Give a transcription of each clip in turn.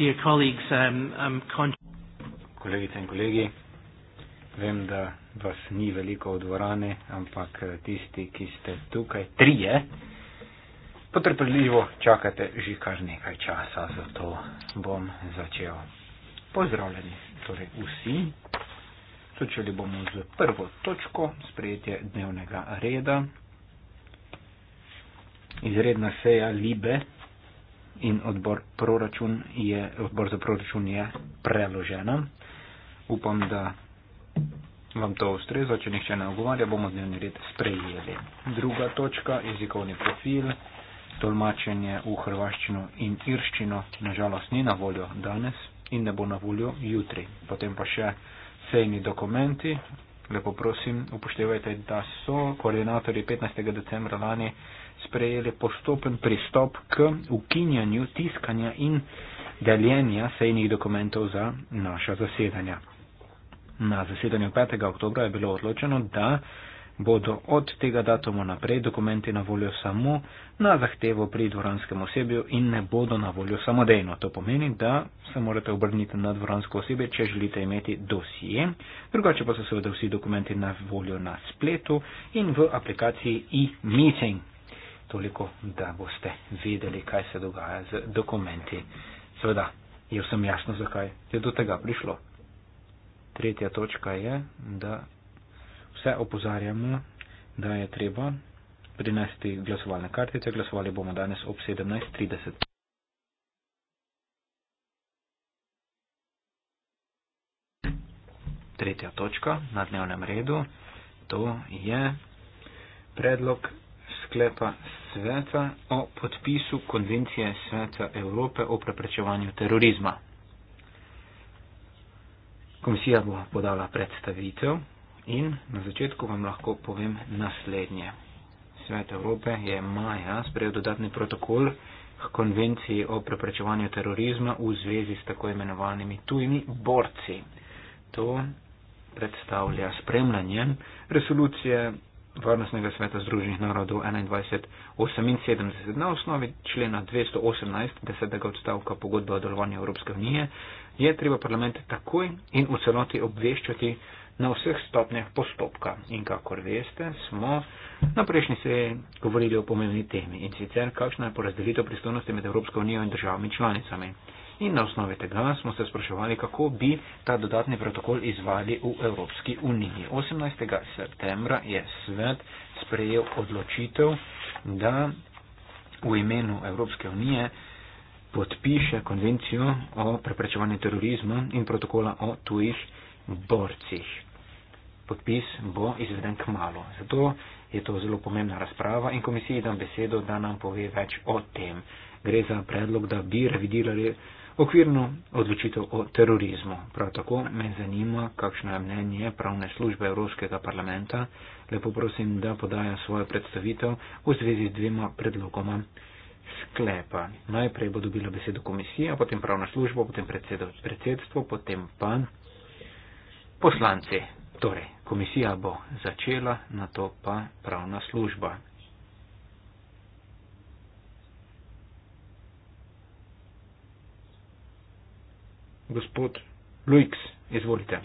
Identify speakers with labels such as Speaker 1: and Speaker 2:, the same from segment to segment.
Speaker 1: Dear colleagues, I'm, um, I'm um,
Speaker 2: Kolegice in kolegi, vem, da vas ni veliko v dvorani, ampak eh, tisti, ki ste tukaj, trije, potrpeljivo čakate že kar nekaj časa, zato bom začel. Pozdravljeni torej vsi. Začeli bomo z prvo točko sprejetje dnevnega reda. Izredna seja Libe, in odbor, proračun je, odbor za proračun je preložena. Upam, da vam to ustreza, če nihče ne ogovarja, bomo dnevni red sprejeli. Druga točka, jezikovni profil, tolmačenje v hrvaščino in irščino, nažalost ni na voljo danes in ne bo na voljo jutri. Potem pa še sejni dokumenti. Lepo prosim, upoštevajte, da so koordinatorji 15. decembra lani sprejeli postopen pristop k ukinjanju tiskanja in deljenja sejnih dokumentov za naša zasedanja. Na zasedanju 5. oktober je bilo odločeno, da bodo od tega datuma naprej dokumenti na voljo samo na zahtevo pri dvoranskem osebju in ne bodo na voljo samodejno. To pomeni, da se morate obrniti na dvoransko osebje, če želite imeti dosije. Drugače pa so seveda vsi dokumenti na voljo na spletu in v aplikaciji e-meeting toliko, da boste vedeli, kaj se dogaja z dokumenti. Seveda je vsem jasno, zakaj je do tega prišlo. Tretja točka je, da vse opozarjamo, da je treba prinesti glasovalne kartice. Glasovali bomo danes ob 17.30. Tretja točka na dnevnem redu, to je predlog sklepa sveta o potpisu konvencije sveta Evrope o preprečevanju terorizma. Komisija bo podala predstavitev in na začetku vam lahko povem naslednje. Svet Evrope je maja sprejel dodatni protokol k konvenciji o preprečevanju terorizma v zvezi s tako imenovanimi tujimi borci. To predstavlja spremljanje resolucije varnostnega sveta Združenih narodov 2178 na osnovi člena 218 desetega odstavka pogodbe o delovanju Evropske unije je treba parlament takoj in v celoti obveščati na vseh stopnjah postopka. In kakor veste, smo na prejšnji seji govorili o pomembni temi in sicer kakšna je porazdelitev pristojnosti med Evropsko unijo in državami članicami in na osnovi tega smo se spraševali, kako bi ta dodatni protokol izvali v Evropski uniji. 18. septembra je svet sprejel odločitev, da v imenu Evropske unije podpiše konvencijo o preprečevanju terorizma in protokola o tujih borcih. Podpis bo izveden k malu. Zato je to zelo pomembna razprava in komisiji dam besedo, da nam pove več o tem. Gre za predlog, da bi revidirali Okvirno odločitev o terorizmu. Prav tako me zanima, kakšno je mnenje pravne službe Evropskega parlamenta. Lepo prosim, da podaja svojo predstavitev v zvezi z dvema predlogoma sklepa. Najprej bo dobila besedo komisija, potem pravna služba, potem predsedstvo, potem pa poslanci. Torej, komisija bo začela, na to pa pravna služba. gospod Lujk, izvolite.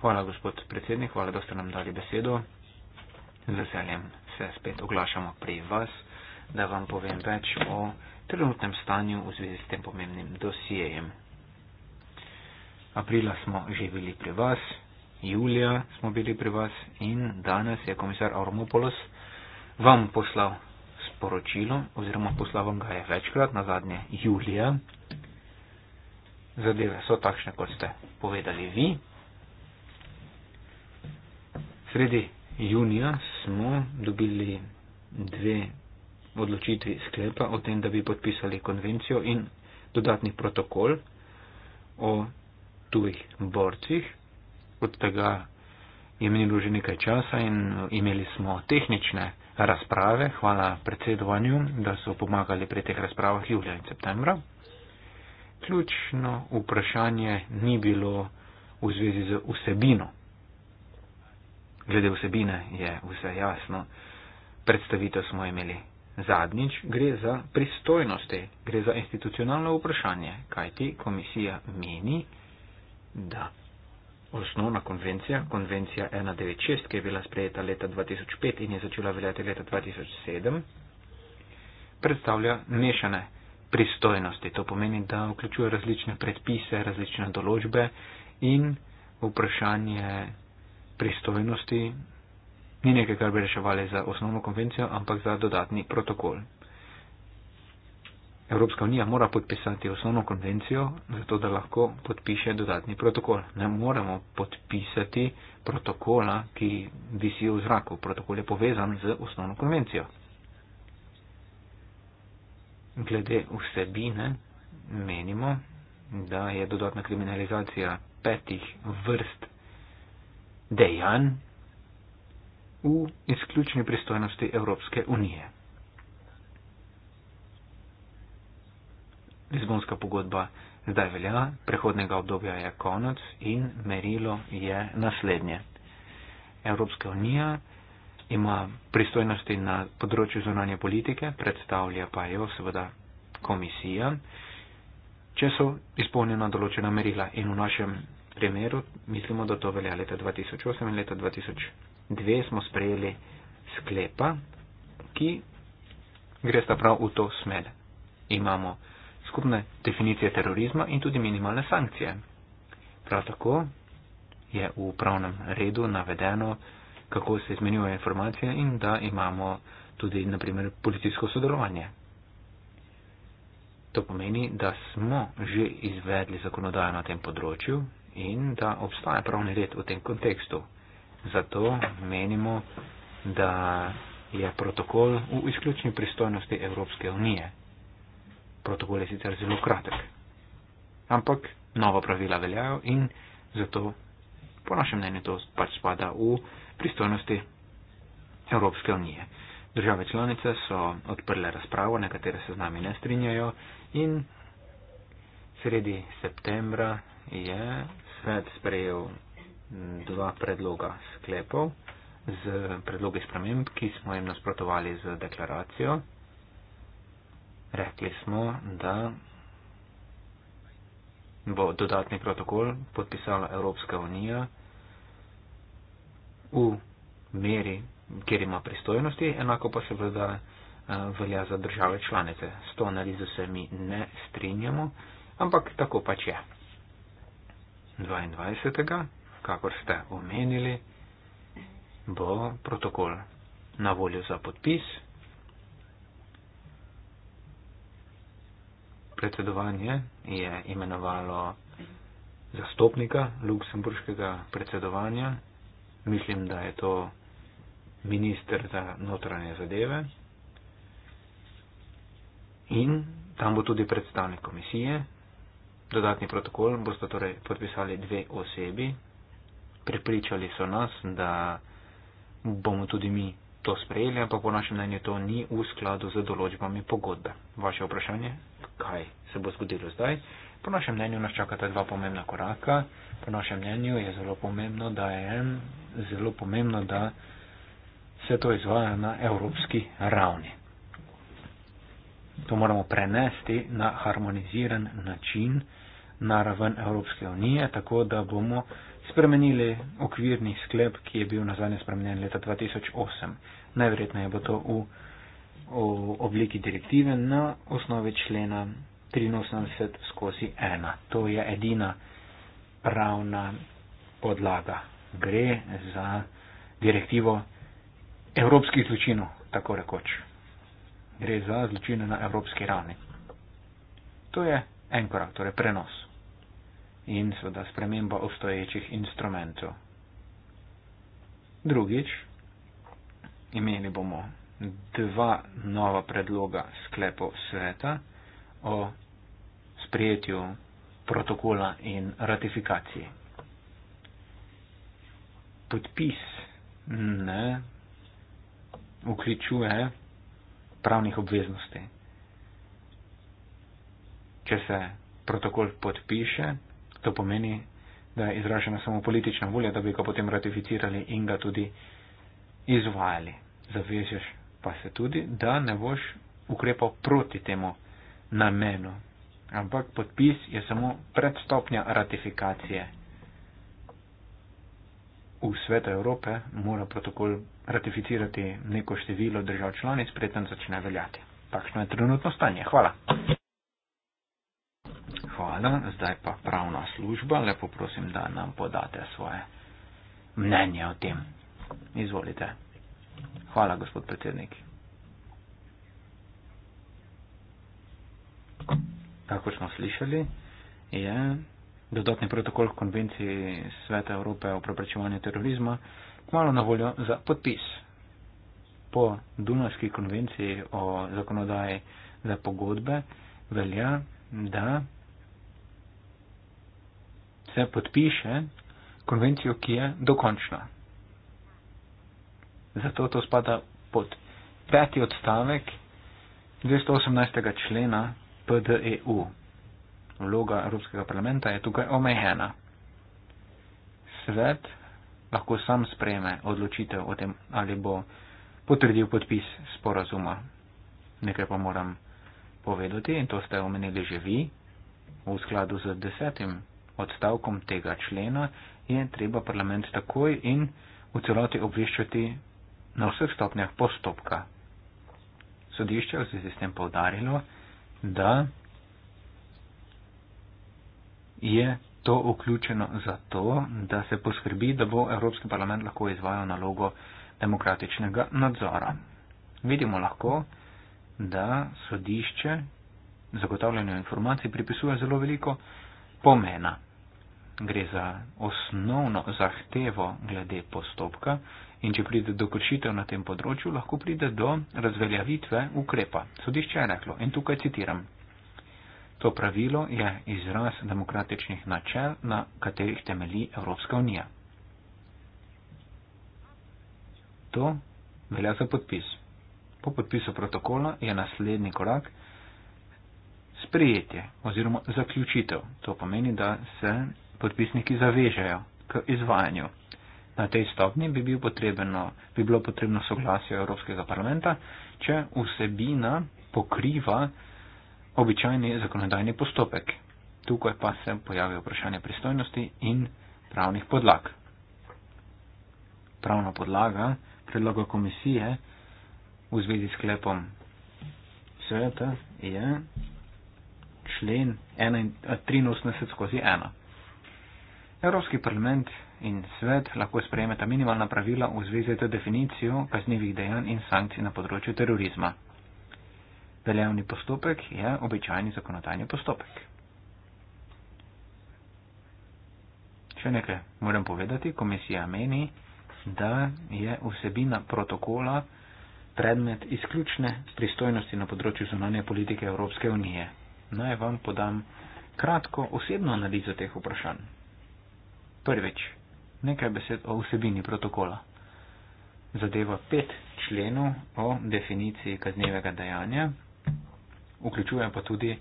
Speaker 2: Hvala, gospod predsednik, hvala, da ste nam dali besedo. Z veseljem se spet oglašamo pri vas, da vam povem več o trenutnem stanju v zvezi s tem pomembnim dosijejem. Aprila smo živeli pri vas, julija smo bili pri vas in danes je komisar Aromopolos vam poslal sporočilo oziroma poslal vam ga je večkrat, na zadnje julija zadeve so takšne, kot ste povedali vi. Sredi junija smo dobili dve odločitvi sklepa o tem, da bi podpisali konvencijo in dodatni protokol o tujih borcih. Od tega je minilo že nekaj časa in imeli smo tehnične razprave. Hvala predsedovanju, da so pomagali pri teh razpravah julija in septembra ključno vprašanje ni bilo v zvezi z vsebino. Glede vsebine je vse jasno. Predstavitev smo imeli zadnjič, gre za pristojnosti, gre za institucionalno vprašanje, kajti komisija meni, da osnovna konvencija, konvencija 196, ki je bila sprejeta leta 2005 in je začela veljati leta 2007, predstavlja mešane pristojnosti. To pomeni, da vključuje različne predpise, različne določbe in vprašanje pristojnosti ni nekaj, kar bi reševali za osnovno konvencijo, ampak za dodatni protokol. Evropska unija mora podpisati osnovno konvencijo, zato da lahko podpiše dodatni protokol. Ne moremo podpisati protokola, ki visi v zraku. Protokol je povezan z osnovno konvencijo glede vsebine menimo, da je dodatna kriminalizacija petih vrst dejanj v izključni pristojnosti Evropske unije. Lizbonska pogodba zdaj velja, prehodnega obdobja je konec in merilo je naslednje. Evropska unija ima pristojnosti na področju zunanje politike, predstavlja pa jo seveda komisija, če so izpolnjena določena merila. In v našem primeru mislimo, da to velja leta 2008 in leta 2002 smo sprejeli sklepa, ki gre sta prav v to smer. Imamo skupne definicije terorizma in tudi minimalne sankcije. Prav tako je v upravnem redu navedeno, kako se izmenjuje informacije in da imamo tudi, naprimer, policijsko sodelovanje. To pomeni, da smo že izvedli zakonodajo na tem področju in da obstaja pravni red v tem kontekstu. Zato menimo, da je protokol v izključni pristojnosti Evropske unije. Protokol je sicer zelo kratek, ampak nova pravila veljajo in zato, po našem mnenju, to pač spada v pristojnosti Evropske unije. Države članice so odprle razpravo, nekatere se z nami ne strinjajo in sredi septembra je svet sprejel dva predloga sklepov z predlogi sprememb, ki smo jim nasprotovali z deklaracijo. Rekli smo, da bo dodatni protokol podpisala Evropska unija v meri, kjer ima pristojnosti, enako pa seveda eh, velja za države članice. S to analizo se mi ne strinjamo, ampak tako pač je. 22. kakor ste omenili, bo protokol na voljo za podpis. Predsedovanje je imenovalo zastopnika Luksemburškega predsedovanja mislim, da je to minister za notranje zadeve. In tam bo tudi predstavnik komisije. Dodatni protokol boste torej podpisali dve osebi. Pripričali so nas, da bomo tudi mi to sprejeli, ampak po našem mnenju to ni v skladu z določbami pogodbe. Vaše vprašanje, kaj se bo zgodilo zdaj? Po našem mnenju nas čakata dva pomembna koraka. Po našem mnenju je zelo pomembno, da je zelo pomembno, da se to izvaja na evropski ravni. To moramo prenesti na harmoniziran način, na raven Evropske unije, tako da bomo spremenili okvirni sklep, ki je bil nazadnje spremenjen leta 2008. Najverjetneje bo to v, v obliki direktive na osnovi člena 83 skozi 1. To je edina pravna podlaga. Gre za direktivo evropskih zločinov, tako rekoč. Gre za zločine na evropski ravni. To je en korak, torej prenos. In seveda sprememba obstoječih instrumentov. Drugič, imeli bomo dva nova predloga sklepov sveta o sprejetju protokola in ratifikaciji. Podpis ne vključuje pravnih obveznosti. Če se protokol podpiše, to pomeni, da je izražena samo politična volja, da bi ga potem ratificirali in ga tudi izvajali. Zavežeš pa se tudi, da ne boš ukrepal proti temu namenu, ampak podpis je samo predstopnja ratifikacije. V svetu Evrope mora protokol ratificirati neko število držav članic, preden začne veljati. Takšno je trenutno stanje. Hvala. Hvala, zdaj pa pravna služba. Lepo prosim, da nam podate svoje mnenje o tem. Izvolite. Hvala, gospod predsednik. Thank you tako smo slišali, je dodatni protokol konvenciji Sveta Evrope o preprečevanju terorizma malo na voljo za podpis. Po Dunajski konvenciji o zakonodaji za pogodbe velja, da se podpiše konvencijo, ki je dokončna. Zato to spada pod peti odstavek 218. člena PDEU. Vloga Evropskega parlamenta je tukaj omejena. Svet lahko sam sprejme odločitev o tem, ali bo potrdil podpis sporazuma. Nekaj pa moram povedati, in to ste omenili že vi, v skladu z desetim odstavkom tega člena je treba parlament takoj in v celoti obveščati na vseh stopnjah postopka. Sodišče je v zvezi s tem povdarilo, da je to vključeno zato, da se poskrbi, da bo Evropski parlament lahko izvajal nalogo demokratičnega nadzora. Vidimo lahko, da sodišče zagotavljanju informacij pripisuje zelo veliko pomena. Gre za osnovno zahtevo glede postopka In če pride do kršitev na tem področju, lahko pride do razveljavitve ukrepa. Sodišče je reklo in tukaj citiram. To pravilo je izraz demokratičnih načel, na katerih temelji Evropska unija. To velja za podpis. Po podpisu protokola je naslednji korak sprejetje oziroma zaključitev. To pomeni, da se podpisniki zavežejo k izvajanju Na tej stopni bi, bil potrebeno, bi bilo potrebno soglasje Evropskega parlamenta, če vsebina pokriva običajni zakonodajni postopek. Tukaj pa se pojavijo vprašanje pristojnosti in pravnih podlag. Pravna podlaga predloga komisije v zvezi s klepom sveta je člen 83 eh, skozi 1. Evropski parlament in svet lahko sprejmeta minimalna pravila v zvezi z definicijo kaznjivih dejanj in sankcij na področju terorizma. Veljavni postopek je običajni zakonodajni postopek. Še nekaj moram povedati. Komisija meni, da je vsebina protokola predmet izključne pristojnosti na področju zunanje politike Evropske unije. Naj vam podam kratko osebno analizo teh vprašanj. Prvič, nekaj besed o vsebini protokola. Zadeva pet členov o definiciji kaznevega dejanja, vključuje pa tudi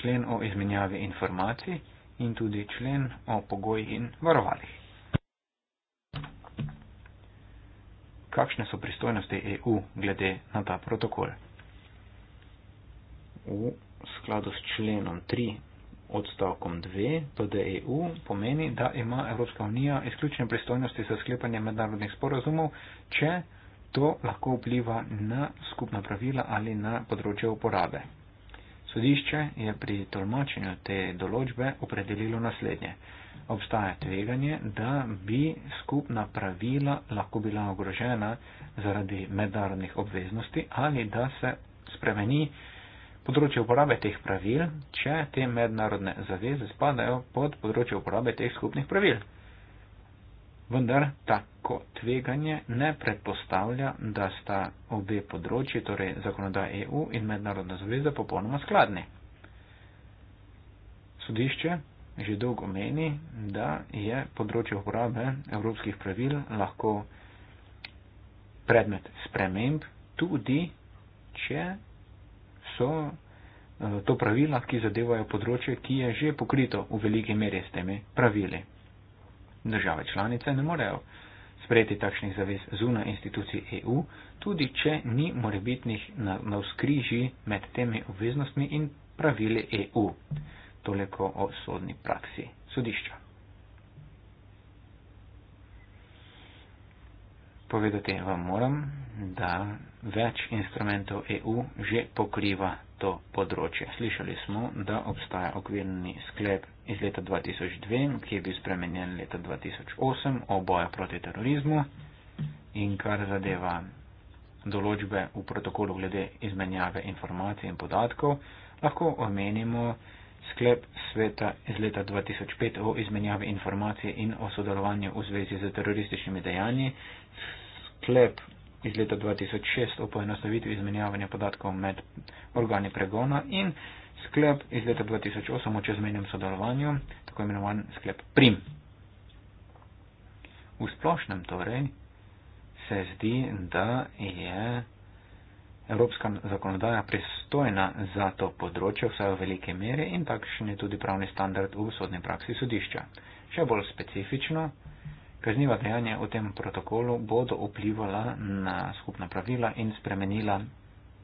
Speaker 2: člen o izmenjavi informacij in tudi člen o pogojih in varovalih. Kakšne so pristojnosti EU glede na ta protokol? V skladu s členom 3 odstavkom 2 do DEU pomeni, da ima Evropska unija izključne pristojnosti za sklepanje mednarodnih sporazumov, če to lahko vpliva na skupna pravila ali na področje uporabe. Sodišče je pri tolmačenju te določbe opredelilo naslednje. Obstaja tveganje, da bi skupna pravila lahko bila ogrožena zaradi mednarodnih obveznosti ali da se spremeni področje uporabe teh pravil, če te mednarodne zaveze spadajo pod področje uporabe teh skupnih pravil. Vendar tako tveganje ne predpostavlja, da sta obe področji, torej zakonodaja EU in mednarodna zaveza, popolnoma skladni. Sodišče že dolgo meni, da je področje uporabe evropskih pravil lahko predmet sprememb, tudi če so eh, to pravila, ki zadevajo področje, ki je že pokrito v veliki meri s temi pravili. Države članice ne morejo sprejeti takšnih zavez zunaj institucij EU, tudi če ni morebitnih navskriži med temi obveznostmi in pravili EU. Toliko o sodni praksi sodišča. Povedati vam moram, da več instrumentov EU že pokriva to področje. Slišali smo, da obstaja okvirni sklep iz leta 2002, ki je bil spremenjen leta 2008 o boju proti terorizmu in kar zadeva določbe v protokolu glede izmenjave informacij in podatkov, lahko omenimo sklep sveta iz leta 2005 o izmenjavi informacij in o sodelovanju v zvezi z terorističnimi dejanji, sklep iz leta 2006 o poenostavitvi izmenjavanja podatkov med organi pregona in sklep iz leta 2008 o čezmenjem sodelovanju, tako imenovan sklep PRIM. V splošnem torej se zdi, da je evropska zakonodaja pristojna za to področje vsaj v velike mere in takšen je tudi pravni standard v sodni praksi sodišča. Še bolj specifično Kazniva dejanja v tem protokolu bodo vplivala na skupna pravila in spremenila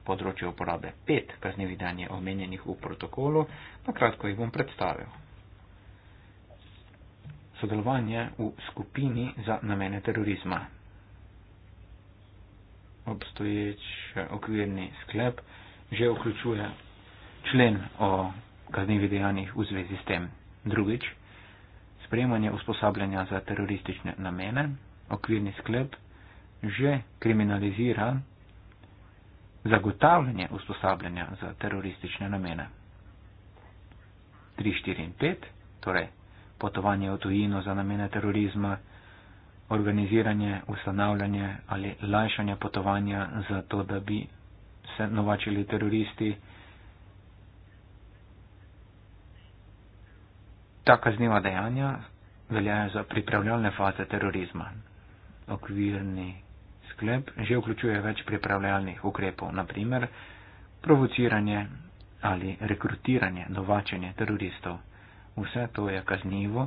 Speaker 2: področje uporabe. Pet kaznivih dejanj je omenjenih v protokolu, na kratko jih bom predstavil. Sodelovanje v skupini za namene terorizma. Obstoječ okvirni sklep že vključuje člen o kaznivih dejanjih v zvezi s tem. Drugič, opremanje usposabljanja za teroristične namene, okvirni sklep, že kriminalizira zagotavljanje usposabljanja za teroristične namene. 3, 4 in 5, torej potovanje v tujino za namene terorizma, organiziranje, ustanavljanje ali lajšanje potovanja za to, da bi se novačili teroristi. ta kazniva dejanja veljajo za pripravljalne faze terorizma. Okvirni sklep že vključuje več pripravljalnih ukrepov, naprimer provociranje ali rekrutiranje, novačenje teroristov. Vse to je kaznivo,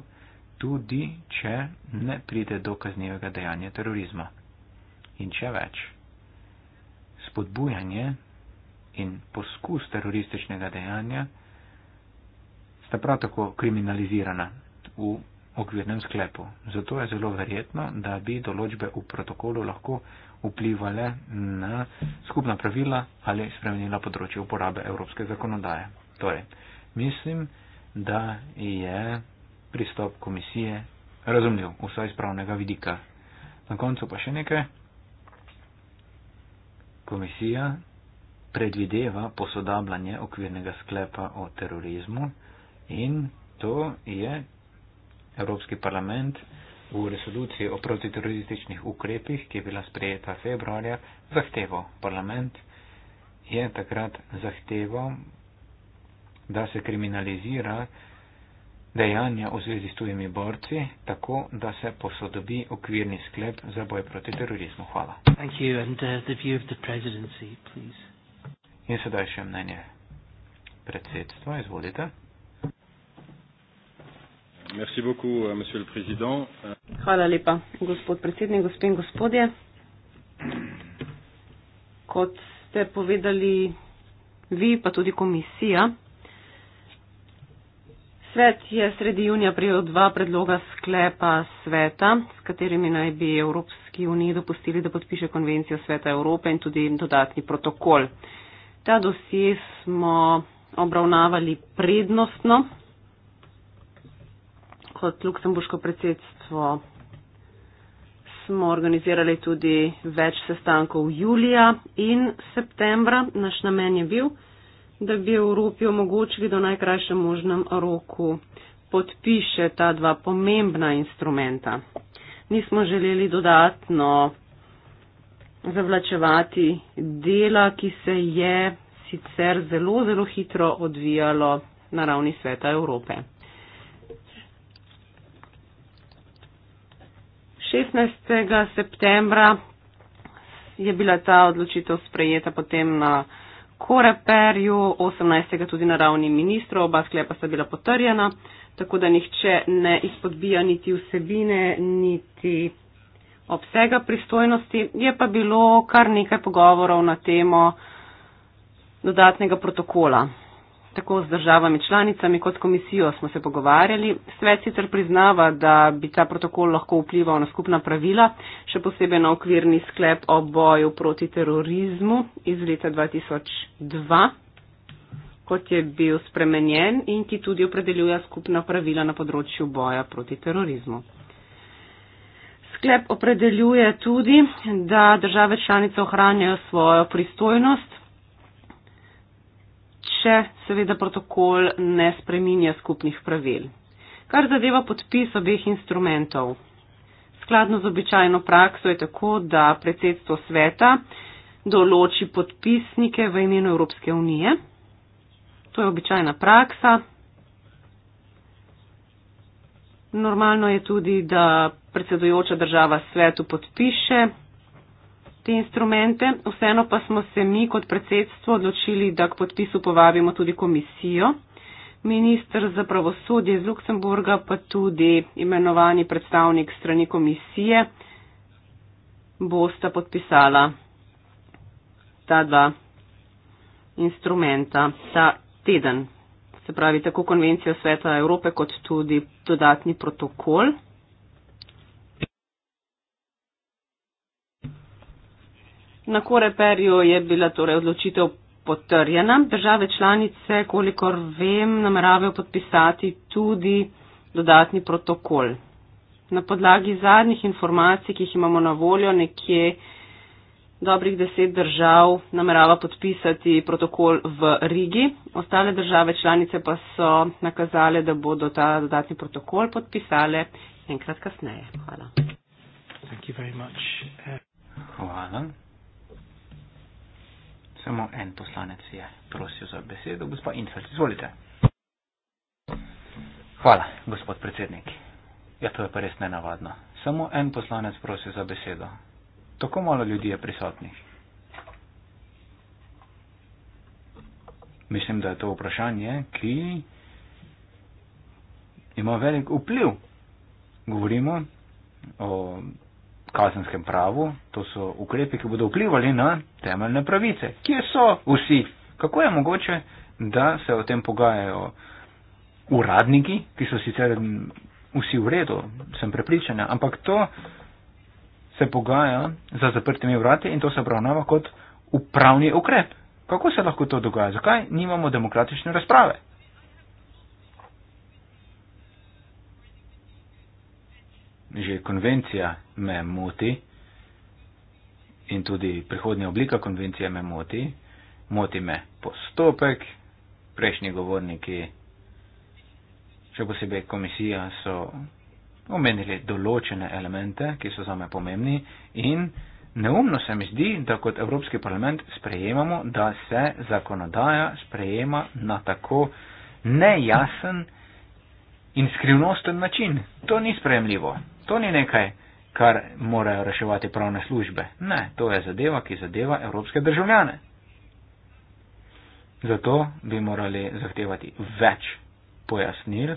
Speaker 2: tudi če ne pride do kaznivega dejanja terorizma. In če več, spodbujanje in poskus terorističnega dejanja, sta prav tako kriminalizirana v okvirnem sklepu. Zato je zelo verjetno, da bi določbe v protokolu lahko vplivale na skupna pravila ali spremenila področje uporabe evropske zakonodaje. Torej, mislim, da je pristop komisije razumljiv, vsaj iz pravnega vidika. Na koncu pa še nekaj. Komisija predvideva posodabljanje okvirnega sklepa o terorizmu. In to je Evropski parlament v resoluciji o protiterorističnih ukrepih, ki je bila sprejeta februarja, zahteval. Parlament je takrat zahteval, da se kriminalizira dejanja v zvezi s tujimi borci, tako da se posodobi okvirni sklep za boj proti terorizmu. Hvala.
Speaker 1: And, uh,
Speaker 2: In sedaj še mnenje predsedstva. Izvolite. Merci beaucoup, euh, monsieur le président.
Speaker 3: Hvala lepa, gospod predsednik, gospe in gospodje. Kot ste povedali vi, pa tudi komisija, svet je sredi junija prijel dva predloga sklepa sveta, s katerimi naj bi Evropski uniji dopustili, da podpiše konvencijo sveta Evrope in tudi dodatni protokol. Ta dosje smo obravnavali prednostno kot luksemburško predsedstvo smo organizirali tudi več sestankov julija in septembra. Naš namen je bil, da bi Evropi omogočili, da v najkrajšem možnem roku podpiše ta dva pomembna instrumenta. Nismo želeli dodatno zavlačevati dela, ki se je sicer zelo, zelo hitro odvijalo na ravni sveta Evrope. 16. septembra je bila ta odločitev sprejeta potem na Koreperju, 18. tudi na ravni ministrov, oba sklepa sta bila potrjena, tako da nihče ne izpodbija niti vsebine, niti obsega pristojnosti. Je pa bilo kar nekaj pogovorov na temo dodatnega protokola tako z državami članicami kot komisijo smo se pogovarjali. Svet sicer priznava, da bi ta protokol lahko vplival na skupna pravila, še posebej na okvirni sklep o boju proti terorizmu iz leta 2002, kot je bil spremenjen in ki tudi opredeljuje skupna pravila na področju boja proti terorizmu. Sklep opredeljuje tudi, da države članice ohranjajo svojo pristojnost če seveda protokol ne spreminja skupnih pravil. Kar zadeva podpis obeh instrumentov. Skladno z običajno prakso je tako, da predsedstvo sveta določi podpisnike v imenu Evropske unije. To je običajna praksa. Normalno je tudi, da predsedujoča država svetu podpiše te instrumente, vseeno pa smo se mi kot predsedstvo odločili, da k podpisu povabimo tudi komisijo, ministr za pravosodje iz Luksemburga, pa tudi imenovani predstavnik strani komisije bosta podpisala ta dva instrumenta ta teden. Se pravi, tako konvencijo Sveta Evrope, kot tudi dodatni protokol. Na Koreperju je bila torej odločitev potrjena. Države članice, kolikor vem, nameravajo podpisati tudi dodatni protokol. Na podlagi zadnjih informacij, ki jih imamo na voljo, nekje dobrih deset držav namerava podpisati protokol v Rigi, ostale države članice pa so nakazale, da bodo ta dodatni protokol podpisale enkrat kasneje. Hvala. Hvala.
Speaker 2: Samo en poslanec je prosil za besedo, gospod Infeld, izvolite. Hvala, gospod predsednik. Ja, to je pa res nenavadno. Samo en poslanec prosi za besedo. Tako malo ljudi je prisotnih. Mislim, da je to vprašanje, ki ima velik vpliv. Govorimo o kazenskem pravu, to so ukrepi, ki bodo vplivali na temeljne pravice. Kje so vsi? Kako je mogoče, da se o tem pogajajo uradniki, ki so sicer vsi v redu, sem prepričana, ampak to se pogaja za zaprtimi vrati in to se obravnava kot upravni ukrep. Kako se lahko to dogaja? Zakaj nimamo demokratične razprave? že konvencija me moti in tudi prihodnja oblika konvencije me moti, moti me postopek, prejšnji govorniki, še posebej komisija, so omenili določene elemente, ki so za me pomembni in neumno se mi zdi, da kot Evropski parlament sprejemamo, da se zakonodaja sprejema na tako nejasen in skrivnosten način. To ni sprejemljivo. To ni nekaj, kar morajo reševati pravne službe. Ne, to je zadeva, ki zadeva evropske državljane. Zato bi morali zahtevati več pojasnil.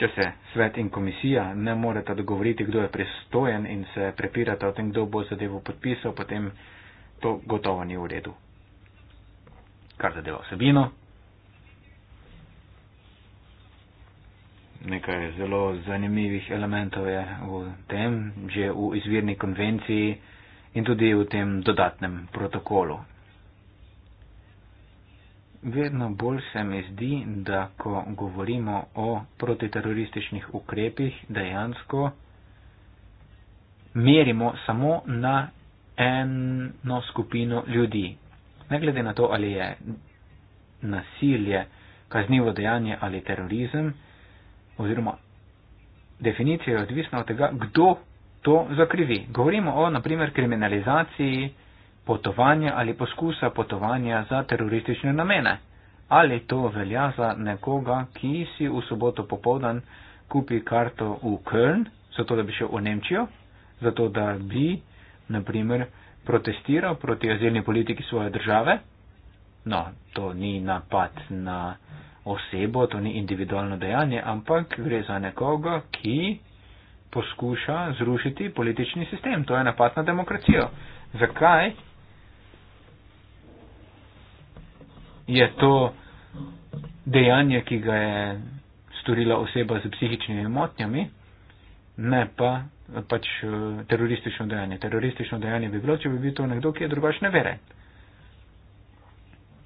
Speaker 2: Če se svet in komisija ne moreta dogovoriti, kdo je pristojen in se prepirata o tem, kdo bo zadevo podpisal, potem to gotovo ni v redu. Kar zadeva vsebino, nekaj zelo zanimivih elementov je v tem, že v izvirni konvenciji in tudi v tem dodatnem protokolu. Vedno bolj se mi zdi, da ko govorimo o protiterorističnih ukrepih, dejansko merimo samo na eno skupino ljudi. Ne glede na to, ali je nasilje kaznivo dejanje ali terorizem, oziroma definicija je odvisna od tega, kdo to zakrivi. Govorimo o, naprimer, kriminalizaciji potovanja ali poskusa potovanja za teroristične namene. Ali to velja za nekoga, ki si v soboto popovdan kupi karto v Köln, zato da bi šel v Nemčijo, zato da bi, naprimer, protestiral proti azilni politiki svoje države. No, to ni napad na. Uh, osebo, to ni individualno dejanje, ampak gre za nekoga, ki poskuša zrušiti politični sistem. To je napad na demokracijo. Zakaj je to dejanje, ki ga je storila oseba z psihičnimi motnjami, ne pa pač eh, teroristično dejanje. Teroristično dejanje bi bilo, če bi bil to nekdo, ki je drugačne vere.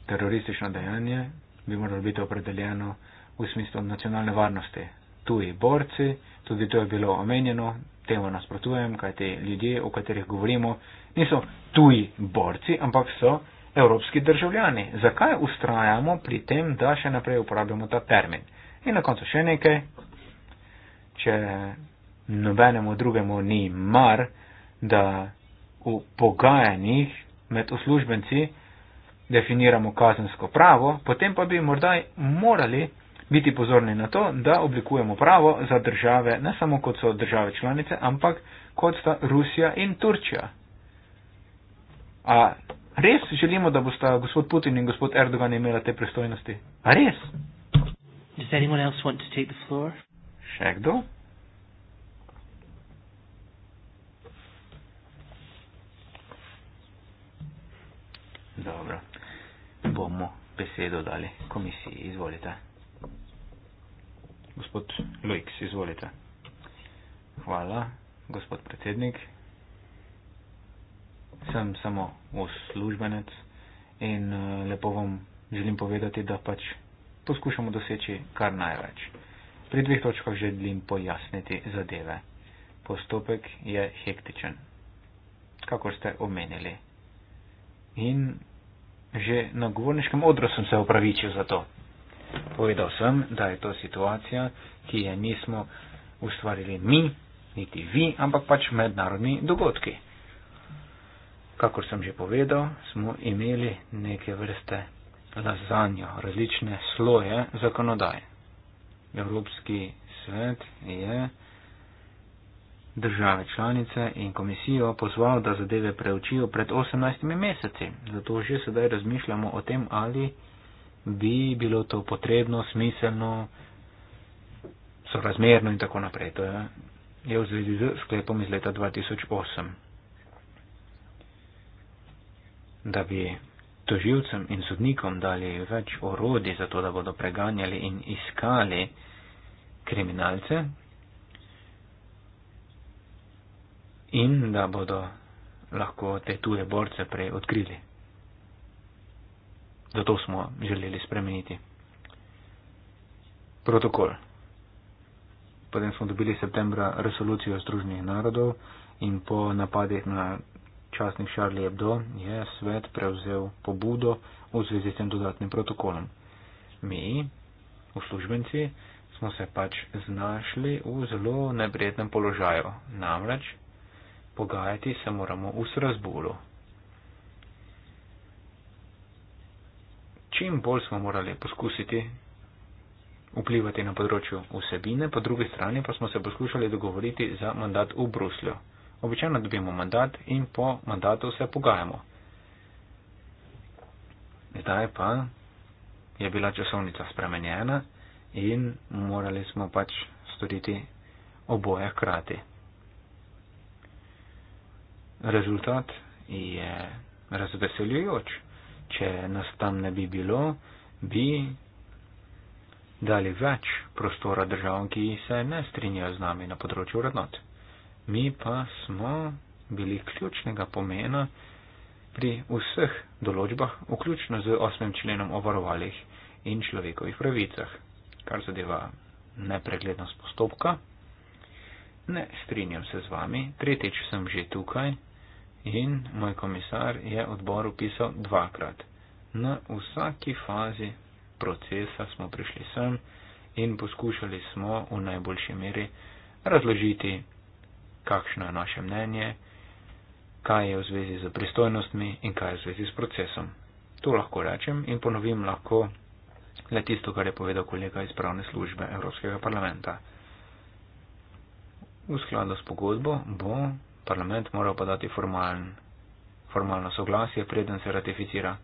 Speaker 2: Teroristično dejanje bi moralo biti opredeljeno v smislu nacionalne varnosti. Tuji borci, tudi to je bilo omenjeno, temu nasprotujem, kaj te ljudje, o katerih govorimo, niso tuji borci, ampak so evropski državljani. Zakaj ustrajamo pri tem, da še naprej uporabljamo ta termin? In na koncu še nekaj, če nobenemu drugemu ni mar, da v pogajanjih med uslužbenci definiramo kazensko pravo, potem pa bi morda morali biti pozorni na to, da oblikujemo pravo za države, ne samo kot so države članice, ampak kot sta Rusija in Turčija. A res želimo, da bosta gospod Putin in gospod Erdogan imela te pristojnosti? A res?
Speaker 1: Does anyone else want to take the floor?
Speaker 2: Še kdo? Dobro, bomo besedo dali komisiji. Izvolite. Gospod Lujk, izvolite. Hvala, gospod predsednik. Sem samo uslužbenec in eh, lepo vam želim povedati, da pač poskušamo doseči kar največ. Pri dveh točkah želim pojasniti zadeve. Postopek je hektičen, kakor ste omenili. In že na govorniškem odru sem se upravičil za to. Povedal sem, da je to situacija, ki je nismo ustvarili mi, niti vi, ampak pač mednarodni dogodki. Kakor sem že povedal, smo imeli neke vrste lazanjo, različne sloje zakonodaje. Evropski svet je. Yeah države članice in komisijo pozval, da zadeve preučijo pred 18 meseci. Zato že sedaj razmišljamo o tem, ali bi bilo to potrebno, smiselno, sorazmerno in tako naprej. To je, je v zvezi z sklepom iz leta 2008. Da bi toživcem in sodnikom dali več orodi za to, da bodo preganjali in iskali kriminalce, in da bodo lahko te tuje borce prej odkrili. Zato smo želeli spremeniti protokol. Potem smo dobili septembra resolucijo Združenih narodov in po napadih na časnik Charlie Hebdo je svet prevzel pobudo v zvezi s tem dodatnim protokolom. Mi, uslužbenci, smo se pač znašli v zelo neprijetnem položaju. Namreč pogajati se moramo v Srasbulu. Čim bolj smo morali poskusiti vplivati na področju vsebine, po drugi strani pa smo se poskušali dogovoriti za mandat v Bruslju. Običajno dobimo mandat in po mandatu se pogajamo. Zdaj pa je bila časovnica spremenjena in morali smo pač storiti oboje hkrati rezultat je razveseljujoč. Če nas tam ne bi bilo, bi dali več prostora državam, ki se ne strinjajo z nami na področju vrednot. Mi pa smo bili ključnega pomena pri vseh določbah, vključno z osmim členom o varovalih in človekovih pravicah, kar zadeva nepreglednost postopka. Ne, strinjam se z vami, tretjič sem že tukaj in moj komisar je odboru pisal dvakrat. Na vsaki fazi procesa smo prišli sem in poskušali smo v najboljši meri razložiti, kakšno je naše mnenje, kaj je v zvezi z pristojnostmi in kaj je v zvezi s procesom. To lahko rečem in ponovim lahko le tisto, kar je povedal kolega iz pravne službe Evropskega parlamenta. V skladu s pogodbo bo parlament moral podati formaln, formalno soglasje, preden se ratificira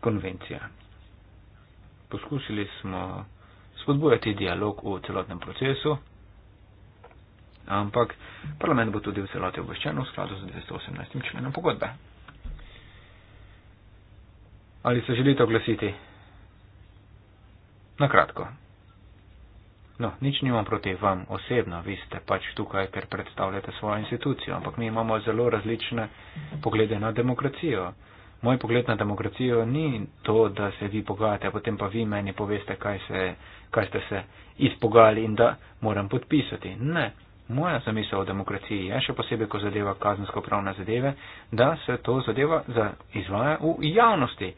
Speaker 2: konvencija. Poskusili smo spodbujati dialog v celotnem procesu, ampak parlament bo tudi v celoti obveščen v skladu z 218. členom pogodbe. Ali se želite oglasiti? Na kratko. No, nič nimam proti vam osebno, vi ste pač tukaj, ker predstavljate svojo institucijo, ampak mi imamo zelo različne poglede na demokracijo. Moj pogled na demokracijo ni to, da se vi pogajate, potem pa vi meni poveste, kaj, se, kaj ste se izpogali in da moram podpisati. Ne, moja zamisel o demokraciji je, še posebej, ko zadeva kazensko-pravne zadeve, da se to zadeva za izvaja v javnosti,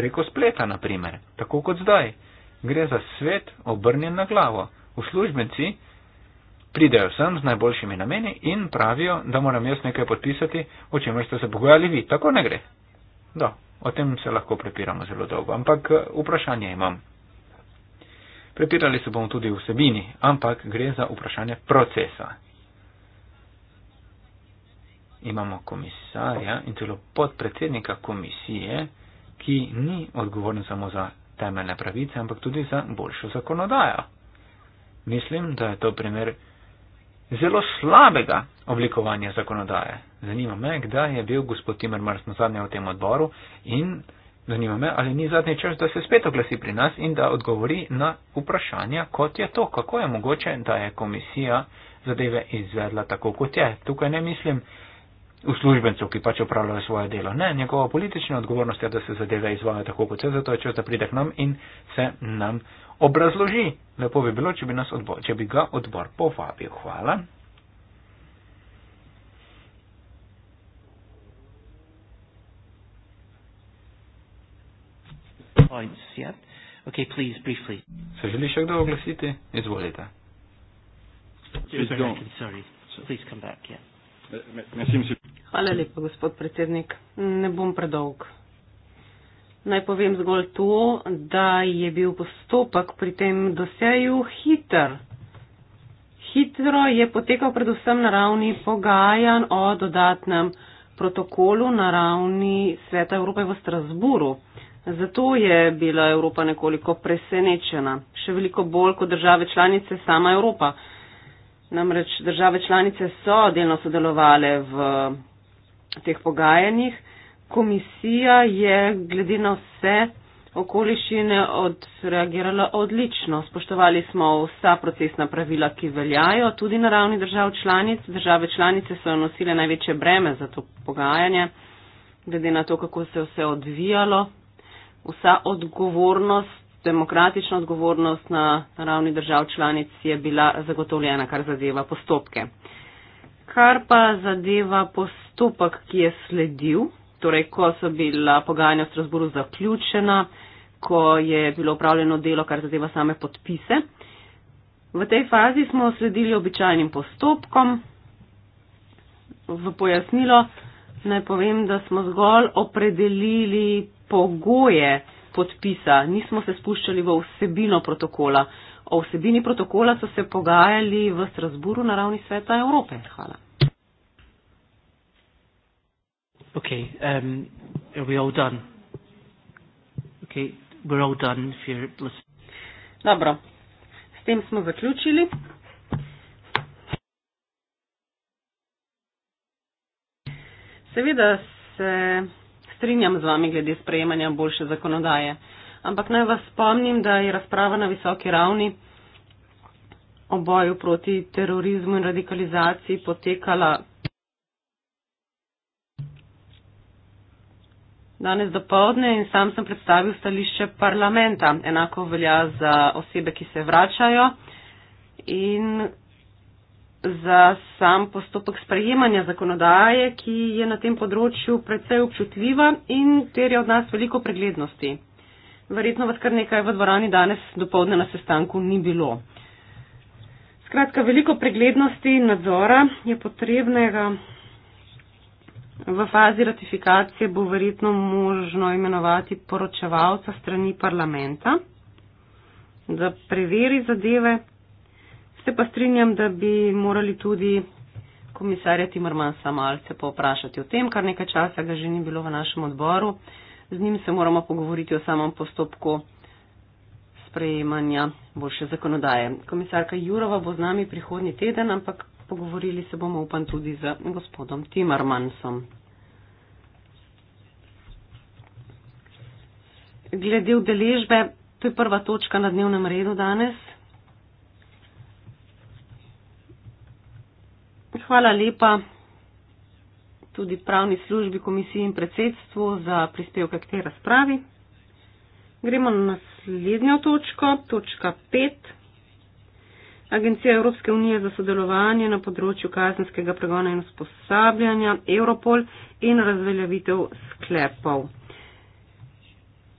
Speaker 2: preko spleta naprimer, tako kot zdaj gre za svet obrnjen na glavo. Uslužbenci pridejo sem z najboljšimi nameni in pravijo, da moram jaz nekaj podpisati, o čemer ste se pogojali vi. Tako ne gre. Do, o tem se lahko prepiramo zelo dolgo, ampak eh, vprašanje imam. Prepirali se bomo tudi vsebini, ampak gre za vprašanje procesa. Imamo komisarja in celo podpredsednika komisije, ki ni odgovoren samo za temeljne pravice, ampak tudi za boljšo zakonodajo. Mislim, da je to primer zelo slabega oblikovanja zakonodaje. Zanima me, kdaj je bil gospod Timmermans na zadnje v tem odboru in zanima me, ali ni zadnji čas, da se spet oglasi pri nas in da odgovori na vprašanja, kot je to, kako je mogoče, da je komisija zadeve izvedla tako, kot je. Tukaj ne mislim, uslužbencev, ki pač opravljajo svoje delo. Ne, njegova politična odgovornost je, da se zadeve izvajo tako, kot se zato je čas, da pride k nam in se nam obrazloži. Lepo bi bilo, če bi, odbor, če bi ga odbor povabil. Hvala. Points, yeah.
Speaker 1: Okay, please, briefly. Se želi še kdo oglasiti? Izvolite.
Speaker 3: Sorry,
Speaker 1: sorry. Please come back, yeah.
Speaker 3: Hvala lepa, gospod predsednik. Ne bom predolg. Naj povem zgolj to, da je bil postopek pri tem doseju hiter. Hitro je potekal predvsem na ravni pogajanj o dodatnem protokolu na ravni Sveta Evrope v Strasburu. Zato je bila Evropa nekoliko presenečena, še veliko bolj kot države članice sama Evropa. Namreč države članice so delno sodelovale v teh pogajanjih. Komisija je glede na vse okoliščine odreagirala odlično. Spoštovali smo vsa procesna pravila, ki veljajo tudi na ravni držav članic. Države članice so nosile največje breme za to pogajanje, glede na to, kako se je vse odvijalo. Vsa odgovornost demokratična odgovornost na ravni držav članic je bila zagotovljena, kar zadeva postopke. Kar pa zadeva postopek, ki je sledil, torej ko so bila pogajanja v Strasburu zaključena, ko je bilo upravljeno delo, kar zadeva same podpise. V tej fazi smo sledili običajnim postopkom. V pojasnilo naj povem, da smo zgolj opredelili pogoje, podpisa, nismo se spuščali v vsebino protokola. O vsebini protokola so se pogajali v Strasburu na ravni sveta Evrope. Hvala.
Speaker 1: Ok, um, are we all done? Ok, we're all done
Speaker 3: if you're listening. Dobro, s tem smo zaključili. Seveda se strinjam z vami glede sprejemanja boljše zakonodaje. Ampak naj vas spomnim, da je razprava na visoki ravni o boju proti terorizmu in radikalizaciji potekala. Danes do povdne in sam sem predstavil stališče parlamenta. Enako velja za osebe, ki se vračajo. In za sam postopek sprejemanja zakonodaje, ki je na tem področju precej občutljiva in terja od nas veliko preglednosti. Verjetno vas kar nekaj v dvorani danes dopoledne na sestanku ni bilo. Skratka, veliko preglednosti in nadzora je potrebnega. V fazi ratifikacije bo verjetno možno imenovati poročevalca strani parlamenta, da preveri zadeve. Se pa strinjam, da bi morali tudi komisarja Timrmansa malce povprašati o tem, kar nekaj časa ga že ni bilo v našem odboru. Z njim se moramo pogovoriti o samem postopku sprejemanja boljše zakonodaje. Komisarka Jurova bo z nami prihodnji teden, ampak pogovorili se bomo upam tudi z gospodom Timrmansom. Glede udeležbe, to je prva točka na dnevnem redu danes. hvala lepa tudi pravni službi, komisiji in predsedstvu za prispevke k tej razpravi. Gremo na naslednjo točko, točka 5. Agencija Evropske unije za sodelovanje na področju kazenskega pregona in usposabljanja, Europol in razveljavitev sklepov.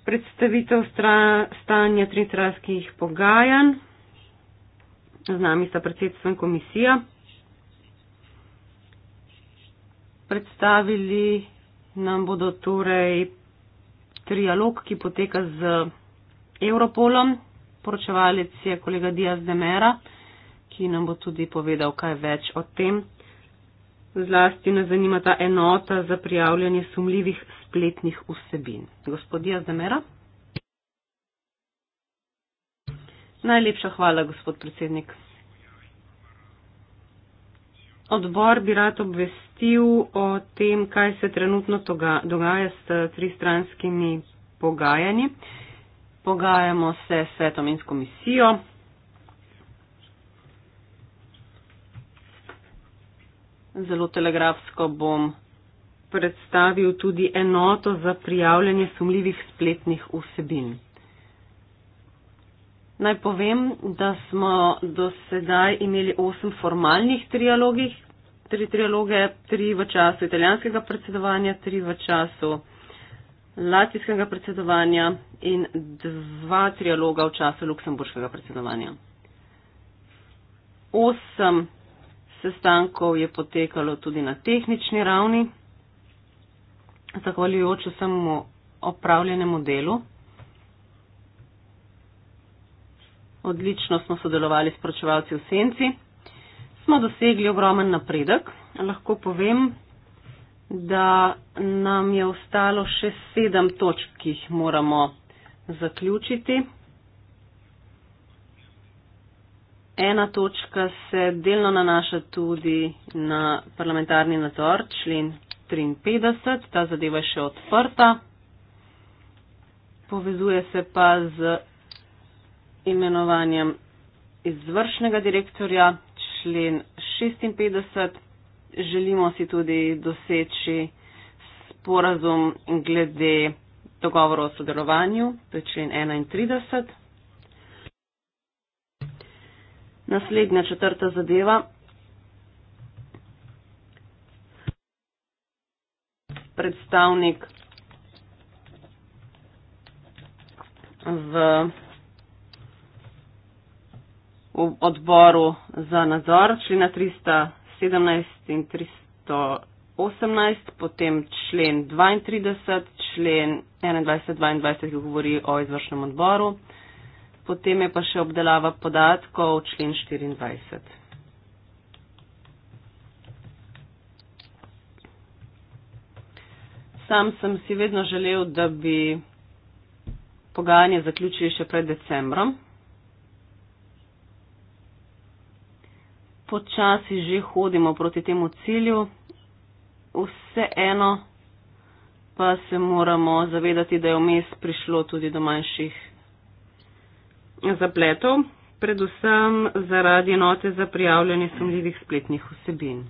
Speaker 3: Predstavitev stanja tritraskih pogajanj. Z nami sta predsedstvo in komisija. predstavili nam bodo torej trialog, ki poteka z Europolom. Poročevalec je kolega Diaz de Mera, ki nam bo tudi povedal kaj več o tem. Zlasti nas zanima ta enota za prijavljanje sumljivih spletnih vsebin. Gospod Diaz de Mera. Najlepša hvala, gospod predsednik odbor bi rad obvestil o tem, kaj se trenutno toga, dogaja s tristranskimi pogajanji. Pogajamo se s svetom in s komisijo. Zelo telegrafsko bom predstavil tudi enoto za prijavljanje sumljivih spletnih vsebin. Naj povem, da smo do sedaj imeli osem formalnih trialogih, tri trialoge, tri v času italijanskega predsedovanja, tri v času latijskega predsedovanja in dva trialoga v času luksemburškega predsedovanja. Osem sestankov je potekalo tudi na tehnični ravni, zahvaljujoč vsemu opravljenemu delu. odlično smo sodelovali s poročevalci v Senci, smo dosegli ogromen napredek. Lahko povem, da nam je ostalo še sedem točk, ki jih moramo zaključiti. Ena točka se delno nanaša tudi na parlamentarni nadzor, člen 53, ta zadeva je še odprta. Povezuje se pa z imenovanjem izvršnega direktorja, člen 56. Želimo si tudi doseči sporazum glede dogovora o sodelovanju, to je člen 31. Naslednja četrta zadeva. Predstavnik v v odboru za nadzor, člena 317 in 318, potem člen 32, člen 21-22, ki govori o izvršnem odboru, potem je pa še obdelava podatkov, člen 24. Sam sem si vedno želel, da bi pogajanje zaključili še pred decembrom. počasi že hodimo proti temu cilju, vseeno pa se moramo zavedati, da je vmes prišlo tudi do manjših zapletov, predvsem zaradi note za prijavljanje sumljivih spletnih vsebin.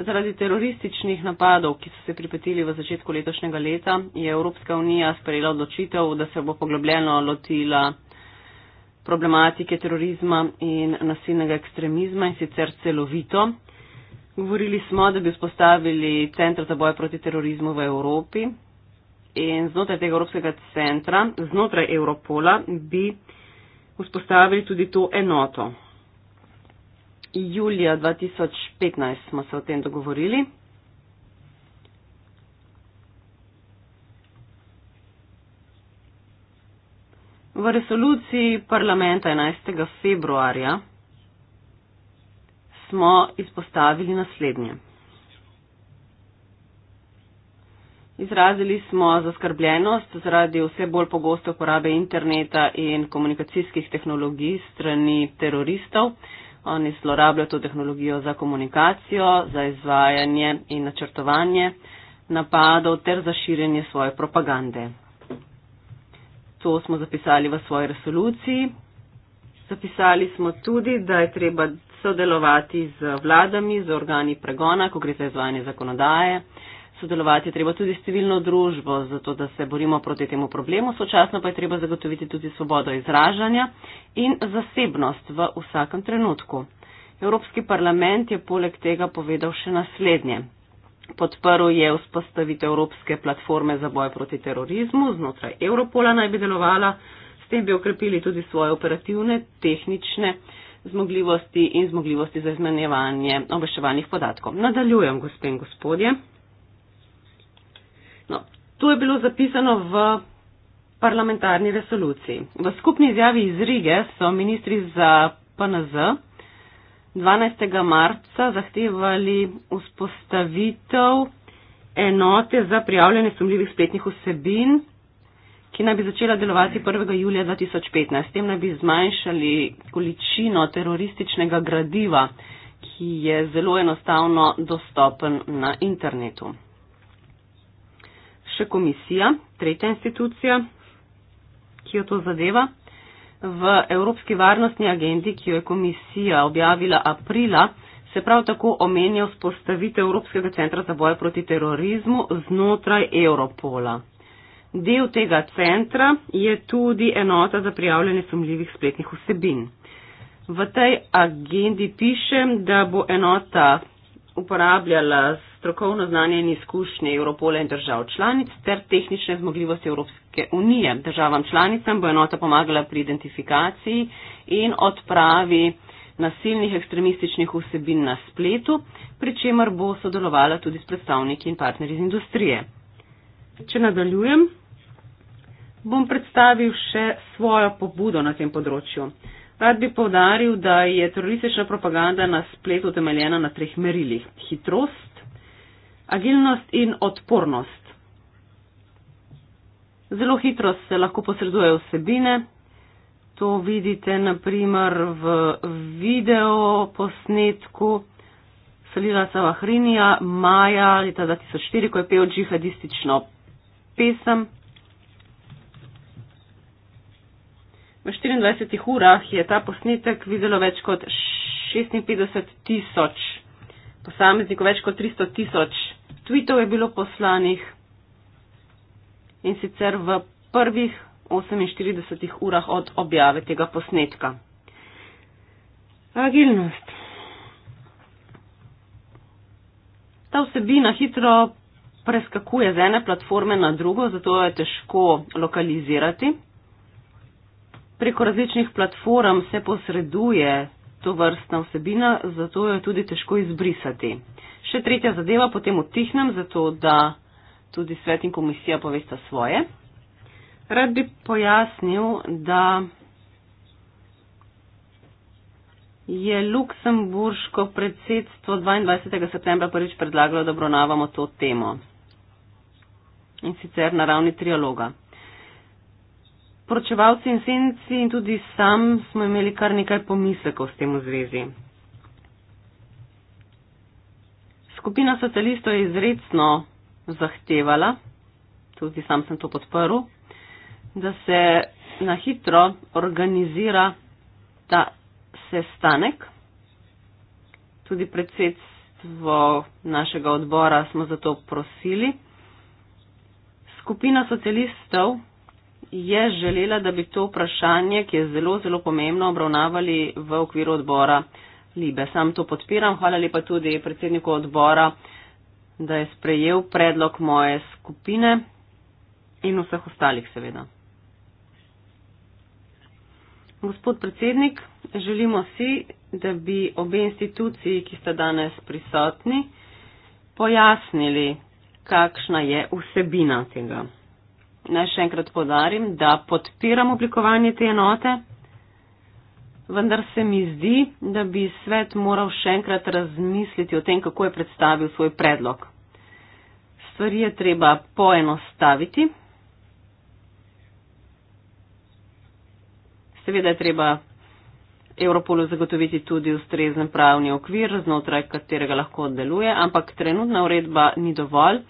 Speaker 3: Zaradi terorističnih napadov, ki so se pripetili v začetku letošnjega leta, je Evropska unija sprejela odločitev, da se bo poglobljeno lotila problematike terorizma in nasilnega ekstremizma in sicer celovito. Govorili smo, da bi vzpostavili centr za boj proti terorizmu v Evropi in znotraj tega Evropskega centra, znotraj Europola, bi vzpostavili tudi to enoto. Julija 2015 smo se o tem dogovorili. v resoluciji parlamenta 11. februarja smo izpostavili naslednje. Izrazili smo zaskrbljenost zaradi vse bolj pogoste uporabe interneta in komunikacijskih tehnologij strani teroristov. Oni zlorabljajo to tehnologijo za komunikacijo, za izvajanje in načrtovanje napadov ter za širjenje svoje propagande. To smo zapisali v svoji resoluciji. Zapisali smo tudi, da je treba sodelovati z vladami, z organi pregona, ko gre za izvajanje zakonodaje. Sodelovati je treba tudi s civilno družbo, zato da se borimo proti temu problemu. Sočasno pa je treba zagotoviti tudi svobodo izražanja in zasebnost v vsakem trenutku. Evropski parlament je poleg tega povedal še naslednje. Podprl je vzpostavitev Evropske platforme za boj proti terorizmu, znotraj Evropola naj bi delovala, s tem bi okrepili tudi svoje operativne, tehnične zmogljivosti in zmogljivosti za izmenjevanje obveščevalnih podatkov. Nadaljujem, gospe in gospodje. No, tu je bilo zapisano v parlamentarni resoluciji. V skupni izjavi iz Rige so ministri za PNZ 12. marca zahtevali vzpostavitev enote za prijavljanje sumljivih spletnih vsebin, ki naj bi začela delovati 1. julija 2015. S tem naj bi zmanjšali količino terorističnega gradiva, ki je zelo enostavno dostopen na internetu. Še komisija, tretja institucija, ki jo to zadeva. V Evropski varnostni agendi, ki jo je komisija objavila aprila, se prav tako omenja vzpostavitev Evropskega centra za boje proti terorizmu znotraj Europola. Del tega centra je tudi enota za prijavljanje sumljivih spletnih vsebin. V tej agendi piše, da bo enota uporabljala z strokovno znanje in izkušnje Evropole in držav članic ter tehnične zmogljivosti Evropske unije. Državam članicam bo enota pomagala pri identifikaciji in odpravi nasilnih ekstremističnih vsebin na spletu, pri čemer bo sodelovala tudi s predstavniki in partnerji iz industrije. Če nadaljujem, bom predstavil še svojo pobudo na tem področju. Rad bi povdaril, da je teroristična propaganda na spletu temeljena na treh merilih. Hitrost, agilnost in odpornost. Zelo hitro se lahko posredujejo vsebine. To vidite naprimer v video posnetku Salila Savahrinija maja leta 2004, ko je pel džihadistično pesem. V 24 urah je ta posnetek videlo več kot 56 tisoč posameznikov, več kot 300 tisoč tweetov je bilo poslanih in sicer v prvih 48 urah od objave tega posnetka. Agilnost. Ta vsebina hitro preskakuje z ene platforme na drugo, zato je težko lokalizirati. Preko različnih platform se posreduje to vrstna vsebina, zato jo je tudi težko izbrisati. Še tretja zadeva, potem utihnem, zato da tudi svet in komisija povesta svoje. Rad bi pojasnil, da je Luksemburško predsedstvo 22. septembra prvič predlagalo, da obravnavamo to temo in sicer na ravni trialoga. Poročevalci in senci in tudi sam smo imeli kar nekaj pomislekov s tem v zvezi. Skupina socialistov je izredno zahtevala, tudi sam sem to podprl, da se na hitro organizira ta sestanek. Tudi predsedstvo našega odbora smo zato prosili. Skupina socialistov je želela, da bi to vprašanje, ki je zelo, zelo pomembno, obravnavali v okviru odbora Libe. Sam to podpiram. Hvala lepa tudi predsedniku odbora, da je sprejel predlog moje skupine in vseh ostalih, seveda. Gospod predsednik, želimo si, da bi obe instituciji, ki sta danes prisotni, pojasnili, kakšna je vsebina tega. Naj še enkrat podarim, da podpiram oblikovanje te enote vendar se mi zdi, da bi svet moral še enkrat razmisliti o tem, kako je predstavil svoj predlog. Stvari je treba poenostaviti. Seveda je treba Europolu zagotoviti tudi ustrezen pravni okvir, znotraj katerega lahko deluje, ampak trenutna uredba ni dovolj.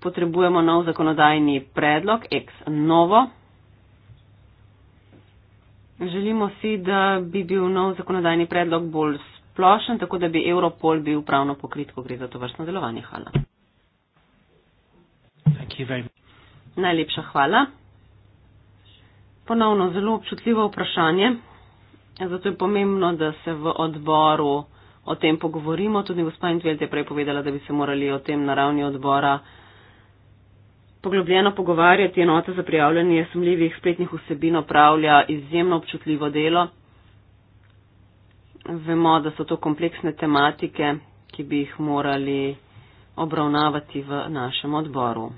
Speaker 3: Potrebujemo nov zakonodajni predlog, ex novo. Želimo si, da bi bil nov zakonodajni predlog bolj splošen, tako da bi Europol bil pravno pokrit, ko gre za to vrstno delovanje. Hvala. Najlepša hvala. Ponovno zelo občutljivo vprašanje. Zato je pomembno, da se v odboru o tem pogovorimo. Tudi gospod Intvelt je prej povedala, da bi se morali o tem na ravni odbora poglobljeno pogovarjati, enota za prijavljanje sumljivih spletnih vsebin opravlja izjemno občutljivo delo. Vemo, da so to kompleksne tematike, ki bi jih morali obravnavati v našem odboru.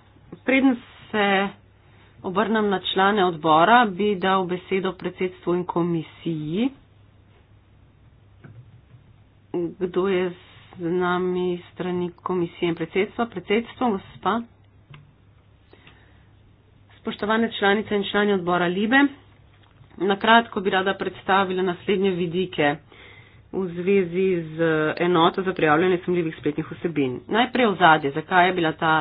Speaker 3: Preden se obrnem na člane odbora, bi dal besedo predsedstvu in komisiji. Kdo je z nami strani komisije in predsedstva? Predsedstvo, gospa. Spoštovane članice in člani odbora Libe, na kratko bi rada predstavila naslednje vidike v zvezi z enoto za prijavljanje sumljivih spletnih vsebin. Najprej v zadje, zakaj je bila ta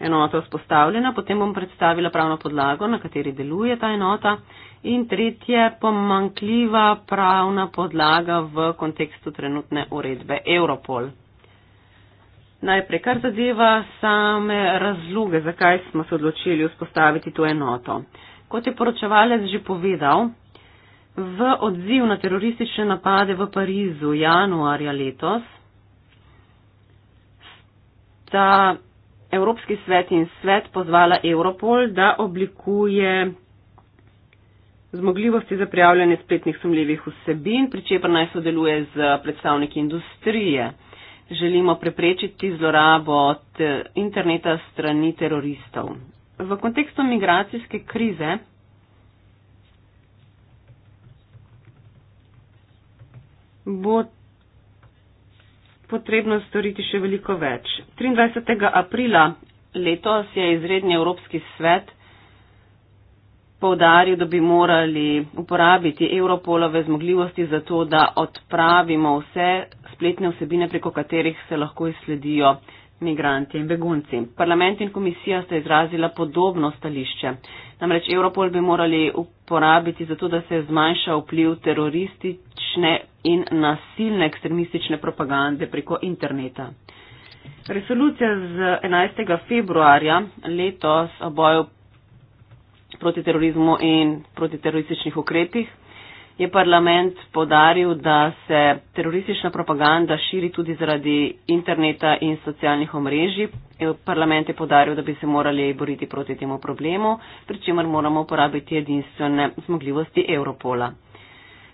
Speaker 3: enota vzpostavljena, potem bom predstavila pravno podlago, na kateri deluje ta enota in tretje, pomankljiva pravna podlaga v kontekstu trenutne uredbe Europol. Najprej, kar zadeva same razloge, zakaj smo se odločili vzpostaviti to enoto. Kot je poročevalec že povedal, v odziv na teroristične napade v Parizu januarja letos sta Evropski svet in svet pozvala Europol, da oblikuje zmogljivosti za prijavljanje spletnih sumljivih vsebin, pri čemer naj sodeluje z predstavniki industrije želimo preprečiti zlorabo od interneta strani teroristov. V kontekstu migracijske krize bo potrebno storiti še veliko več. 23. aprila letos je izredni Evropski svet poudaril, da bi morali uporabiti Europolove zmogljivosti za to, da odpravimo vse spletne vsebine, preko katerih se lahko izsledijo migranti in begunci. Parlament in komisija sta izrazila podobno stališče. Namreč Europol bi morali uporabiti zato, da se zmanjša vpliv teroristične in nasilne ekstremistične propagande preko interneta. Resolucija z 11. februarja letos oboje proti terorizmu in proti terorističnih ukrepih, je parlament podaril, da se teroristična propaganda širi tudi zaradi interneta in socialnih omrežij. E, parlament je podaril, da bi se morali boriti proti temu problemu, pri čemer moramo uporabiti edinstvene zmogljivosti Europola.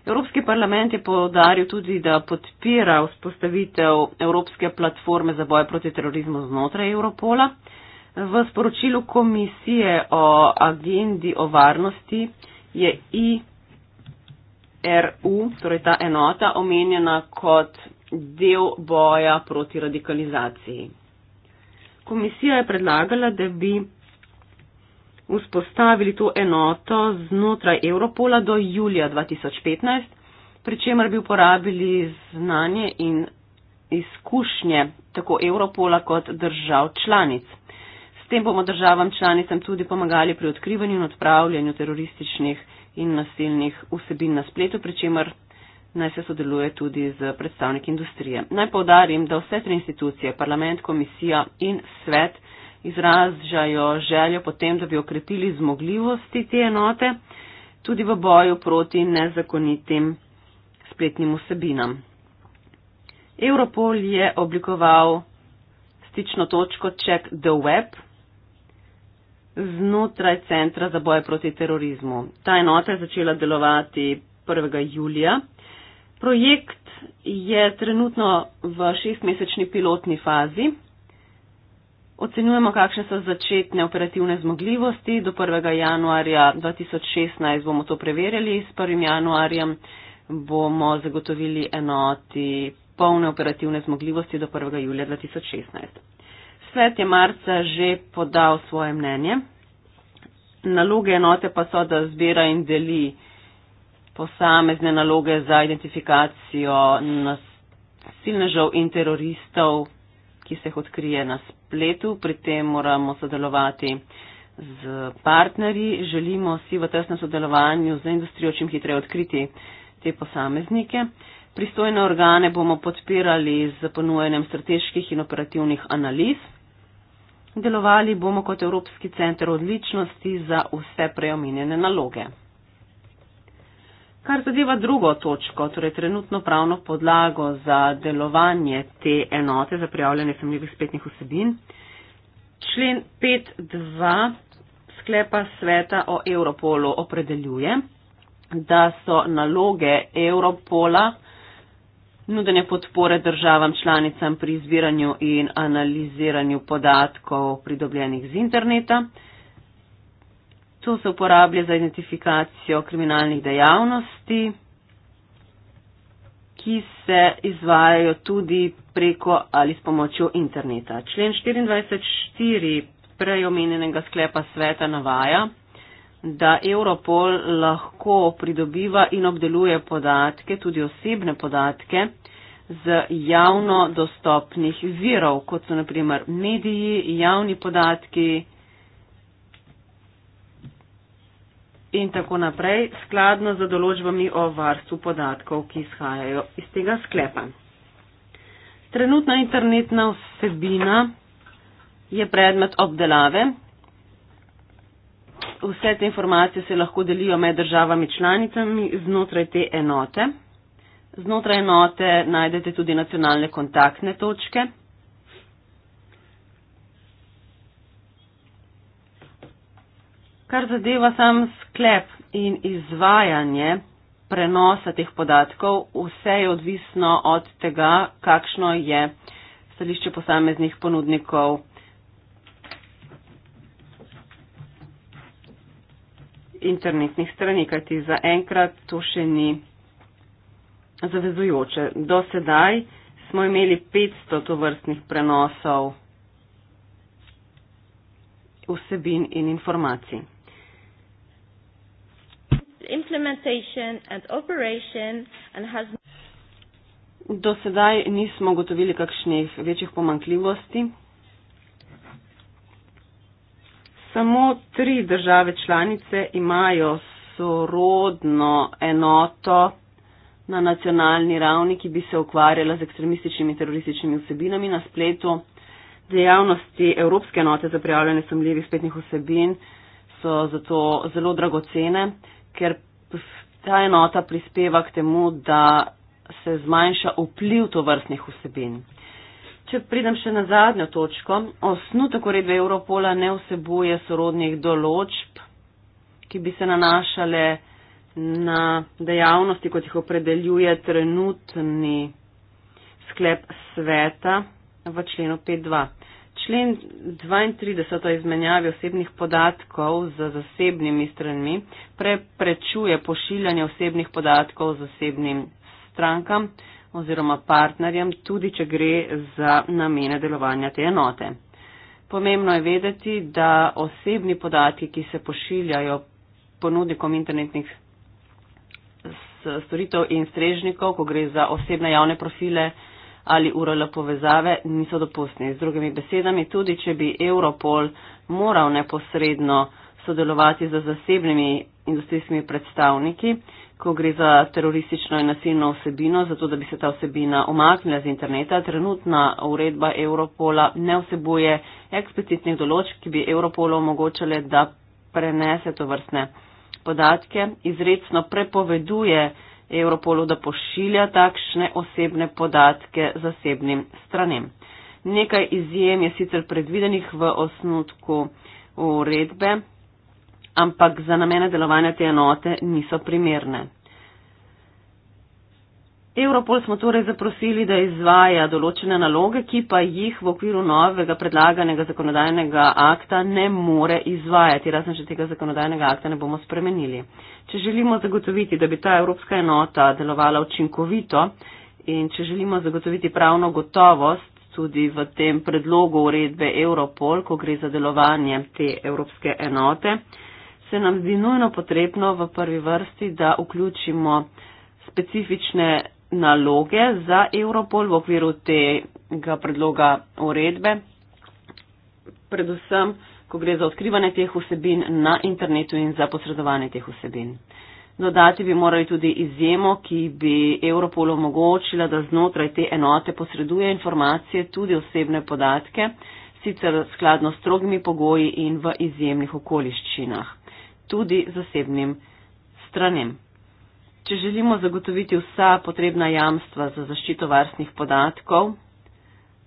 Speaker 3: Evropski parlament je podaril tudi, da podpira vzpostavitev Evropske platforme za boj proti terorizmu znotraj Europola. V sporočilu komisije o agendi o varnosti je IRU, torej ta enota, omenjena kot del boja proti radikalizaciji. Komisija je predlagala, da bi vzpostavili to enoto znotraj Europola do julija 2015, pri čemer bi uporabili znanje in izkušnje tako Europola kot držav članic. S tem bomo državam članicam tudi pomagali pri odkrivanju in odpravljanju terorističnih in nasilnih vsebin na spletu, pri čemer naj se sodeluje tudi z predstavniki industrije. Naj povdarim, da vse tri institucije, parlament, komisija in svet, izražajo željo potem, da bi okrepili zmogljivosti te enote tudi v boju proti nezakonitim spletnim vsebinam. Europol je oblikoval stično točko Check the Web, znotraj Centra za boje proti terorizmu. Ta enota je začela delovati 1. julija. Projekt je trenutno v šestmesečni pilotni fazi. Ocenjujemo, kakšne so začetne operativne zmogljivosti. Do 1. januarja 2016 bomo to preverjali. S 1. januarjem bomo zagotovili enoti polne operativne zmogljivosti do 1. julija 2016 svet je marca že podal svoje mnenje. Naloge enote pa so, da zbira in deli posamezne naloge za identifikacijo nasilnežev in teroristov, ki se jih odkrije na spletu. Pri tem moramo sodelovati z partnerji. Želimo si v tesnem sodelovanju z industrijo čim hitreje odkriti te posameznike. Pristojne organe bomo podpirali z ponujenjem strateških in operativnih analiz. Delovali bomo kot Evropski center odličnosti za vse preomenjene naloge. Kar zadeva drugo točko, torej trenutno pravno podlago za delovanje te enote za prijavljanje samljivih spletnih vsebin, člen 5.2 sklepa sveta o Europolu opredeljuje, da so naloge Europola nudenje podpore državam članicam pri zbiranju in analiziranju podatkov pridobljenih z interneta. To se uporablja za identifikacijo kriminalnih dejavnosti, ki se izvajajo tudi preko ali s pomočjo interneta. Člen 24.4. prej omenjenega sklepa sveta navaja, da Europol lahko pridobiva in obdeluje podatke, tudi osebne podatke, z javno dostopnih virov, kot so naprimer mediji, javni podatki in tako naprej, skladno z določbami o varstvu podatkov, ki izhajajo iz tega sklepa. Trenutna internetna vsebina je predmet obdelave vse te informacije se lahko delijo med državami članicami znotraj te enote. Znotraj enote najdete tudi nacionalne kontaktne točke. Kar zadeva sam sklep in izvajanje prenosa teh podatkov, vse je odvisno od tega, kakšno je stališče posameznih ponudnikov. internetnih strani, kajti zaenkrat to še ni zavezujoče. Do sedaj smo imeli 500 tovrstnih prenosov vsebin in informacij. Do sedaj nismo gotovili kakšnih večjih pomankljivosti. samo tri države članice imajo sorodno enoto na nacionalni ravni, ki bi se ukvarjala z ekstremističnimi in terorističnimi vsebinami na spletu. Dejavnosti Evropske enote za prijavljanje sumljivih spletnih vsebin so zato zelo dragocene, ker ta enota prispeva k temu, da se zmanjša vpliv tovrstnih vsebin. Če pridem še na zadnjo točko, osnutek uredbe Europola ne vsebuje sorodnih določb, ki bi se nanašale na dejavnosti, kot jih opredeljuje trenutni sklep sveta v členu 5.2. Člen 32 o izmenjavi osebnih podatkov z zasebnimi stranmi preprečuje pošiljanje osebnih podatkov z zasebnim strankam oziroma partnerjem, tudi če gre za namene delovanja te enote. Pomembno je vedeti, da osebni podatki, ki se pošiljajo ponudnikom internetnih storitev in strežnikov, ko gre za osebne javne profile ali URL povezave, niso dopustni. Z drugimi besedami, tudi če bi Europol moral neposredno sodelovati z zasebnimi industrijskimi predstavniki, ko gre za teroristično in nasilno vsebino, zato da bi se ta vsebina omaknila z interneta. Trenutna uredba Europola ne vsebuje eksplicitnih določb, ki bi Europolo omogočale, da prenese to vrstne podatke. Izredno prepoveduje Europolu, da pošilja takšne osebne podatke zasebnim stranem. Nekaj izjem je sicer predvidenih v osnutku uredbe ampak za namene delovanja te enote niso primerne. Evropol smo torej zaprosili, da izvaja določene naloge, ki pa jih v okviru novega predlaganega zakonodajnega akta ne more izvajati, razen če tega zakonodajnega akta ne bomo spremenili. Če želimo zagotoviti, da bi ta evropska enota delovala učinkovito in če želimo zagotoviti pravno gotovost tudi v tem predlogu uredbe Evropol, ko gre za delovanje te evropske enote, se nam zdi nujno potrebno v prvi vrsti, da vključimo specifične naloge za Europol v okviru tega predloga uredbe, predvsem, ko gre za odkrivanje teh vsebin na internetu in za posredovanje teh vsebin. Dodati bi morali tudi izjemo, ki bi Europol omogočila, da znotraj te enote posreduje informacije tudi osebne podatke, sicer skladno s strogimi pogoji in v izjemnih okoliščinah tudi zasebnim stranem. Če želimo zagotoviti vsa potrebna jamstva za zaščito varstnih podatkov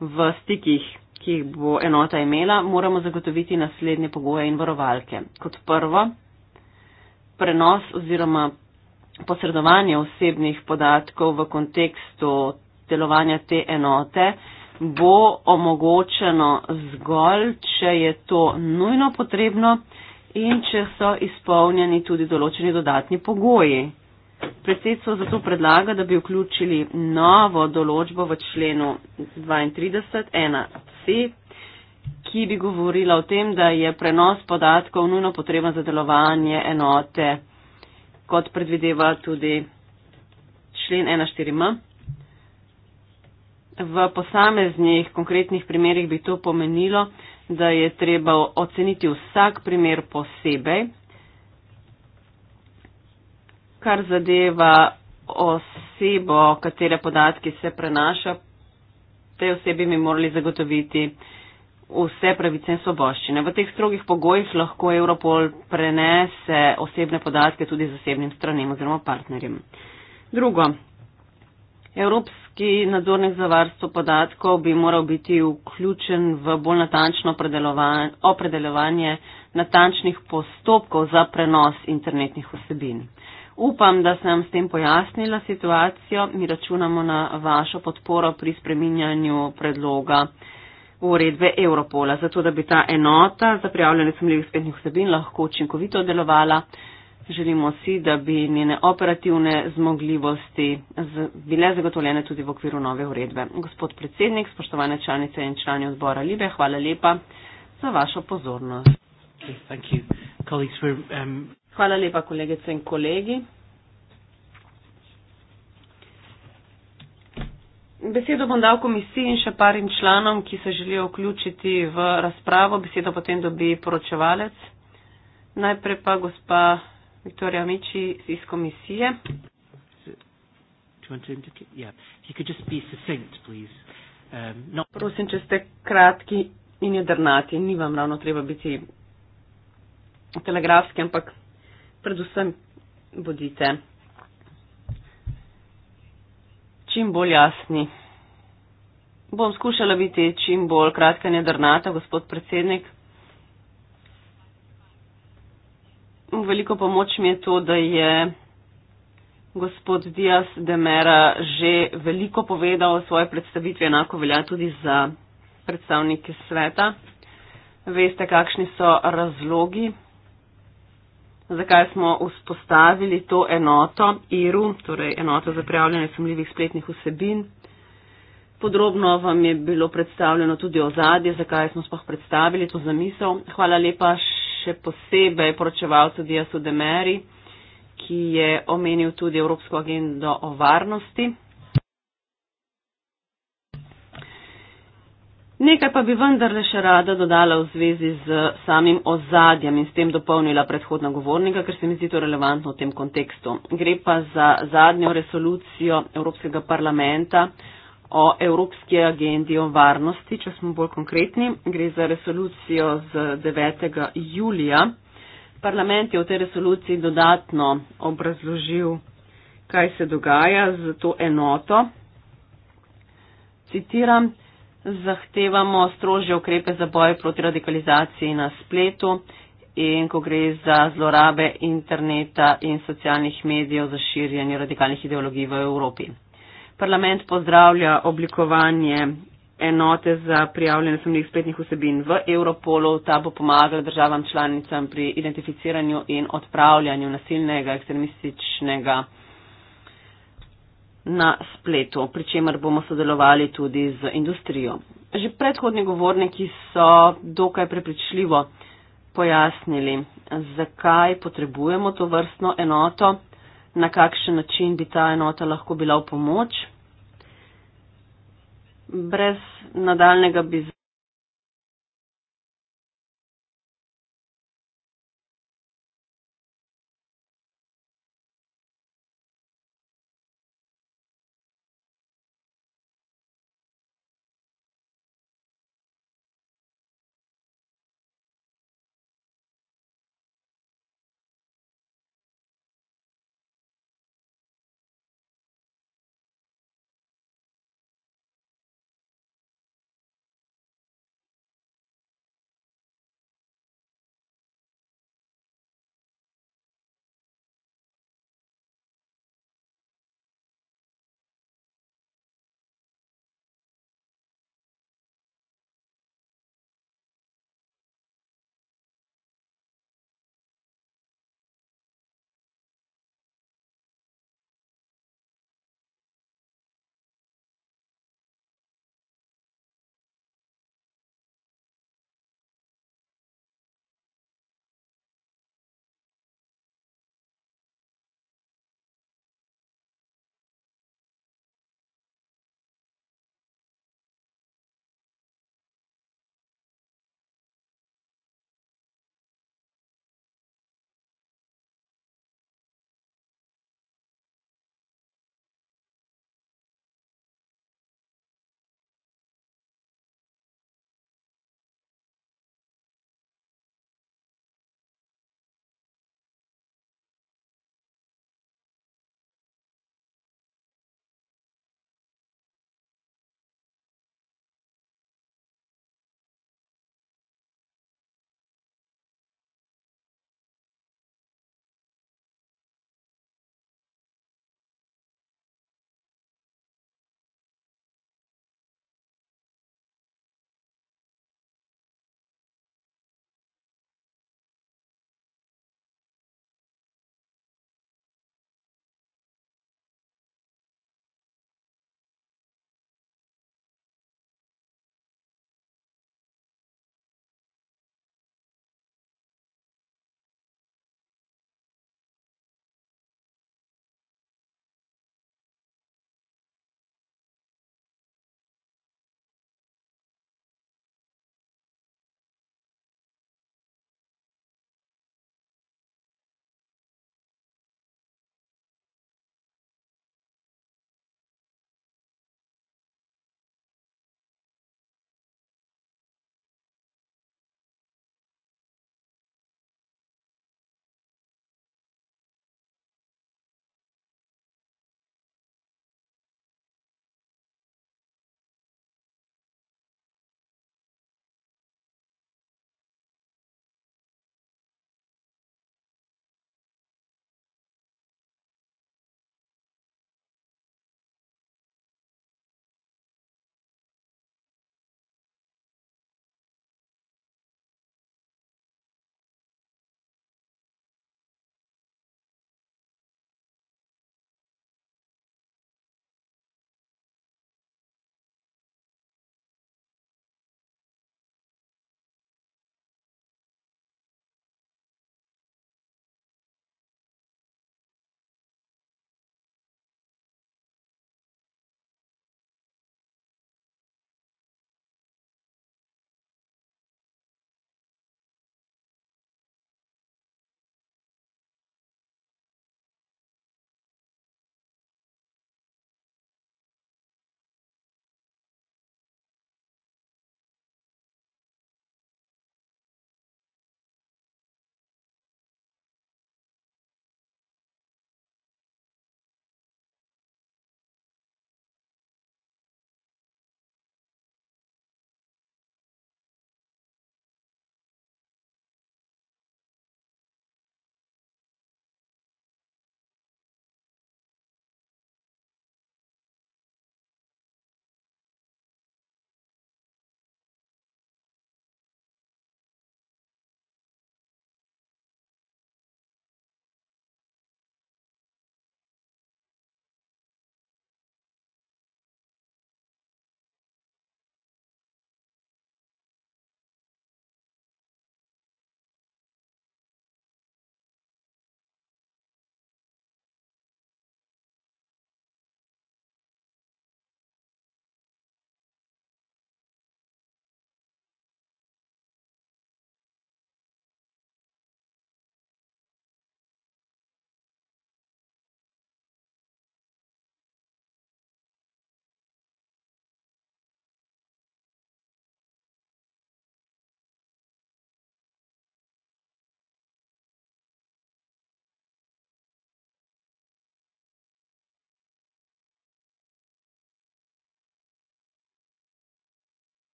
Speaker 3: v stikih, ki jih bo enota imela, moramo zagotoviti naslednje pogoje in varovalke. Kot prvo, prenos oziroma posredovanje osebnih podatkov v kontekstu delovanja te enote bo omogočeno zgolj, če je to nujno potrebno in če so izpolnjeni tudi določeni dodatni pogoji. Predsedstvo zato predlaga, da bi vključili novo določbo v členu 32.1c, ki bi govorila o tem, da je prenos podatkov nujno potreben za delovanje enote, kot predvideva tudi člen 1.4m. V posameznih konkretnih primerjih bi to pomenilo, da je treba oceniti vsak primer posebej, kar zadeva osebo, katere podatki se prenaša, te osebi bi morali zagotoviti vse pravice in svoboščine. V teh strogih pogojih lahko Europol prenese osebne podatke tudi zasebnim stranem oziroma partnerjem. Drugo, Evropska biti nadzornik za varstvo podatkov, bi moral biti vključen v bolj natančno opredeljevanje natančnih postopkov za prenos internetnih vsebin. Upam, da sem s tem pojasnila situacijo. Mi računamo na vašo podporo pri spreminjanju predloga uredbe Europola, zato da bi ta enota za prijavljanje sumljivih spletnih vsebin lahko učinkovito delovala. Želimo si, da bi njene operativne zmogljivosti bile zagotovljene tudi v okviru nove uredbe. Gospod predsednik, spoštovane članice in člani odbora Libe, hvala lepa za vašo pozornost. Um, hvala lepa, kolegice in kolegi. Besedo bom dal komisiji in še parim članom, ki se želijo vključiti v razpravo. Besedo potem dobi poročevalec. Najprej pa gospa Victoria Amici iz komisije. Um, Prosim, če ste kratki in jedrnati, ni vam ravno treba biti telegrafski, ampak predvsem bodite čim bolj jasni. Bom skušala biti čim bolj kratka in jedrnata, gospod predsednik. veliko pomoč mi je to, da je gospod Dias de Mera že veliko povedal o svoje predstavitvi, enako velja tudi za predstavnike sveta. Veste, kakšni so razlogi, zakaj smo vzpostavili to enoto IRU, torej enoto za prijavljanje sumljivih spletnih vsebin. Podrobno vam je bilo predstavljeno tudi ozadje, zakaj smo sploh predstavili to zamisel. Hvala lepa še posebej poročevalcu Diasu Demeri, ki je omenil tudi Evropsko agendo o varnosti. Nekaj pa bi vendarle še rada dodala v zvezi z samim ozadjem in s tem dopolnila predhodna govornika, ker se mi zdi to relevantno v tem kontekstu. Gre pa za zadnjo resolucijo Evropskega parlamenta o Evropski agendi o varnosti, če smo bolj konkretni. Gre za resolucijo z 9. julija. Parlament je v tej resoluciji dodatno obrazložil, kaj se dogaja z to enoto. Citiram, zahtevamo strožje ukrepe za boj proti radikalizaciji na spletu in ko gre za zlorabe interneta in socialnih medijev za širjanje radikalnih ideologij v Evropi. Parlament pozdravlja oblikovanje enote za prijavljanje sumnih spletnih vsebin v Europolu. Ta bo pomagala državam članicam pri identificiranju in odpravljanju nasilnega ekstremističnega na spletu, pri čemer bomo sodelovali tudi z industrijo. Že predhodni govorniki so dokaj prepričljivo pojasnili, zakaj potrebujemo to vrstno enoto na kakšen način bi ta enota lahko bila v pomoč. Brez nadaljnega bi.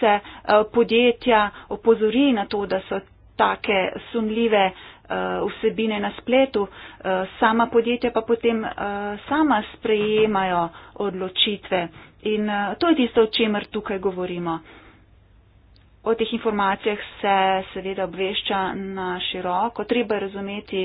Speaker 4: se eh, podjetja opozori na to, da so take sumljive eh, vsebine na spletu, eh, sama podjetja pa potem sama sprejemajo odločitve. In to je tisto, o čemer tukaj govorimo. O teh informacijah se seveda obvešča na široko. Treba je razumeti,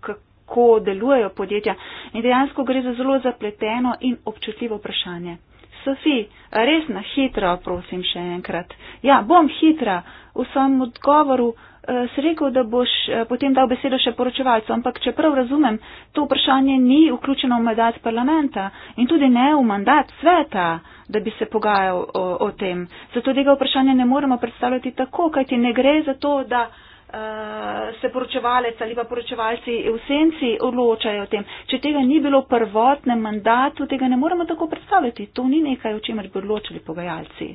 Speaker 4: kako delujejo podjetja. In dejansko gre za zelo zapleteno in občutljivo vprašanje. Sofi, res na hitro, prosim še enkrat. Ja, bom hitra. V svojem odgovoru eh, si rekel, da boš eh, potem dal besedo še poročevalcu, ampak čeprav razumem, to vprašanje ni vključeno v mandat parlamenta in tudi ne v mandat sveta, da bi se pogajal o, o tem. Zato tega vprašanja ne moremo predstavljati tako, kajti ne gre za to, da. Eh, Eh, se poročevalec ali pa poročevalci v senci odločajo o tem. Če tega ni bilo v prvotnem mandatu, tega ne moremo tako predstavljati. To ni nekaj, o čemer bi odločili pogajalci.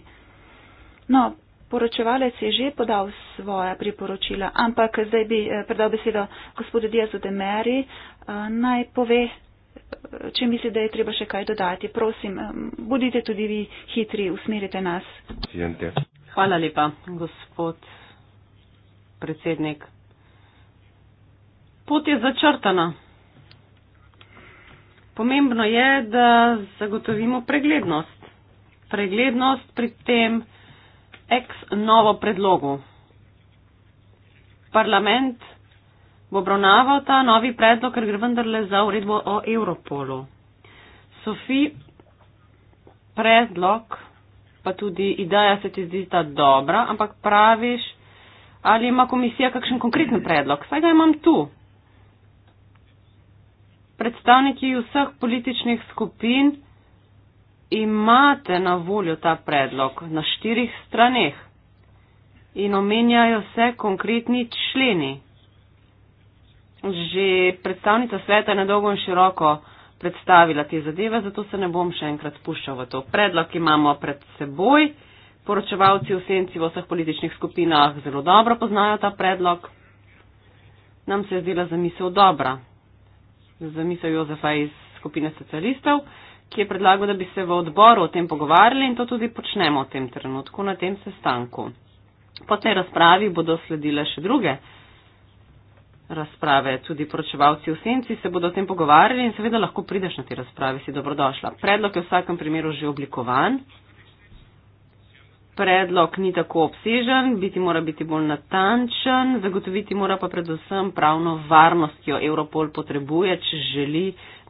Speaker 4: No, poročevalec je že podal svoja priporočila, ampak zdaj bi eh, predal besedo gospodu Diazu de Meri. Eh, naj pove, če misli, da je treba še kaj dodati. Prosim, budite tudi
Speaker 3: vi hitri, usmerite nas. Hvala lepa, gospod predsednik. Pot je začrtana. Pomembno je, da zagotovimo preglednost. Preglednost pri tem ex novo predlogu. Parlament bo obravnaval ta novi predlog, ker gre vendarle za uredbo o Europolu. Sofi, predlog, pa tudi ideja se ti zdi ta dobra, ampak praviš, ali ima komisija kakšen konkreten predlog. Saj ga imam tu. Predstavniki vseh političnih skupin imate na voljo ta predlog na štirih straneh in omenjajo se konkretni členi. Že predstavnica sveta je na dolgo in široko predstavila te zadeve, zato se ne bom še enkrat puščal v to. Predlog imamo pred seboj poročevalci v senci v vseh političnih skupinah zelo dobro poznajo ta predlog. Nam se je zdela zamisel dobra. Zamisel Jozefa iz skupine socialistov, ki je predlagal, da bi se v odboru o tem pogovarjali in to tudi počnemo v tem trenutku na tem sestanku. Po tej razpravi bodo sledile še druge razprave, tudi poročevalci v senci se bodo o tem pogovarjali in seveda lahko prideš na te razprave, si dobrodošla. Predlog je v vsakem primeru že oblikovan predlog ni tako obsežen, biti mora biti bolj natančen, zagotoviti mora pa predvsem pravno varnost, ki jo Europol potrebuje, če želi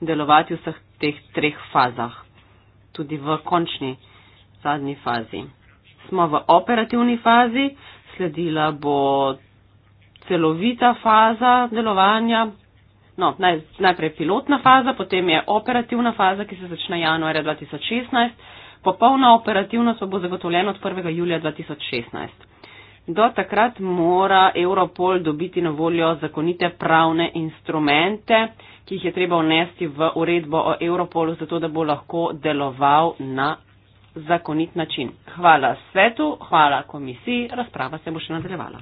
Speaker 3: delovati v vseh teh treh fazah, tudi v končni zadnji fazi. Smo v operativni fazi, sledila bo celovita faza delovanja. No, naj, najprej pilotna faza, potem je operativna faza, ki se začne januarja 2016. Popolna operativnost pa bo zagotovljena od 1. julija 2016. Do takrat mora Europol dobiti na voljo zakonite pravne instrumente, ki jih je treba vnesti v uredbo o Europolu, zato da bo lahko deloval na zakonit način. Hvala svetu, hvala komisiji, razprava se bo še nadaljevala.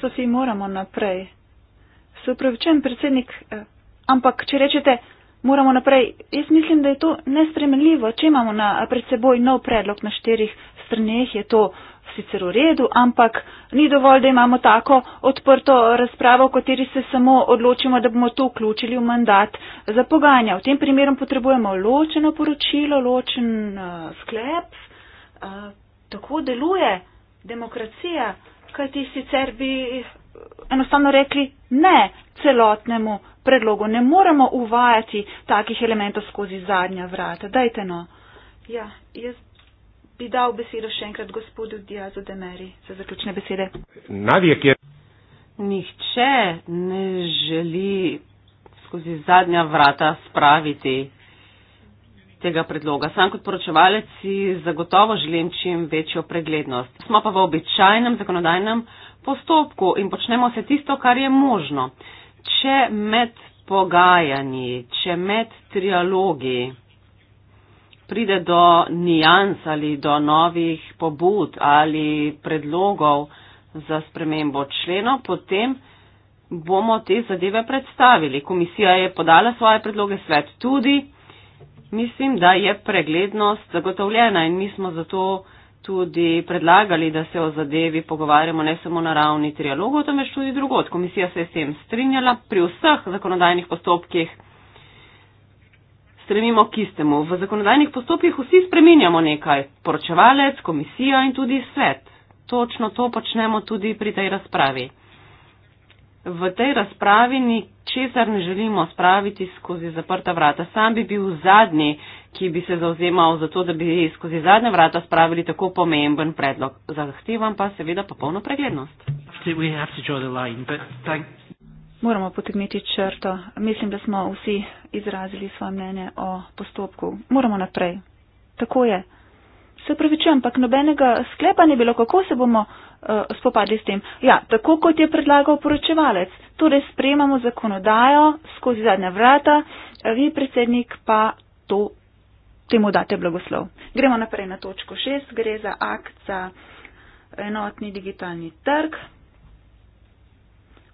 Speaker 4: Sofi, moramo naprej. Se upravičujem, predsednik. Eh, Ampak, če rečete, moramo naprej, jaz mislim, da je to nespremenljivo. Če imamo na, pred seboj nov predlog na štirih straneh, je to sicer v redu, ampak ni dovolj, da imamo tako odprto razpravo, v kateri se samo odločimo, da bomo to vključili v mandat za poganja. V tem primeru potrebujemo ločeno poročilo, ločen uh, sklep. Uh, tako deluje demokracija, kajti sicer bi enostavno rekli ne celotnemu predlogu. Ne moremo uvajati takih elementov skozi zadnja vrata. Dajte no. Ja, jaz bi dal besedo še enkrat gospodu Diazu Demeri za zaključne besede.
Speaker 3: Navijek je. Nihče ne želi skozi zadnja vrata spraviti tega predloga. Sam kot poročevalec si zagotovo želim čim večjo preglednost. Smo pa v običajnem zakonodajnem postopku in počnemo vse tisto, kar je možno če med pogajanji, če med trialogi pride do nijans ali do novih pobud ali predlogov za spremembo členov, potem bomo te zadeve predstavili. Komisija je podala svoje predloge, svet tudi. Mislim, da je preglednost zagotovljena in mi smo zato tudi predlagali, da se o zadevi pogovarjamo ne samo na ravni trialogov, temveč tudi drugot. Komisija se je s tem strinjala pri vseh zakonodajnih postopkih. Stremimo k istemu. V zakonodajnih postopkih vsi spreminjamo nekaj. Poročevalec, komisija in tudi svet. Točno to počnemo tudi pri tej razpravi. V tej razpravi ničesar ne želimo spraviti skozi zaprta vrata. Sam bi bil zadnji, ki bi se zauzemal za to, da bi skozi zadnja vrata spravili tako pomemben predlog. Zahtevam pa seveda popolno preglednost.
Speaker 4: Moramo potegniti črto. Mislim, da smo vsi izrazili svoje mnenje o postopku. Moramo naprej. Tako je. Se pravičujem, ampak nobenega sklepa ni bilo, kako se bomo uh, spopadli s tem. Ja, tako kot je predlagal poročevalec. Torej sprejemamo zakonodajo skozi zadnja vrata, eh, vi predsednik pa to temu date blagoslov. Gremo naprej na točko 6, gre za akt za enotni digitalni trg.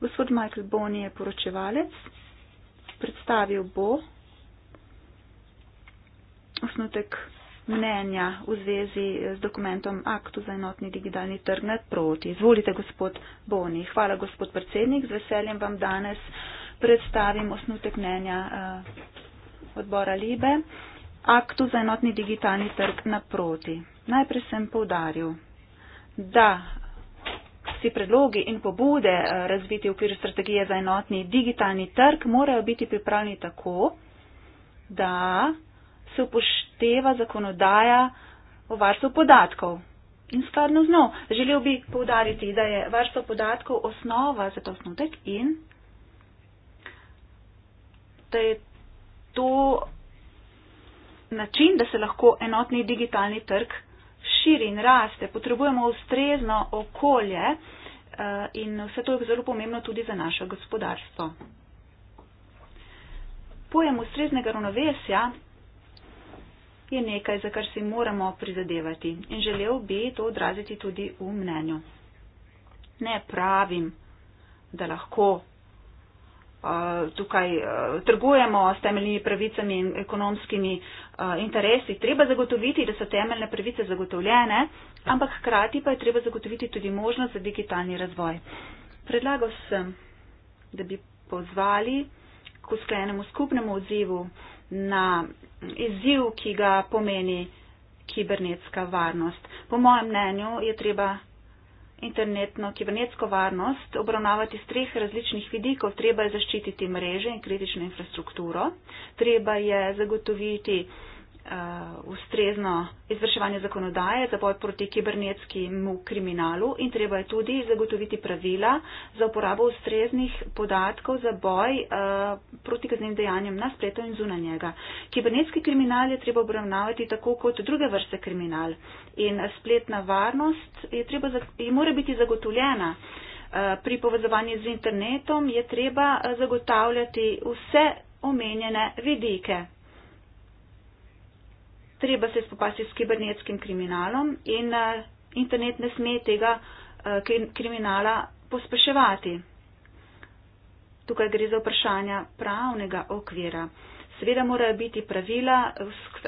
Speaker 4: Gospod Michael Boni je poročevalec, predstavil bo osnutek mnenja v zvezi z dokumentom aktu za enotni digitalni trg nad proti. Izvolite, gospod Boni. Hvala, gospod predsednik. Z veseljem vam danes predstavim osnutek mnenja uh, odbora Libe. Uh, aktu za enotni digitalni trg naproti. Najprej sem povdaril, da si predlogi in pobude eh, razviti v okviru strategije za enotni digitalni trg morajo biti pripravljeni tako, da se upošteva zakonodaja o varstvu podatkov. In skladno z njo, želel bi povdariti, da je varstvo podatkov osnova za ta osnutek in da je to način, da se lahko enotni digitalni trg širi in raste. Potrebujemo ustrezno okolje eh, in vse to je zelo pomembno tudi za naše gospodarstvo. Pojem ustreznega ravnovesja je nekaj, za kar si moramo prizadevati in želel bi to odraziti tudi v mnenju. Ne pravim, da lahko Eh, tukaj eh, trgujemo s temeljnimi pravicami in ekonomskimi eh, interesi. Treba zagotoviti, da so temeljne pravice zagotovljene, ampak hkrati pa je treba zagotoviti tudi možnost za digitalni razvoj. Predlagal sem, da bi pozvali k usklenemu skupnemu odzivu na izziv, ki ga pomeni kibernetska varnost. Po mojem mnenju je treba internetno kibernetsko varnost obravnavati z treh različnih vidikov. Treba je zaščititi mreže in kritično infrastrukturo, treba je zagotoviti uh, ustrezno izvrševanje zakonodaje za boj proti kibernetskemu kriminalu in treba je tudi zagotoviti pravila za uporabo ustreznih podatkov za boj uh, proti kaznim dejanjem na spletu in zunaj njega. Kibernetski kriminal je treba obravnavati tako kot druge vrste kriminal in spletna varnost je treba, je mora biti zagotovljena. Eh, pri povezovanju z internetom je treba zagotavljati vse omenjene vidike treba se spopasti s kibernetskim kriminalom in eh, internet ne sme tega eh, kriminala pospeševati. Tukaj gre za vprašanja pravnega okvira. Seveda morajo biti pravila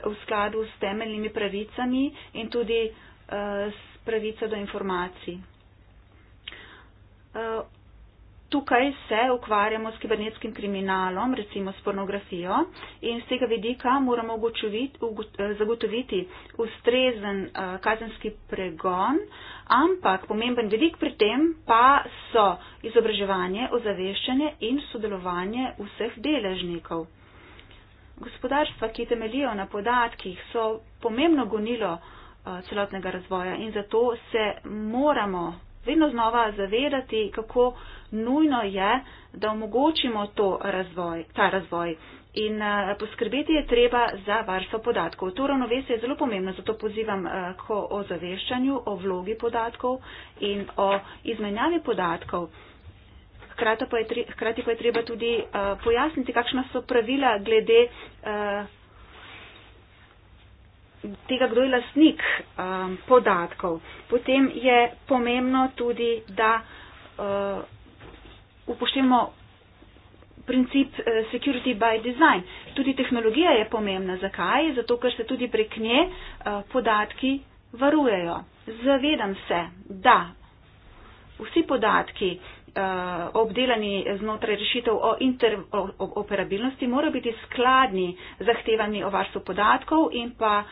Speaker 4: v skladu s temeljnimi pravicami in tudi eh, s pravico do informacij tukaj se ukvarjamo s kibernetskim kriminalom, recimo s pornografijo in z tega vidika moramo eh, zagotoviti ustrezen eh, kazenski pregon, ampak pomemben vidik pri tem pa so izobraževanje, ozaveščanje in sodelovanje vseh deležnikov. Gospodarstva, ki temelijo na podatkih, so pomembno gonilo eh, celotnega razvoja in zato se moramo vedno znova zavedati, kako nujno je, da omogočimo razvoj, ta razvoj. In uh, poskrbeti je treba za varstvo podatkov. To ravnovesje je zelo pomembno, zato pozivam uh, eh, ko o zaveščanju, o vlogi podatkov in o izmenjavi podatkov. Hkrati pa je, tre, hkrati pa je treba tudi uh, pojasniti, kakšna so pravila glede uh, tega, kdo je lasnik uh, podatkov. Potem je pomembno tudi, da. Uh, upoštevamo princip eh, security by design. Tudi tehnologija je pomembna. Zakaj? Zato, ker se tudi prek nje eh, podatki varujejo. Zavedam se, da vsi podatki uh, obdelani znotraj rešitev o interoperabilnosti, morajo biti skladni zahtevani o varstvu podatkov in pa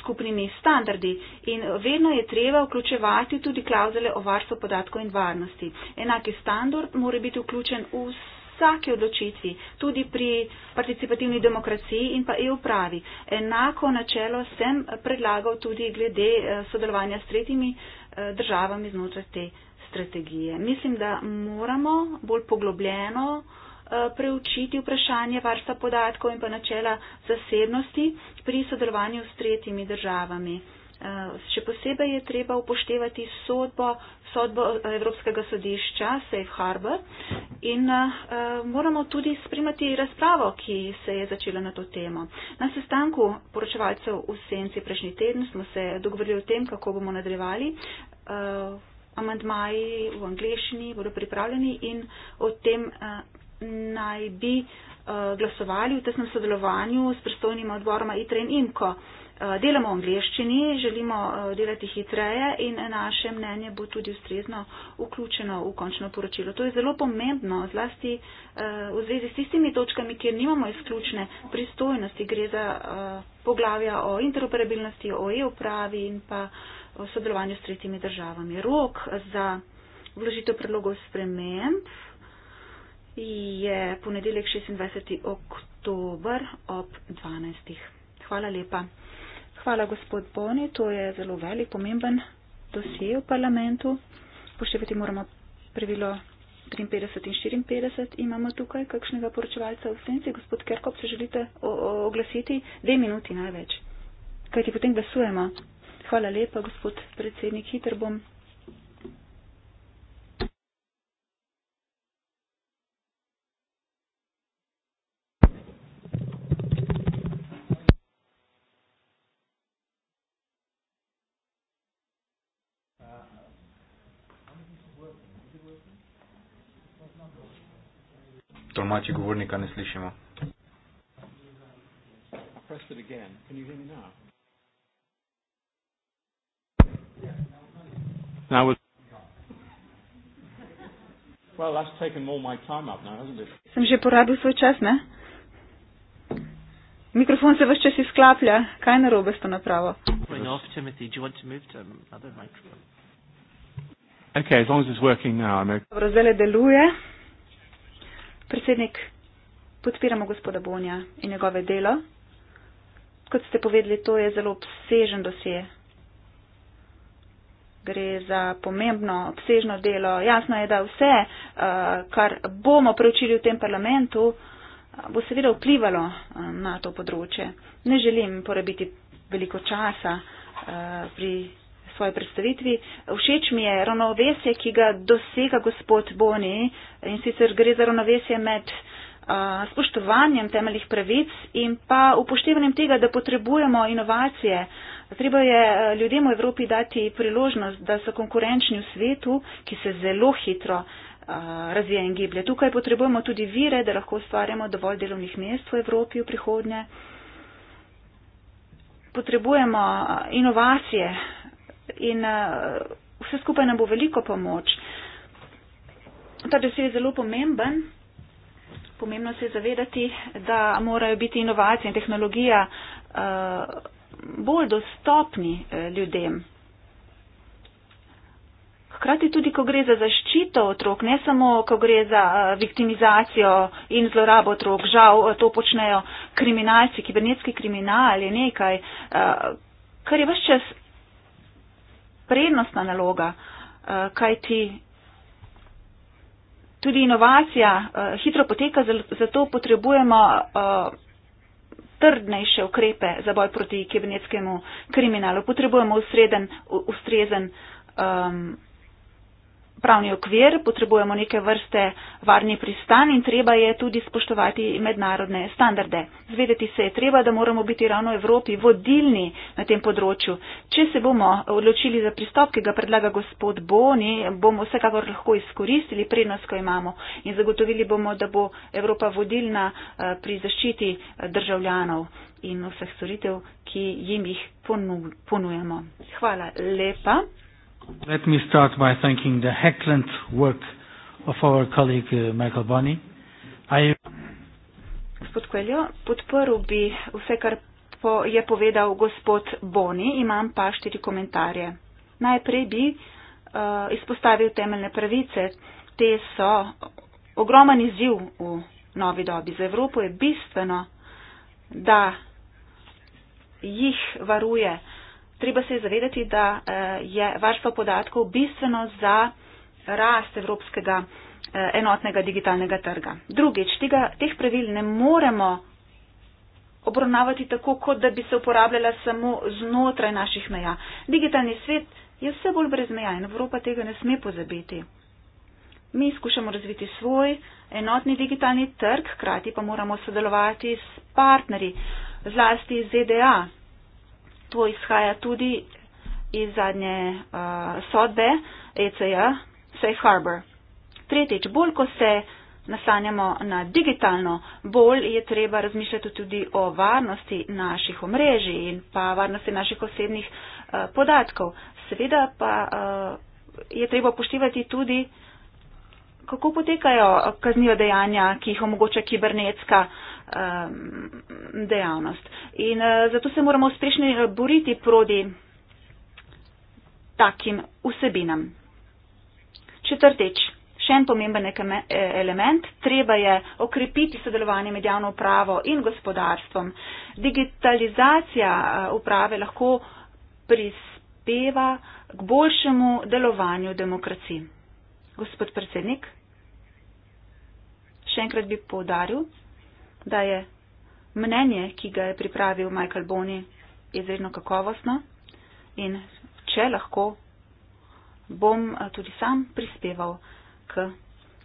Speaker 4: skupnimi standardi. In vedno je treba vključevati tudi klauzele o varstvu podatkov in varnosti. Enaki standard mora biti vključen v vsake odločitvi, tudi pri participativni demokraciji in pa EU pravi. Enako načelo sem predlagal tudi glede eh, sodelovanja s tretjimi eh, državami znotraj te strategije. Mislim, da moramo bolj poglobljeno eh, preučiti vprašanje varstva podatkov in pa načela zasebnosti pri sodelovanju s tretjimi državami. Eh, še posebej je treba upoštevati sodbo, sodbo eh, Evropskega sodišča Safe Harbor in moramo tudi spremati razpravo, ki se je začela na to temo. Na sestanku poročevalcev v Senci prejšnji teden smo se dogovorili o tem, kako bomo nadrevali amantmaji v angliščini bodo pripravljeni in o tem uh, naj bi uh, glasovali v tesnem sodelovanju s pristojnima odboroma ITRE in IMKO. Eh, delamo v angliščini, želimo delati hitreje in naše mnenje bo tudi ustrezno vključeno v končno poročilo. To je zelo pomembno, zlasti v zvezi s tistimi točkami, kjer nimamo izključne pristojnosti. Gre za poglavja o interoperabilnosti, o e-upravi in pa v sodelovanju s tretjimi državami. Rok za vložitev predlogov sprememb je ponedeljek 26. oktober ob 12. Hvala lepa. Hvala, gospod Boni. To je zelo velik, pomemben dosje v parlamentu. Poštevati moramo pravilo 53 in 54. Imamo tukaj kakšnega poročevalca v senci. Gospod Kerkop, se želite oglasiti? Dve minuti največ. Kajti potem glasujemo. Hvala lepa, gospod predsednik Hiterbom.
Speaker 2: Tolmači govornika ne slišimo.
Speaker 5: Press it again. Can you hear me now? And I was. Well, that's
Speaker 1: taken all my time up now, hasn't it?
Speaker 4: Sem že porabil svoj čas, ne? Mikrofon se vse čas izklaplja. Kaj na robe s to napravo?
Speaker 1: Okay, as long as it's working now, I'm okay.
Speaker 4: Dobro, zdaj le deluje. Predsednik, podpiramo gospoda Bonja in njegove delo. Kot ste povedali, to je zelo obsežen dosje gre za pomembno, obsežno delo. Jasno je, da vse, eh, kar bomo preučili v tem parlamentu, eh, bo seveda vplivalo eh, na to področje. Ne želim porabiti veliko časa pri svoji predstavitvi. Všeč mi je ravnovesje, ki ga dosega gospod Boni in sicer gre za ravnovesje med spoštovanjem temeljih pravic in pa upoštevanjem tega, da potrebujemo inovacije. Treba je ljudem v Evropi dati priložnost, da so konkurenčni v svetu, ki se zelo hitro razvija in giblje. Tukaj potrebujemo tudi vire, da lahko ustvarjamo dovolj delovnih mest v Evropi v prihodnje. Potrebujemo inovacije in vse skupaj nam bo veliko pomoč. Ta besed je zelo pomemben pomembno se zavedati, da morajo biti inovacije in tehnologija eh, bolj dostopni eh, ljudem. Hkrati tudi, ko gre za zaščito otrok, ne samo, ko gre za eh, viktimizacijo in zlorabo otrok, žal to počnejo kriminalci, kibernetski kriminal je nekaj, kar je vse čas prednostna naloga, kaj ti tudi inovacija uh, hitro poteka, zato potrebujemo uh, trdnejše ukrepe za boj proti kibernetskemu kriminalu. Potrebujemo ustreden, ustrezen. Um, pravni okvir, potrebujemo neke vrste varni pristan in treba je tudi spoštovati mednarodne standarde. Zvedeti se je treba, da moramo biti ravno v Evropi vodilni na tem področju. Če se bomo odločili za pristop, ki ga predlaga gospod Boni, bomo vsekakor lahko izkoristili prednost, ko imamo in zagotovili bomo, da bo Evropa vodilna eh, pri zaščiti eh, državljanov in vseh storitev, ki jim jih ponujamo. Hvala lepa.
Speaker 1: Let me start by thanking the excellent work of our colleague uh, Michael Bonney. I...
Speaker 4: Gospod Kveljo, podporil bi vse, kar po, je povedal gospod Boni. Imam pa štiri komentarje. Najprej bi uh, izpostavil temeljne pravice. Te so ogromen izziv v novi dobi. Za Evropo je bistveno, da jih varuje treba se je zavedati, da eh, je varstvo podatkov bistveno za rast evropskega eh, enotnega digitalnega trga. Drugič, tega, teh pravil ne moremo obravnavati tako, kot da bi se uporabljala samo znotraj naših meja. Digitalni svet je vse bolj brez meja in Evropa tega ne sme pozabiti. Mi skušamo razviti svoj enotni digitalni trg, hkrati pa moramo sodelovati s partnerji, zlasti z ZDA, to izhaja tudi iz zadnje uh, sodbe ECA Safe Harbor. Tretjič, bolj ko se nasanjamo na digitalno, bolj je treba razmišljati tudi o varnosti naših omrežij in pa varnosti naših osebnih uh, podatkov. Seveda pa uh, je treba upoštevati tudi, kako potekajo kaznjiva dejanja, ki jih omogoča kibernetska uh, dejavnost. In eh, zato se moramo uspešno eh, boriti proti takim vsebinam. Četrtič, še en pomemben e, element, treba je okrepiti sodelovanje med javno upravo in gospodarstvom. Digitalizacija eh, uprave lahko prispeva k boljšemu delovanju demokraciji. Gospod predsednik, še enkrat bi povdaril, da je mnenje, ki ga je pripravil Michael Boni, izredno kakovostno in če lahko, bom eh, tudi sam prispeval k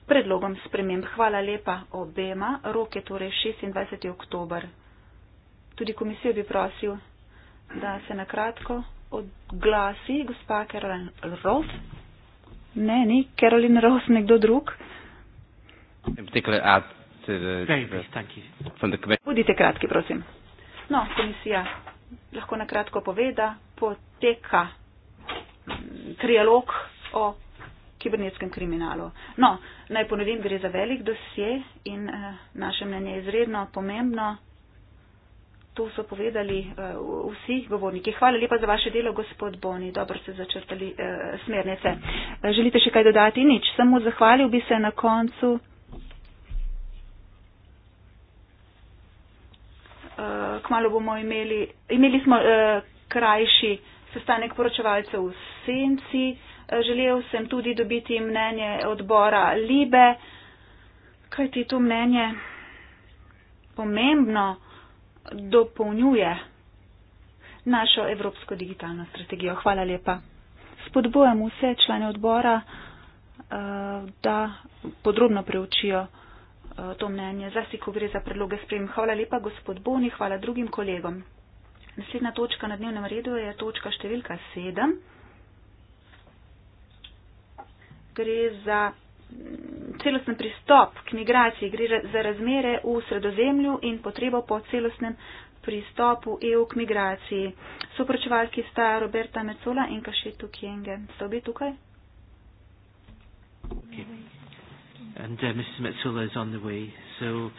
Speaker 4: predlogom sprememb. Hvala lepa obema, rok je torej 26. oktober. Tudi komisijo bi prosil, da se na kratko odglasi gospa Carolyn Roth. Ne, ni Carolyn Roth, nekdo drug.
Speaker 1: In particular, uh, minister. Davis,
Speaker 4: Budite kratki, prosim. No, komisija lahko na kratko poveda, poteka mm, trialog o kibernetskem kriminalu. No, naj ponovim, gre za velik dosje in uh, naše mnenje je izredno pomembno. To so povedali uh, vsi govorniki. Hvala lepa za vaše delo, gospod Boni. Dobro ste začrtali uh, smernice. Uh, želite še kaj dodati? Nič. Samo zahvalil bi se na koncu. uh, eh, kmalo bomo imeli, imeli smo uh, krajši sestanek poročevalcev v Senci. Eh, želel sem tudi dobiti mnenje odbora Libe, kaj ti to mnenje pomembno dopolnjuje našo evropsko digitalno strategijo. Hvala lepa. Spodbujam vse člane odbora, da podrobno preučijo Eh, to mnenje, zlasti, ko gre za predloge sprem. Hvala lepa, gospod Boni, hvala drugim kolegom. Naslednja točka na dnevnem redu je točka številka 7. Gre za mm, celosten pristop k migraciji, gre za razmere v sredozemlju in potrebo po celostnem pristopu EU k migraciji. Soporočevalki sta Roberta Mecola in Kašetu Kjenge. Ste obi tukaj?
Speaker 1: Okay and uh, Mrs. Metzola is on the way. So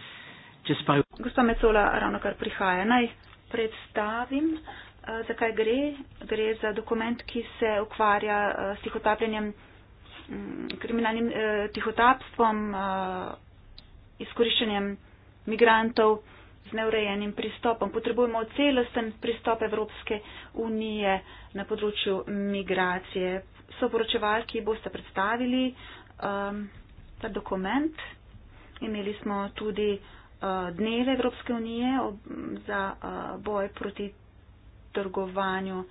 Speaker 1: just by.
Speaker 4: Gospa Metzola ravno kar prihaja. Naj predstavim, uh, zakaj gre. Gre za dokument, ki se ukvarja uh, s tihotapljenjem, um, kriminalnim uh, tihotapstvom, uh, izkoriščenjem migrantov z neurejenim pristopom. Potrebujemo celosten pristop Evropske unije na področju migracije. Soporočevalki boste predstavili. Um, ta dokument. Imeli smo tudi uh, dneve Evropske unije ob, za uh, boj proti trgovanju.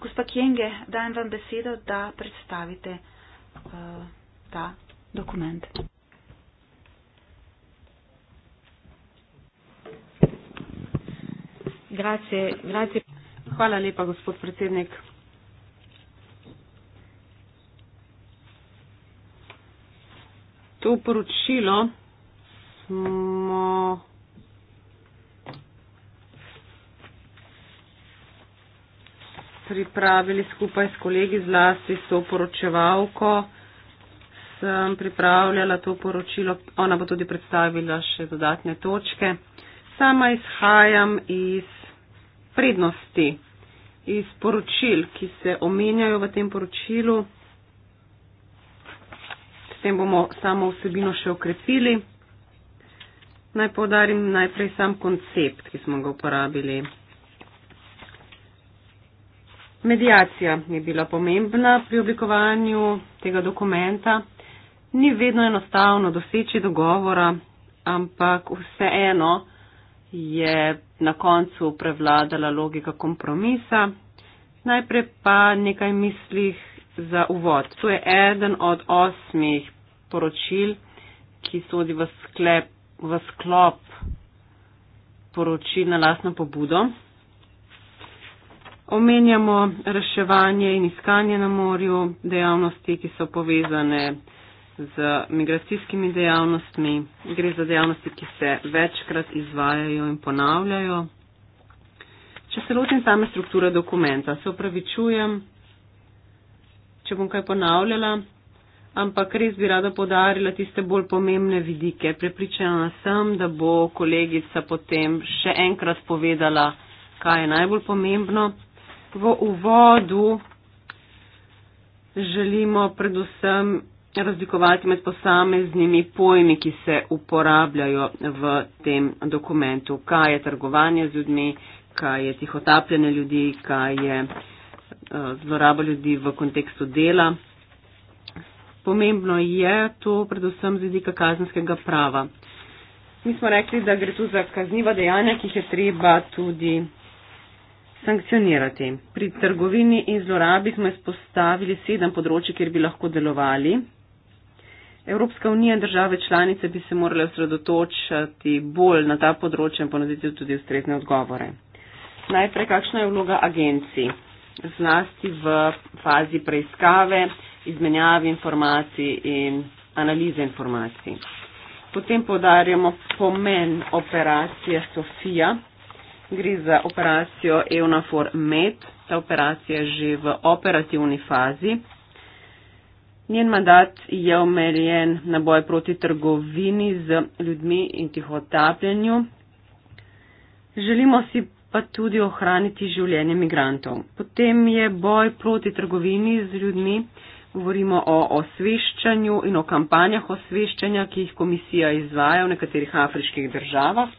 Speaker 4: Gospa Kjenge, dajem vam besedo, da predstavite uh, ta dokument.
Speaker 3: Grazie, grazie. Hvala lepa, gospod predsednik. to poročilo smo. pripravili skupaj s kolegi zlasti s to poročevalko. Sem pripravljala to poročilo, ona bo tudi predstavila še dodatne točke. Sama izhajam iz prednosti, iz poročil, ki se omenjajo v tem poročilu potem bomo samo vsebino še okrepili. Naj povdarim najprej sam koncept, ki smo ga uporabili. Medijacija je bila pomembna pri oblikovanju tega dokumenta. Ni vedno enostavno doseči dogovora, ampak vseeno je na koncu prevladala logika kompromisa. Najprej pa nekaj mislih za uvod. To je eden od osmih poročil, ki sodi v, sklep, v sklop poročil na lasno pobudo. Omenjamo reševanje in iskanje na morju, dejavnosti, ki so povezane z migracijskimi dejavnostmi. Gre za dejavnosti, ki se večkrat izvajajo in ponavljajo. Če se lotim same strukture dokumenta, se opravičujem, če bom kaj ponavljala, ampak res bi rada podarila tiste bolj pomembne vidike. Prepričana sem, da bo kolegica potem še enkrat povedala, kaj je najbolj pomembno. V uvodu želimo predvsem razlikovati med posameznimi pojmi, ki se uporabljajo v tem dokumentu. Kaj je trgovanje z ljudmi, kaj je tihotapljanje ljudi, kaj je eh, zloraba ljudi v kontekstu dela pomembno je to predvsem z vidika kazenskega prava. Mi smo rekli, da gre tu za kazniva dejanja, ki jih je treba tudi sankcionirati. Pri trgovini in zlorabi smo izpostavili sedem področji, kjer bi lahko delovali. Evropska unija in države članice bi se morale osredotočati bolj na ta področje in ponuditi tudi ustrezne odgovore. Najprej, kakšna je vloga agencij? Zlasti v fazi preiskave izmenjavi informacij in analize informacij. Potem podarjamo pomen operacije Sofija. Gre za operacijo EUNAFOR MED. Ta operacija je že v operativni fazi. Njen mandat je omeljen na boj proti trgovini z ljudmi in tihotapljenju. Želimo si pa tudi ohraniti življenje migrantov. Potem je boj proti trgovini z ljudmi, govorimo o osveščanju in o kampanjah osveščanja, ki jih komisija izvaja v nekaterih afriških državah.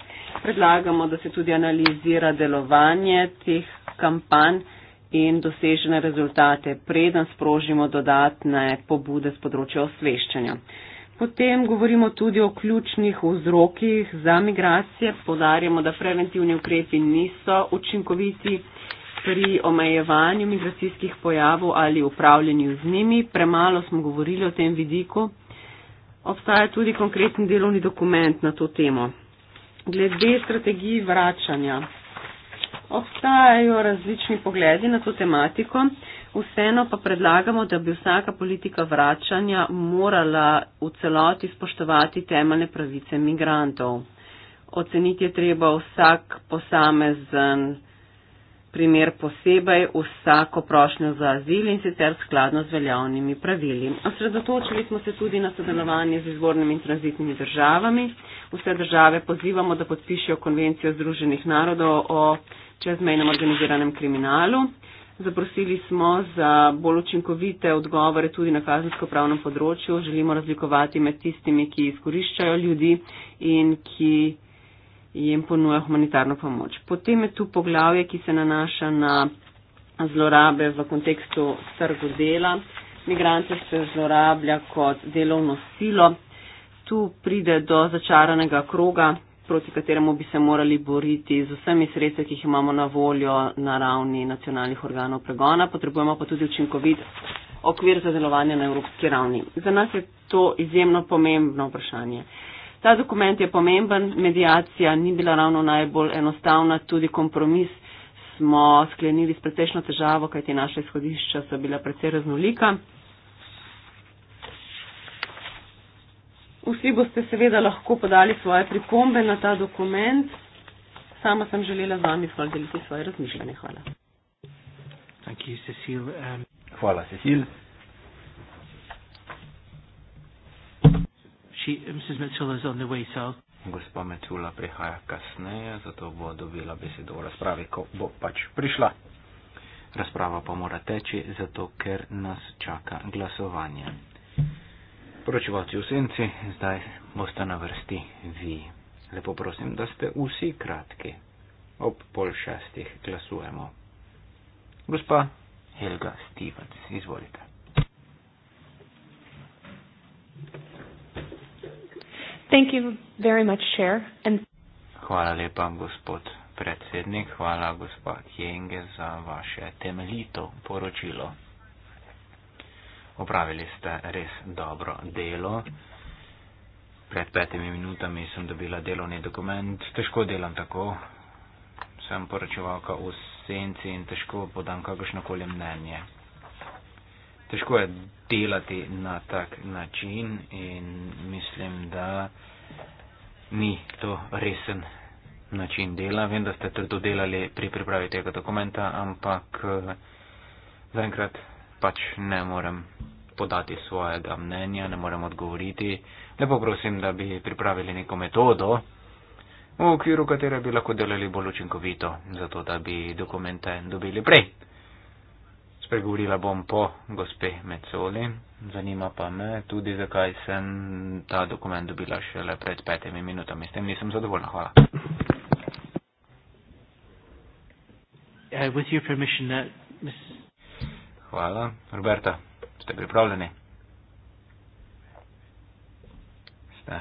Speaker 3: Predlagamo, da se tudi analizira delovanje teh kampanj in dosežene rezultate, preden sprožimo dodatne pobude z področja osveščanja. Potem govorimo tudi o ključnih vzrokih za migracije. Podarjamo, da preventivni ukrepi niso učinkoviti pri omejevanju migracijskih pojavov ali upravljanju z njimi. Premalo smo govorili o tem vidiku. Obstaja tudi konkreten delovni dokument na to temo. Glede strategij vračanja. Obstajajo različni pogledi na to tematiko, vseeno pa predlagamo, da bi vsaka politika vračanja morala v celoti spoštovati temeljne pravice migrantov. Oceniti je treba vsak posamezen primer posebej vsako prošnjo za azil in sicer skladno z veljavnimi pravili. Osredotočili smo se tudi na sodelovanje z izvornimi in tranzitnimi državami. Vse države pozivamo, da podpišijo konvencijo Združenih narodov o čezmejnem organiziranem kriminalu. Zaprosili smo za bolj učinkovite odgovore tudi na kazensko pravnem področju. Želimo razlikovati med tistimi, ki izkoriščajo ljudi in ki jim ponuja humanitarno pomoč. Potem je tu poglavje, ki se nanaša na zlorabe v kontekstu trgu dela. Migrante se zlorablja kot delovno silo. Tu pride do začaranega kroga, proti kateremu bi se morali boriti z vsemi sredstvi, ki jih imamo na voljo na ravni nacionalnih organov pregona. Potrebujemo pa tudi učinkovit okvir za delovanje na evropski ravni. Za nas je to izjemno pomembno vprašanje. Ta dokument je pomemben, medijacija ni bila ravno najbolj enostavna, tudi kompromis smo sklenili s precejšno težavo, kajti naše izhodišča so bila precej raznolika. Vsi boste seveda lahko podali svoje pripombe na ta dokument. Sama sem želela z vami zgolj deliti svoje razmišljanje. Hvala.
Speaker 1: Thank you, Cecil. Um...
Speaker 2: Hvala, Cecil.
Speaker 1: she, Mrs. Metzola
Speaker 2: is on the way, so. Gospa Metula prihaja kasneje, zato bo dobila besedo v razpravi, ko bo pač prišla. Razprava pa mora teči, zato ker nas čaka glasovanje. Poročevalci v senci, zdaj boste na vrsti vi. Lepo prosim, da ste vsi kratki. Ob pol šestih glasujemo. Gospa Helga Stevens, izvolite.
Speaker 1: Thank you very much, chair. And
Speaker 2: hvala lepa, gospod predsednik, hvala gospa Kjenge za vaše temeljito poročilo. Opravili ste res dobro delo. Pred petimi minutami sem dobila delovni dokument. Težko delam tako. Sem poročevalka v senci in težko podam kakršnokoli mnenje težko je delati na tak način in mislim, da ni to resen način dela. Vem, da ste trdo delali pri pripravi tega dokumenta, ampak eh, zaenkrat pač ne morem podati svojega mnenja, ne morem odgovoriti. Lepo prosim, da bi pripravili neko metodo, v okviru katere bi lahko delali bolj učinkovito, zato da bi dokumente dobili prej. Spregovorila bom po gospe Mecoli. Zanima pa me tudi, zakaj sem ta dokument dobila šele pred petimi minutami. S tem nisem zadovoljna. Hvala.
Speaker 1: Uh, with your permission, uh, Ms.
Speaker 2: Hvala. Roberta, ste pripravljeni? Ste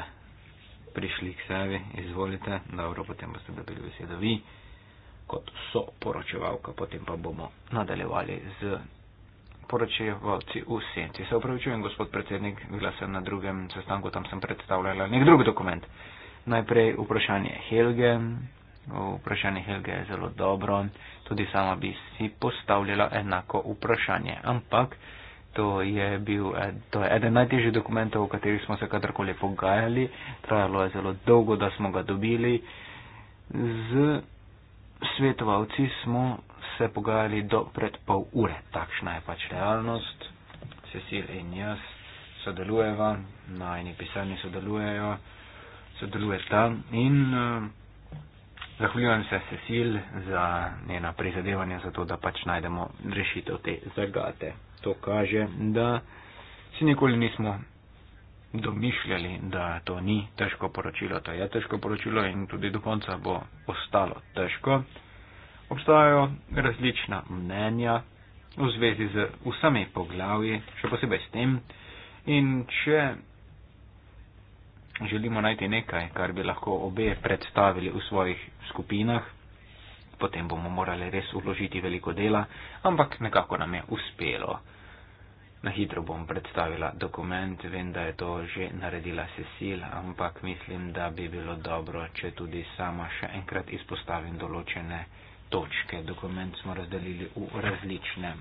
Speaker 2: prišli k sebi, izvolite. Dobro, potem boste dobili besedo vi. Uh, kot so poročevalka, potem pa bomo nadaljevali z poročevalci v senci. Se upravičujem, gospod predsednik, bila sem na drugem sestanku, tam sem predstavljala nek drug dokument. Najprej vprašanje Helge. Vprašanje Helge je zelo dobro, tudi sama bi si postavljala enako vprašanje, ampak to je bil to je eden najtežjih dokumentov, o katerih smo se kadarkoli pogajali, trajalo je zelo dolgo, da smo ga dobili. Z svetovalci smo se pogajali do pred pol ure. Takšna je pač realnost. Cecil in jaz sodelujeva, najni pisarni sodelujejo, sodeluje tam in uh, zahvaljujem se Cecil za njena prizadevanja za to, da pač najdemo rešitev te zagate. To kaže, da si nikoli nismo domišljali, da to ni težko poročilo. To je težko poročilo in tudi do konca bo ostalo težko. Obstajajo različna mnenja v zvezi z vsemi poglavji, še posebej s tem. In če želimo najti nekaj, kar bi lahko obe predstavili v svojih skupinah, potem bomo morali res uložiti veliko dela, ampak nekako nam je uspelo. Na hitro bom predstavila dokument, vem, da je to že naredila Cecil, ampak mislim, da bi bilo dobro, če tudi sama še enkrat izpostavim določene točke. Dokument smo razdelili v različne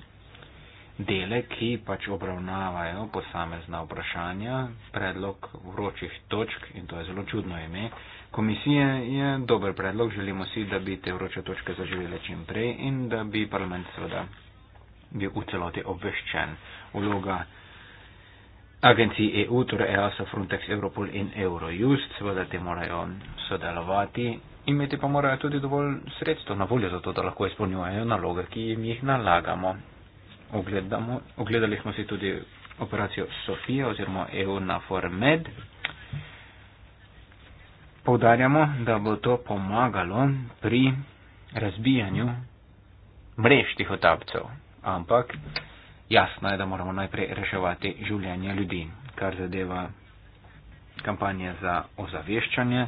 Speaker 2: dele, ki pač obravnavajo posamezna vprašanja, predlog vročih točk in to je zelo čudno ime. Komisije je dober predlog, želimo si, da bi te vroče točke zaživele čim prej in da bi parlament seveda bil v celoti obveščen vloga agencij EU, torej EASA, Frontex, Europol in Eurojust, seveda te morajo sodelovati. Imeti pa morajo tudi dovolj sredstva na voljo za to, da lahko izpolnjujejo naloge, ki jim jih nalagamo. Ogledamo, ogledali smo si tudi operacijo SOFIA oziroma EU na Formed. Povdarjamo, da bo to pomagalo pri razbijanju mrež tih otapcev. Ampak jasno je, da moramo najprej reševati življenje ljudi, kar zadeva kampanje za ozaveščanje.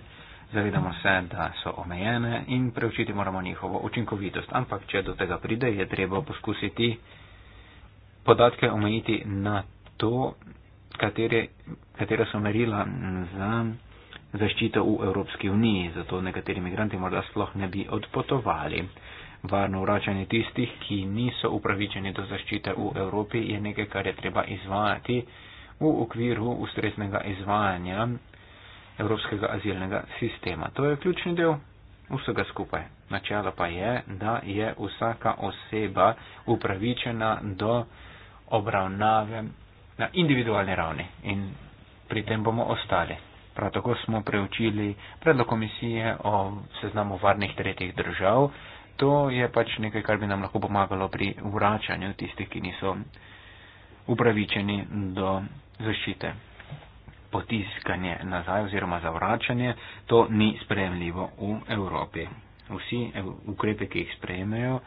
Speaker 2: Zavedamo se, da so omejene in preučiti moramo njihovo učinkovitost. Ampak, če do tega pride, je treba poskusiti podatke omejiti na to, katere, katera so merila za zaščito v Evropski uniji. Zato nekateri imigranti morda sploh ne bi odpotovali. Varno vračanje tistih, ki niso upravičeni do zaščite v Evropi, je nekaj, kar je treba izvajati v okviru ustreznega izvajanja evropskega azilnega sistema. To je ključni del vsega skupaj. Načelo pa je, da je vsaka oseba upravičena do obravnave na individualni ravni in pri tem bomo ostali. Prav tako smo preučili predlog komisije o seznamu varnih tretjih držav to je pač nekaj, kar bi nam lahko pomagalo pri vračanju tistih, ki niso upravičeni do zaščite. Potiskanje nazaj oziroma zavračanje, to ni sprejemljivo v Evropi. Vsi ukrepe, ki jih sprejmejo,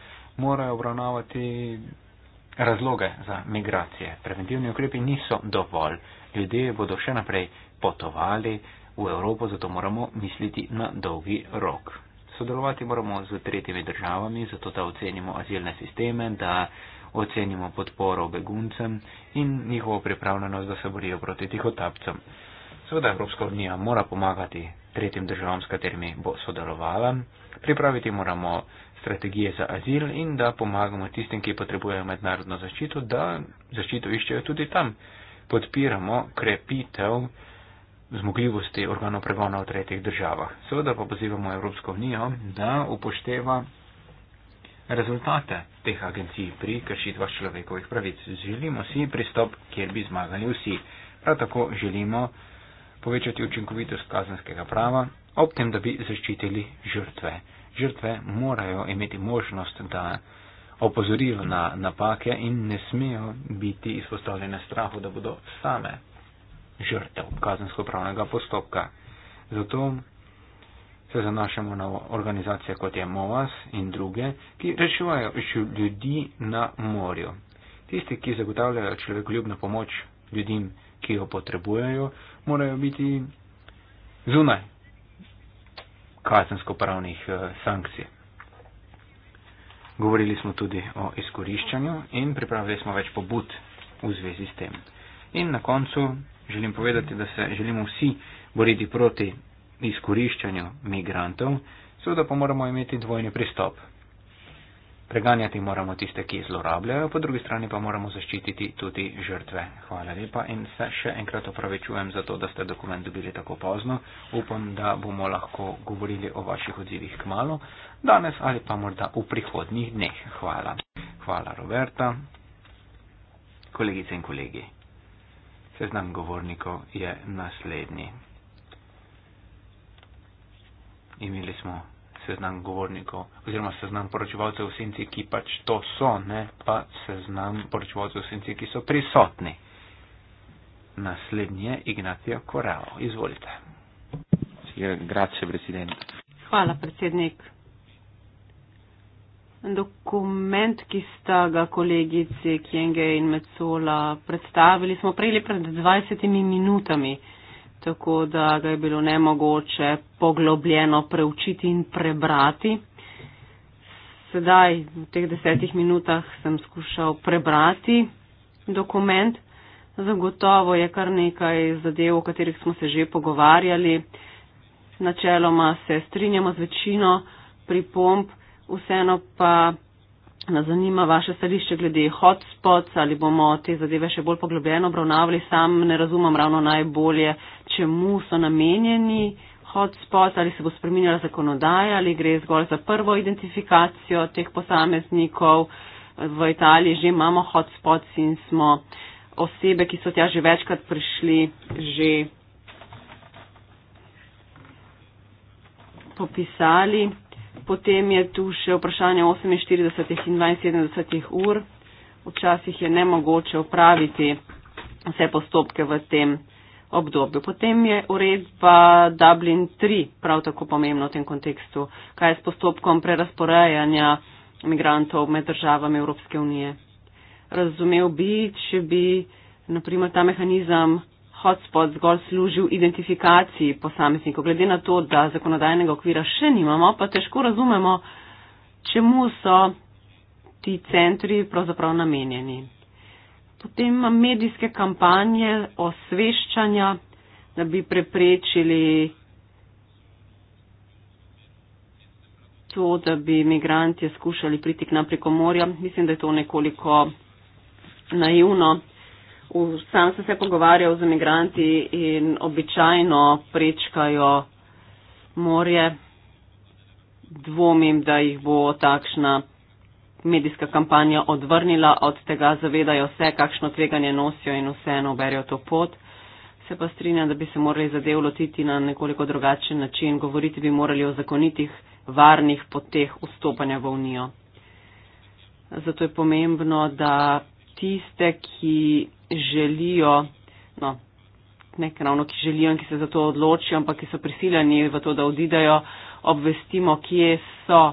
Speaker 2: morajo obravnavati razloge za migracije. Preventivni ukrepi niso dovolj. Ljudje bodo še naprej potovali v Evropo, zato moramo misliti na dolgi rok sodelovati moramo z tretjimi državami, zato da ocenimo azilne sisteme, da ocenimo podporo beguncem in njihovo pripravljenost, da se borijo proti tihotapcem. Seveda Evropska unija mora pomagati tretjim državam, s katerimi bo sodelovala, pripraviti moramo strategije za azil in da pomagamo tistim, ki potrebujejo mednarodno zaščito, da zaščito iščejo tudi tam. Podpiramo krepitev zmogljivosti organov pregona v tretjih državah. Seveda pa pozivamo Evropsko unijo, da upošteva rezultate teh agencij pri kršitvah človekovih pravic. Želimo si pristop, kjer bi zmagali vsi. Prav tako želimo povečati učinkovitost kazenskega prava, ob tem, da bi zaščitili žrtve. Žrtve morajo imeti možnost, da opozorijo na napake in ne smejo biti izpostavljene strahu, da bodo same žrtev kazensko-pravnega postopka. Zato se zanašamo na organizacije kot je MOAS in druge, ki rešujejo ljudi na morju. Tisti, ki zagotavljajo človekoljubno pomoč ljudem, ki jo potrebujejo, morajo biti zunaj kazensko-pravnih eh, sankcij. Govorili smo tudi o izkoriščanju in pripravili smo več pobud v zvezi s tem. In na koncu želim povedati, da se želimo vsi boriti proti izkoriščanju migrantov, seveda pa moramo imeti dvojni pristop. Preganjati moramo tiste, ki zlorabljajo, po drugi strani pa moramo zaščititi tudi žrtve. Hvala lepa in se še enkrat opravičujem za to, da ste dokument dobili tako pozno. Upam, da bomo lahko govorili o vaših odzivih k malu, danes ali pa morda v prihodnjih dneh. Hvala. Hvala, Roberta. Kolegice in kolegi. Seznam govornikov je naslednji. Imeli smo seznam govornikov oziroma seznam poročevalcev v senci, ki pač to so, ne pa seznam poročevalcev v senci, ki so prisotni. Naslednji je Ignacio Corral. Izvolite. Grazie,
Speaker 3: Hvala, predsednik. Dokument, ki sta ga kolegici Kjenge in Mecola predstavili, smo prejeli pred 20 minutami, tako da ga je bilo nemogoče poglobljeno preučiti in prebrati. Sedaj, v teh desetih minutah, sem skušal prebrati dokument. Zagotovo je kar nekaj zadev, o katerih smo se že pogovarjali. Načeloma se strinjamo z večino pripomb, vseeno pa nas zanima vaše stališče glede hotspots, ali bomo te zadeve še bolj poglobljeno obravnavali. Sam ne razumem ravno najbolje, čemu so namenjeni hotspots, ali se bo spreminjala zakonodaja, ali gre zgolj za prvo identifikacijo teh posameznikov. V Italiji že imamo hotspots in smo osebe, ki so tja že večkrat prišli, že popisali. Potem je tu še vprašanje 48 in 72 ur. Včasih je nemogoče upraviti vse postopke v tem obdobju. Potem je uredba Dublin 3 prav tako pomembna v tem kontekstu. Kaj je s postopkom prerasporajanja migrantov med državami Evropske unije? Razumel bi, če bi naprimer ta mehanizem hotspot zgolj služil identifikaciji posameznikov. Glede na to, da zakonodajnega okvira še nimamo, pa težko razumemo, čemu so ti centri pravzaprav namenjeni. Potem medijske kampanje osveščanja, da bi preprečili to, da bi migranti skušali priti k nam preko morja. Mislim, da je to nekoliko naivno sam sem se pogovarjal z imigranti in običajno prečkajo morje. Dvomim, da jih bo takšna medijska kampanja odvrnila od tega, zavedajo se, kakšno tveganje nosijo in vseeno berijo to pot. Se pa strinjam, da bi se morali zadev lotiti na nekoliko drugačen način, govoriti bi morali o zakonitih, varnih poteh vstopanja v Unijo. Zato je pomembno, da tiste, ki želijo, no, nek ravno, ki želijo in ki se za to odločijo, ampak ki so prisiljeni v to, da odidejo, obvestimo, kje so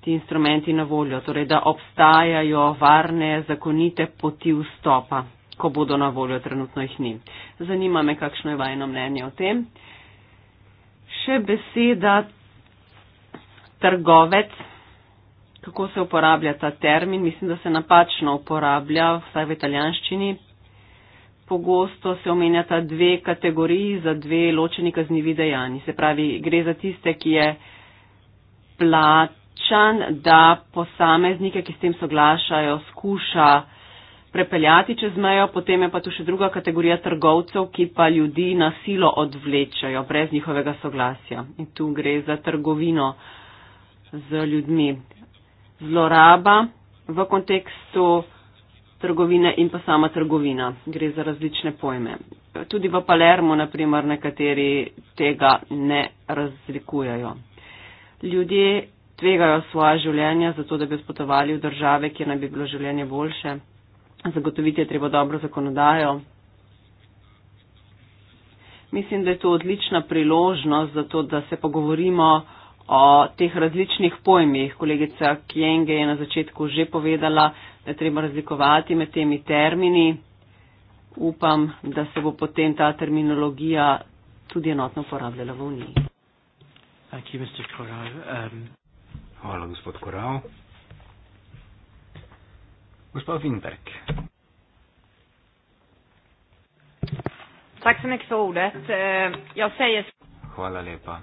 Speaker 3: ti instrumenti na voljo. Torej, da obstajajo varne, zakonite poti vstopa, ko bodo na voljo, trenutno jih ni. Zanima me, kakšno je vajno mnenje o tem. Še beseda trgovec kako se uporablja ta termin. Mislim, da se napačno uporablja, vsaj v italijanščini. Pogosto se omenjata dve kategoriji za dve ločeni kaznivi dejanji. Se pravi, gre za tiste, ki je plačan, da posameznike, ki s tem soglašajo, skuša prepeljati čez mejo, potem je pa tu še druga kategorija trgovcev, ki pa ljudi na silo odvlečajo brez njihovega soglasja. In tu gre za trgovino z ljudmi zloraba v kontekstu trgovine in pa sama trgovina. Gre za različne pojme. Tudi v Palermo, naprimer, nekateri tega ne razlikujejo. Ljudje tvegajo svoje življenje, zato da bi odpotovali v države, kjer naj bi bilo življenje boljše. Zagotoviti je treba dobro zakonodajo. Mislim, da je to odlična priložnost za to, da se pogovorimo o teh različnih pojmih. Kolegica Kjenge je na začetku že povedala, da treba razlikovati med temi termini. Upam, da se bo potem ta terminologija tudi enotno uporabljala v Uniji.
Speaker 1: Um,
Speaker 2: Hvala, gospod Koral.
Speaker 3: Gospod Winberg. Eh,
Speaker 2: Hvala lepa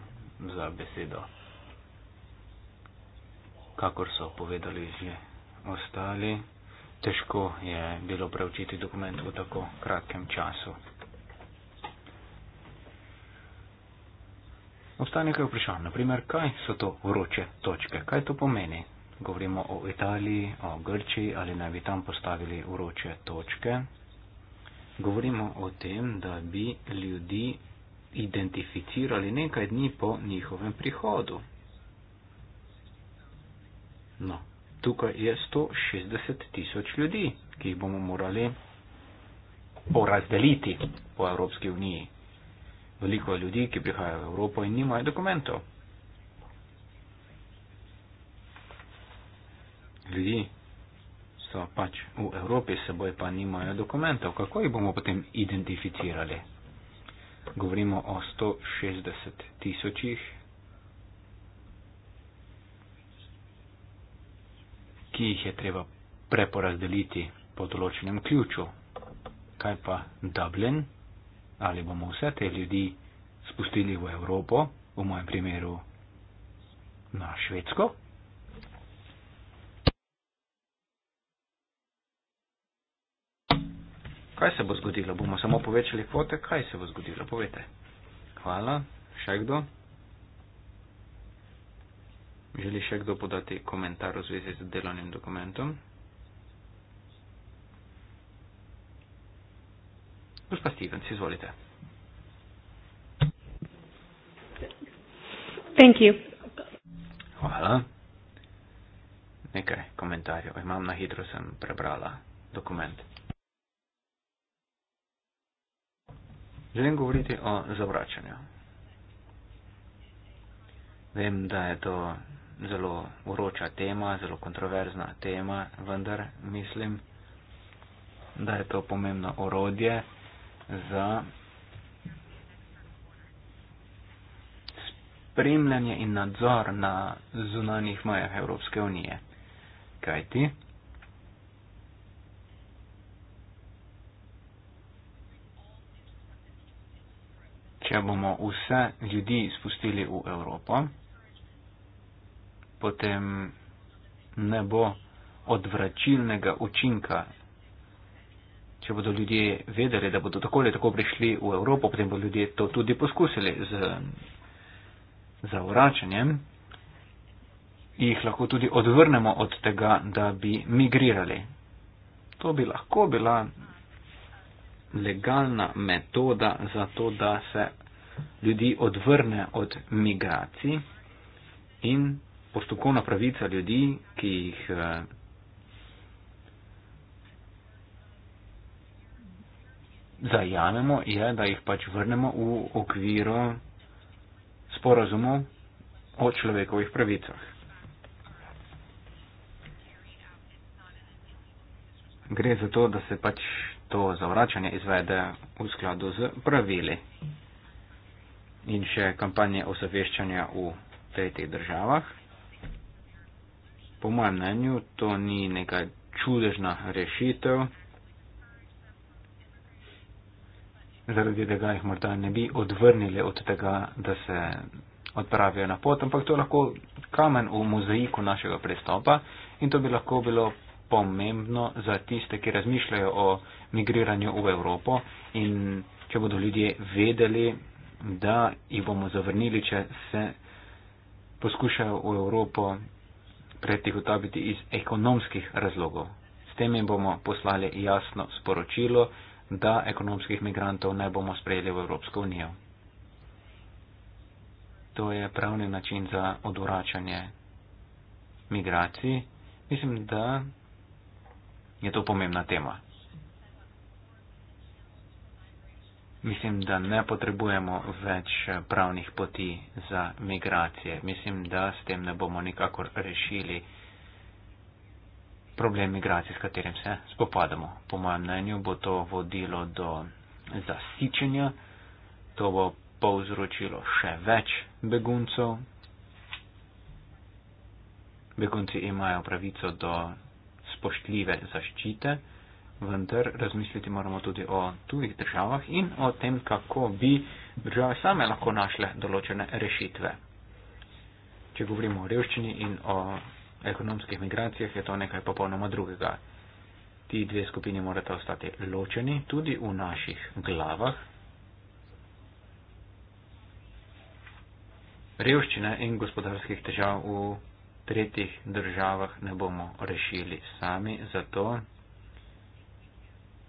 Speaker 2: za besedo kakor so povedali že ostali, težko je bilo preučiti dokument v tako kratkem času. Ostane nekaj vprašanj, naprimer, kaj so to vroče točke, kaj to pomeni? Govorimo o Italiji, o Grčiji, ali naj bi tam postavili vroče točke. Govorimo o tem, da bi ljudi identificirali nekaj dni po njihovem prihodu, No, tukaj je 160 tisoč ljudi, ki jih bomo morali porazdeliti po Evropski uniji. Veliko je ljudi, ki prihajajo v Evropo in nimajo dokumentov. Ljudi so pač v Evropi, seboj pa nimajo dokumentov. Kako jih bomo potem identificirali? Govorimo o 160 tisočih ki jih je treba preporazdeliti po določenem ključu. Kaj pa Dublin? Ali bomo vse te ljudi spustili v Evropo, v mojem primeru na Švedsko? Kaj se bo zgodilo? Bomo samo povečali kvote? Kaj se bo zgodilo? Povejte. Hvala. Še kdo? Želi še kdo podati komentar v zvezi z delovnim dokumentom? Gospa Stevens, izvolite. Thank you. Hvala. Nekaj komentarjev imam, na hitro sem prebrala dokument. Želim govoriti o zavračanju. Vem, da je to zelo uroča tema, zelo kontroverzna tema, vendar mislim, da je to pomembno orodje za spremljanje in nadzor na zunanjih mejah Evropske unije. Kaj ti? Če bomo vse ljudi spustili v Evropo, potem ne bo odvračilnega učinka. Če bodo ljudje vedeli, da bodo tako ali tako prišli v Evropo, potem bodo ljudje to tudi poskusili z zavračanjem. Jih lahko tudi odvrnemo od tega, da bi migrirali. To bi lahko bila legalna metoda za to, da se ljudi odvrne od migracij in postopkovna pravica ljudi, ki jih eh, zajamemo, je, da jih pač vrnemo v okviru sporazumov o človekovih pravicah. Gre za to, da se pač to zavračanje izvede v skladu z pravili in še kampanje osveščanja v tretjih državah po mojem mnenju, to ni neka čudežna rešitev, zaradi tega jih morda ne bi odvrnili od tega, da se odpravijo na pot, ampak to je lahko kamen v mozaiku našega pristopa in to bi lahko bilo pomembno za tiste, ki razmišljajo o migriranju v Evropo in če bodo ljudje vedeli, da jih bomo zavrnili, če se poskušajo v Evropo pretihotapiti iz ekonomskih razlogov. S tem jim bomo poslali jasno sporočilo, da ekonomskih migrantov ne bomo sprejeli v Evropsko unijo. To je pravni način za odvračanje migracij. Mislim, da je to pomembna tema. Mislim, da ne potrebujemo več pravnih poti za migracije. Mislim, da s tem ne bomo nikakor rešili problem migracij, s katerim se spopadamo. Po mojem mnenju bo to vodilo do zasičenja, to bo povzročilo še več beguncev. Begunci imajo pravico do spoštljive zaščite vendar razmisliti moramo tudi o tujih državah in o tem, kako bi države same lahko našle določene rešitve. Če govorimo o revščini in o ekonomskih migracijah, je to nekaj popolnoma drugega. Ti dve skupini morata ostati ločeni tudi v naših glavah. Revščine in gospodarskih težav v tretjih državah ne bomo rešili sami, zato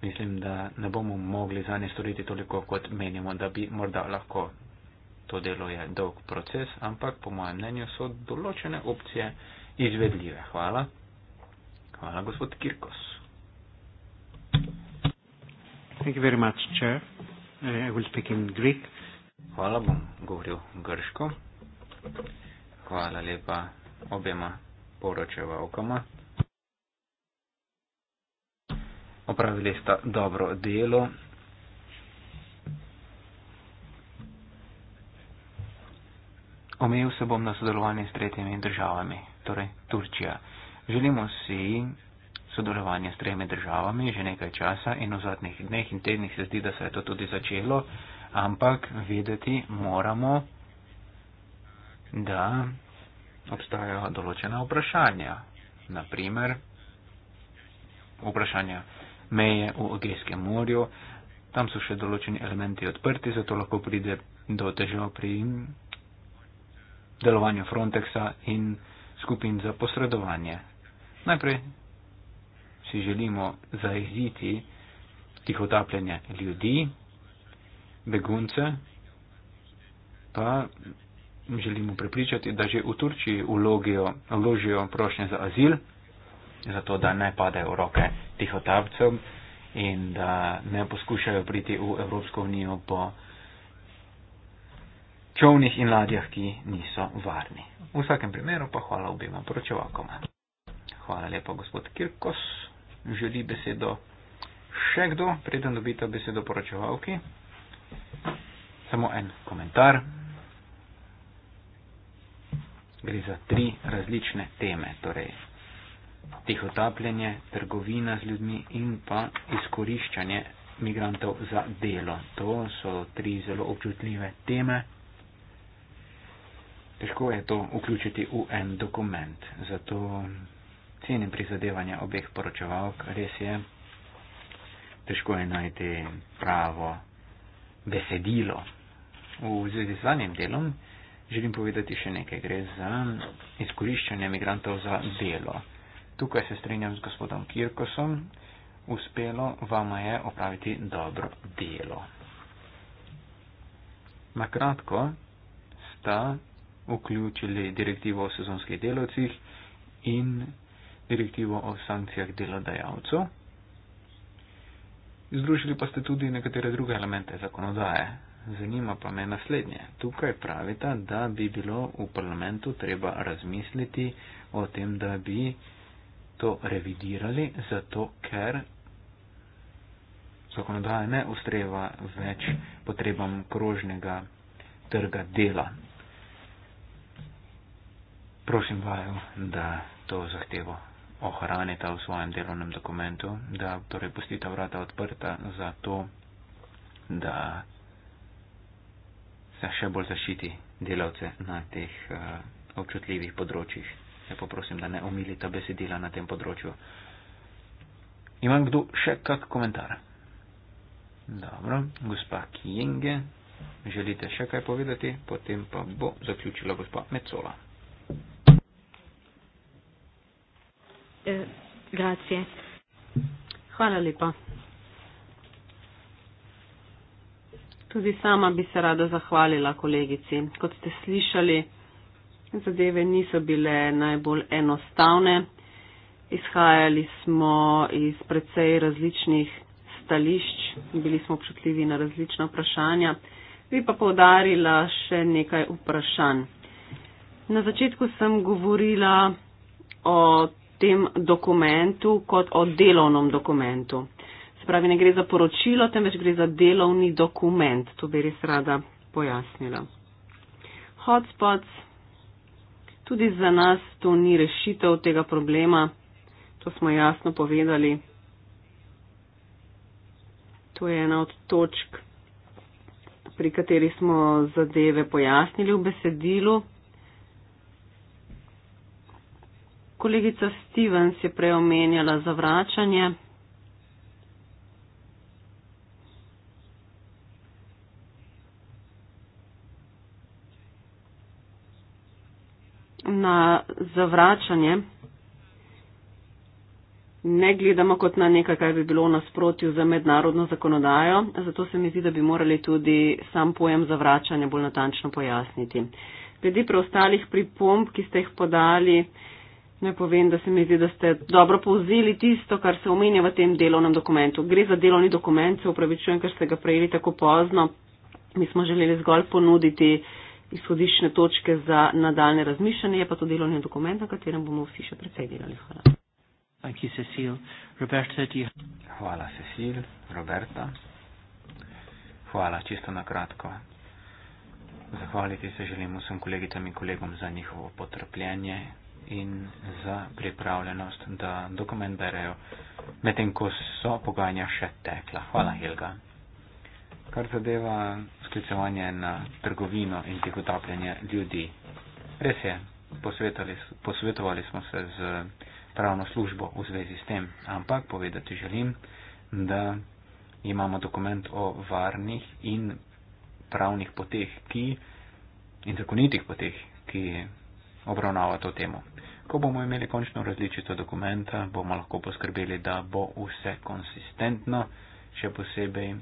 Speaker 2: mislim, da ne bomo mogli za nje storiti toliko, kot menimo, da bi morda lahko. To delo je dolg proces, ampak po mojem mnenju so določene opcije izvedljive. Hvala. Hvala, gospod Kirkos. Hvala, bom govoril grško. Hvala lepa obema poročeva okama. opravili sta dobro delo. Omejil se bom na sodelovanje s tretjimi državami, torej Turčija. Želimo si sodelovanje s tremi državami že nekaj časa in v zadnjih dneh in tednih se zdi, da se je to tudi začelo, ampak vedeti moramo, da obstajajo določena vprašanja. Naprimer, vprašanja meje v Egejskem morju. Tam so še določeni elementi odprti, zato lahko pride do težav pri delovanju Frontexa in skupin za posredovanje. Najprej si želimo zaiziti tihotapljanje ljudi, begunce, pa želimo prepričati, da že v Turčiji vložijo prošnje za azil zato da ne padejo v roke tihotapcem in da ne poskušajo priti v Evropsko unijo po čovnih in ladjah, ki niso varni. V vsakem primeru pa hvala obima poročevakoma. Hvala lepa, gospod Kirkos. Želi besedo še kdo, preden dobite besedo poročevalki? Samo en komentar. Gre za tri različne teme, torej tihotapljenje, trgovina z ljudmi in pa izkoriščanje migrantov za delo. To so tri zelo občutljive teme. Težko je to vključiti v en dokument, zato cenim prizadevanja obeh poročevalk, res je. Težko je najti pravo besedilo. V zvezi z zadnjim delom želim povedati še nekaj. Gre za izkoriščanje migrantov za delo. Tukaj se strinjam z gospodom Kirkosom, uspelo vam je opraviti dobro delo. Na kratko sta vključili direktivo o sezonskih delovcih in direktivo o sankcijah delodajalcev. Združili pa ste tudi nekatere druge elemente zakonodaje. Zanima pa me naslednje. Tukaj pravite, da bi bilo v parlamentu treba razmisliti o tem, da bi to revidirali, zato ker zakonodaja ne ustreva več potrebam krožnega trga dela. Prosim vaju, da to zahtevo ohranita v svojem delovnem dokumentu, da torej pustita vrata odprta za to, da se še bolj zaščiti delavce na teh uh, občutljivih področjih. Je pa prosim, da ne omilite besedila na tem področju. Imam kdo še kak komentar? Dobro, gospa Kijenge, želite še kaj povedati, potem pa bo zaključila gospa Mecola.
Speaker 3: E, grazie. Hvala lepa. Tudi sama bi se rada zahvalila kolegici. Kot ste slišali, Zadeve niso bile najbolj enostavne. Izhajali smo iz precej različnih stališč, bili smo občutljivi na različna vprašanja. Bi pa povdarila še nekaj vprašanj. Na začetku sem govorila o tem dokumentu kot o delovnem dokumentu. Spravi, ne gre za poročilo, temveč gre za delovni dokument. To bi res rada pojasnila. Hotspots Tudi za nas to ni rešitev tega problema, to smo jasno povedali. To je ena od točk, pri kateri smo zadeve pojasnili v besedilu. Kolegica Stevens je preomenjala zavračanje. na zavračanje ne gledamo kot na nekaj, kar bi bilo v nasprotju z mednarodno zakonodajo, zato se mi zdi, da bi morali tudi sam pojem zavračanja bolj natančno pojasniti. Glede preostalih pripomb, ki ste jih podali, ne povem, da se mi zdi, da ste dobro povzeli tisto, kar se omenja v tem delovnem dokumentu. Gre za delovni dokument, se upravičujem, ker ste ga prejeli tako pozno. Mi smo želeli zgolj ponuditi izhodišne točke za nadaljne razmišljanje, je pa to delovni dokument, na katerem bomo vsi še precej delali. Hvala.
Speaker 2: Thank you, Cecil. Roberta, do you... Hvala, Cecil. Roberta. Hvala, čisto na kratko. Zahvaliti se želim vsem kolegicam in kolegom za njihovo potrpljenje in za pripravljenost, da dokument berejo, medtem ko so pogajanja še tekla. Hvala, Helga. Mm kar zadeva sklicevanje na trgovino in tihotapljanje ljudi. Res je, posvetovali smo se z pravno službo v zvezi s tem, ampak povedati želim, da imamo dokument o varnih in pravnih poteh, ki in zakonitih poteh, ki obravnava to temo. Ko bomo imeli končno različico dokumenta, bomo lahko poskrbeli, da bo vse konsistentno, še posebej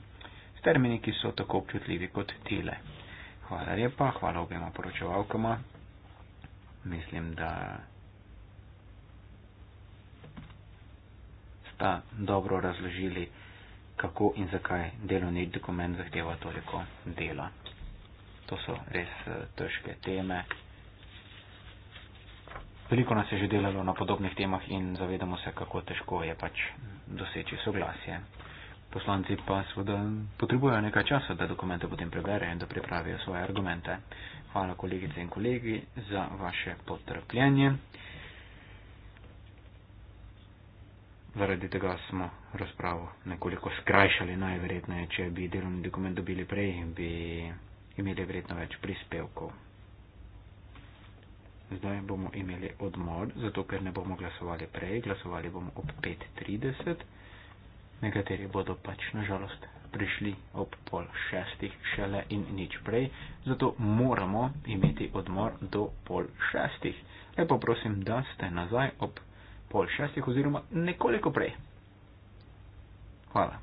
Speaker 2: termini, ki so tako občutljivi kot tile. Hvala lepa, hvala obema poročevalkama. Mislim, da sta dobro razložili, kako in zakaj delovni dokument zahteva toliko dela. To so res eh, težke teme. Veliko nas je že delalo na podobnih temah in zavedamo se, kako težko je pač doseči soglasje. Poslanci pa seveda potrebujejo nekaj časa, da dokumente potem preberejo in da pripravijo svoje argumente. Hvala kolegice in kolegi za vaše potrpljenje. Zaradi tega smo razpravo nekoliko skrajšali, najverjetneje, če bi delovni dokument dobili prej, bi imeli verjetno več prispevkov. Zdaj bomo imeli odmor, zato ker ne bomo glasovali prej, glasovali bomo ob 5.30. Nekateri bodo pač nažalost prišli ob pol šestih šele in nič prej, zato moramo imeti odmor do pol šestih. Lepo prosim, da ste nazaj ob pol šestih oziroma nekoliko prej. Hvala.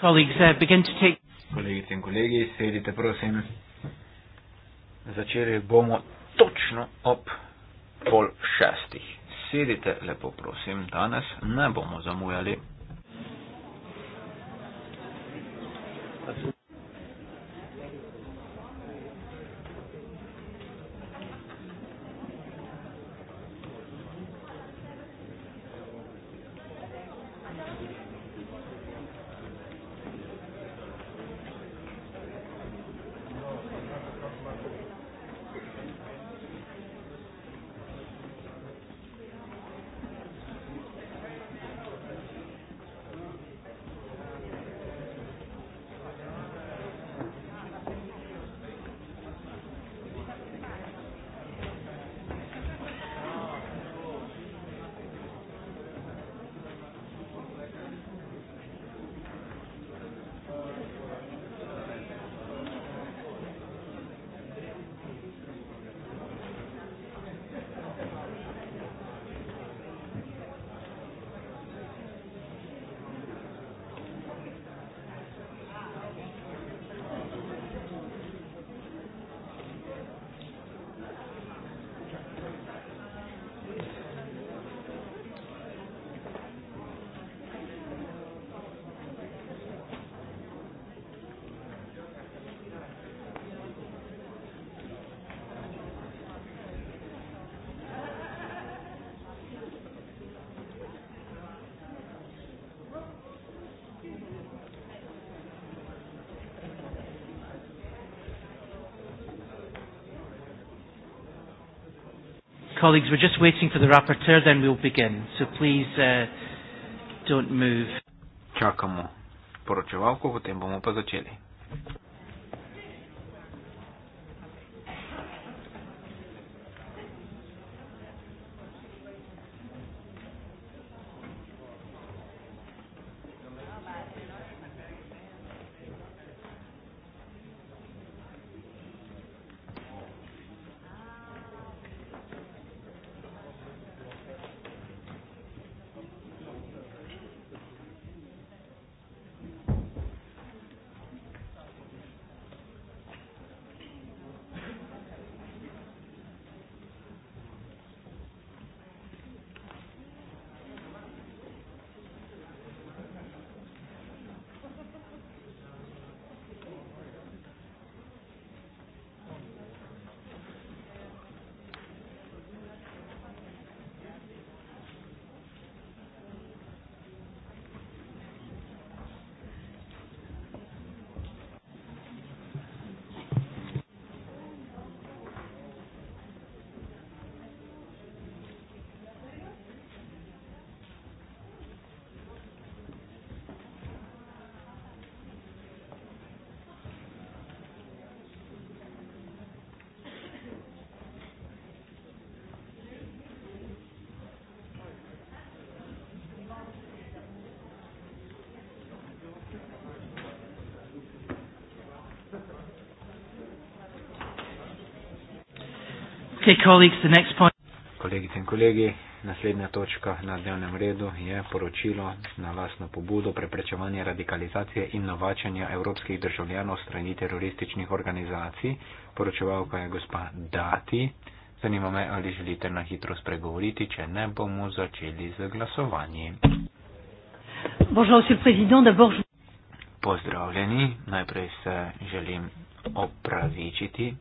Speaker 1: Colleagues, uh, begin to take...
Speaker 2: Kolegice in kolegi, sedite prosim. Začeli bomo točno ob pol šestih. Sedite lepo prosim, danes ne bomo zamujali.
Speaker 1: colleagues, we're just waiting for the rapporteur, then we'll begin. So please uh, don't
Speaker 2: move. Чакамо. Поручувалку, потім бомо позачели.
Speaker 1: colleagues, the next point.
Speaker 2: Kolegice in kolegi, naslednja točka na dnevnem redu je poročilo na lastno pobudo preprečevanje radikalizacije in novačanja evropskih državljanov strani terorističnih organizacij. Poročeval pa je gospa Dati. Zanima me, ali želite na hitro spregovoriti, če ne bomo začeli z glasovanjem. Pozdravljeni, najprej se želim opravičiti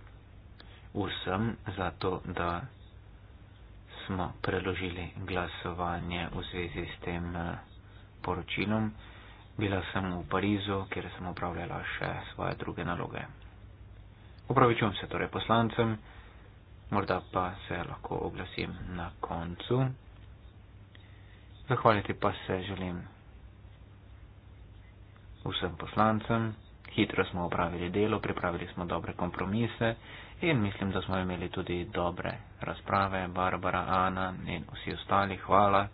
Speaker 2: vsem zato, da smo preložili glasovanje v zvezi s tem eh, poročilom. Bila sem v Parizu, kjer sem upravljala še svoje druge naloge. Opravičujem se torej poslancem, morda pa se lahko oglasim na koncu. Zahvaliti pa se želim vsem poslancem. Hitro smo opravili delo, pripravili smo dobre kompromise in mislim, da smo imeli tudi dobre razprave, Barbara, Ana in vsi ostali. Hvala.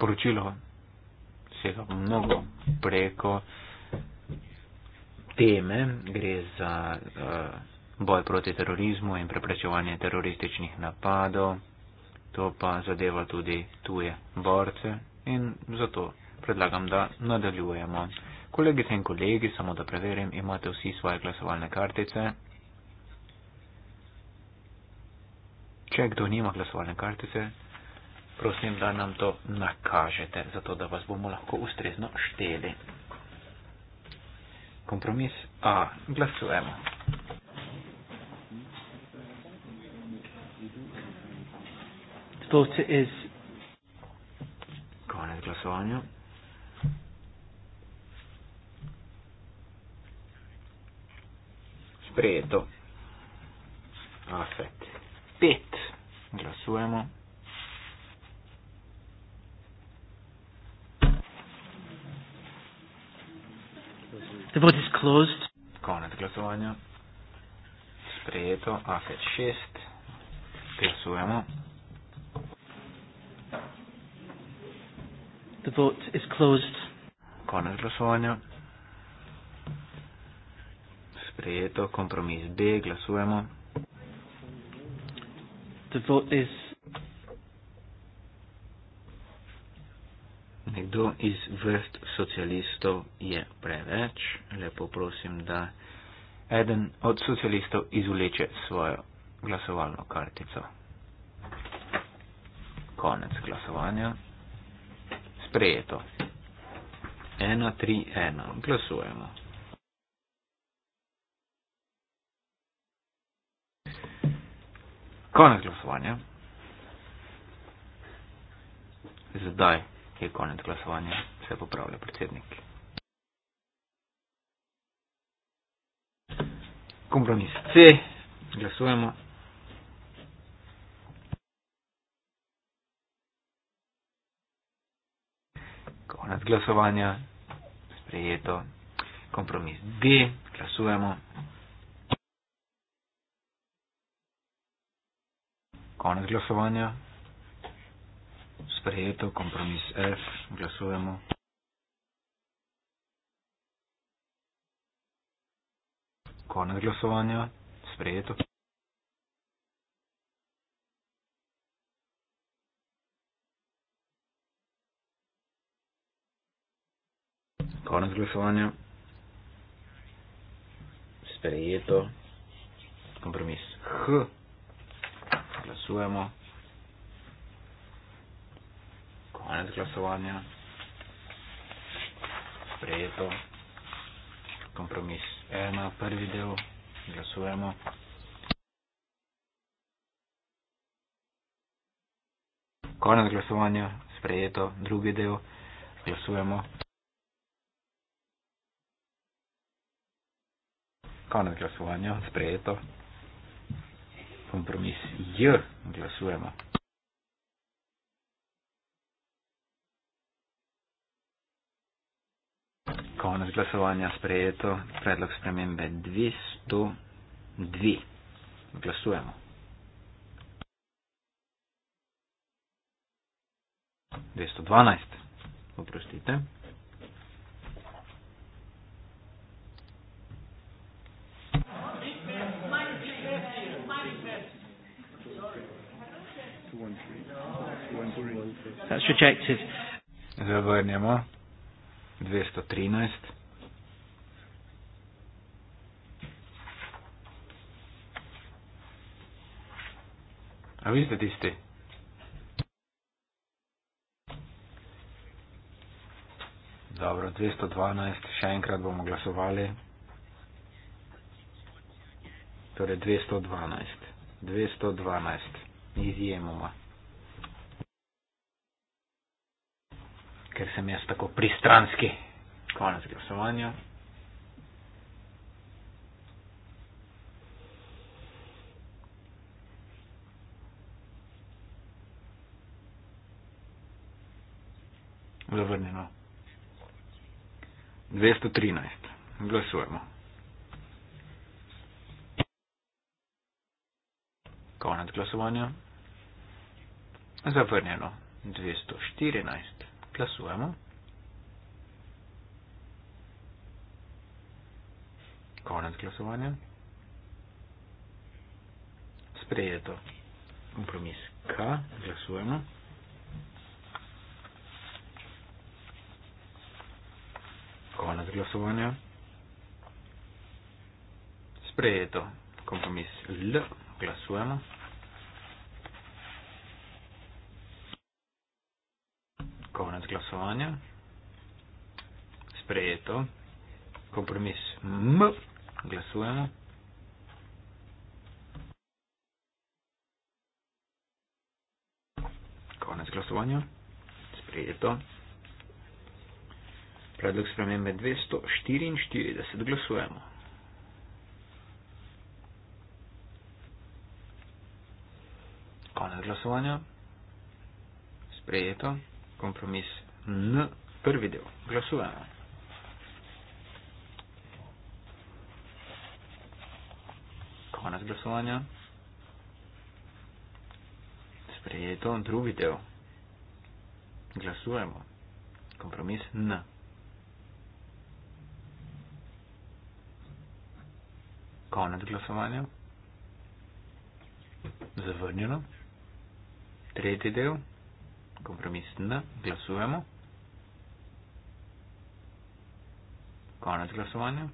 Speaker 2: Poročilo sega mnogo preko teme, gre za uh, boj proti terorizmu in preprečevanje terorističnih napadov to pa zadeva tudi tuje borce in zato predlagam, da nadaljujemo. Kolegice in kolegi, samo da preverim, imate vsi svoje glasovalne kartice. Če kdo nima glasovalne kartice, prosim, da nam to nakažete, zato da vas bomo lahko ustrezno šteli. Kompromis A. Glasujemo. thought it is. Konec glasovanja. Sprejeto. Afet. Pet. Glasujemo. The vote is closed. Konec glasovanja. Sprejeto. Afet šest. Glasujemo. Glasujemo. The vote is closed. Con il glasovanje. Sprejeto, kompromis B, glasujemo. The vote is Nekdo iz vrst socialistov je preveč. Lepo prosim, da eden od socialistov izuleče svojo glasovalno kartico konec glasovanja. Sprejeto. 1, 3, 1. Glasujemo. Konec glasovanja. Zdaj je konec glasovanja, se popravlja predsednik. Kompromis C. Glasujemo. konec glasovanja, sprejeto, kompromis D, glasujemo. Konec glasovanja, sprejeto, kompromis F, glasujemo. Konec glasovanja, sprejeto. konec glasovanja. Sprejeto. Kompromis. H. Glasujemo. Konec glasovanja. Sprejeto. Kompromis. Ena, prvi del. Glasujemo. Konec glasovanja. Sprejeto. Drugi del. Glasujemo. konec glasovanja, sprejeto. Kompromis J glasujemo. Konec glasovanja sprejeto, predlog spremembe 202. Glasujemo. 212. Oprostite. That's rejected. Zavrnemo. 213. A vi ste tisti? Dobro, 212, še enkrat bomo glasovali. Torej, 212. 212. Izjemoma. ker sem jaz tako pristranski. Konec glasovanja. Zavrnjeno. 213. Glasujemo. Konec glasovanja. Zavrnjeno. 214. Glasujemo. Konec glasovanja. Sprejeto. Kompromis K. Glasujemo. Konec glasovanja. Sprejeto. Kompromis L. Glasujemo. konec glasovanja. Sprejeto. Kompromis M. Glasujemo. Konec glasovanja. Sprejeto. Predlog spremembe 244. Glasujemo. Konec glasovanja. Sprejeto kompromis N, prvi del. Glasujemo. Konec glasovanja. Sprejeto, drugi del. Glasujemo. Kompromis N. Konec glasovanja. Zavrnjeno. Tretji del kompromis N, glasujemo. Konec glasovanja.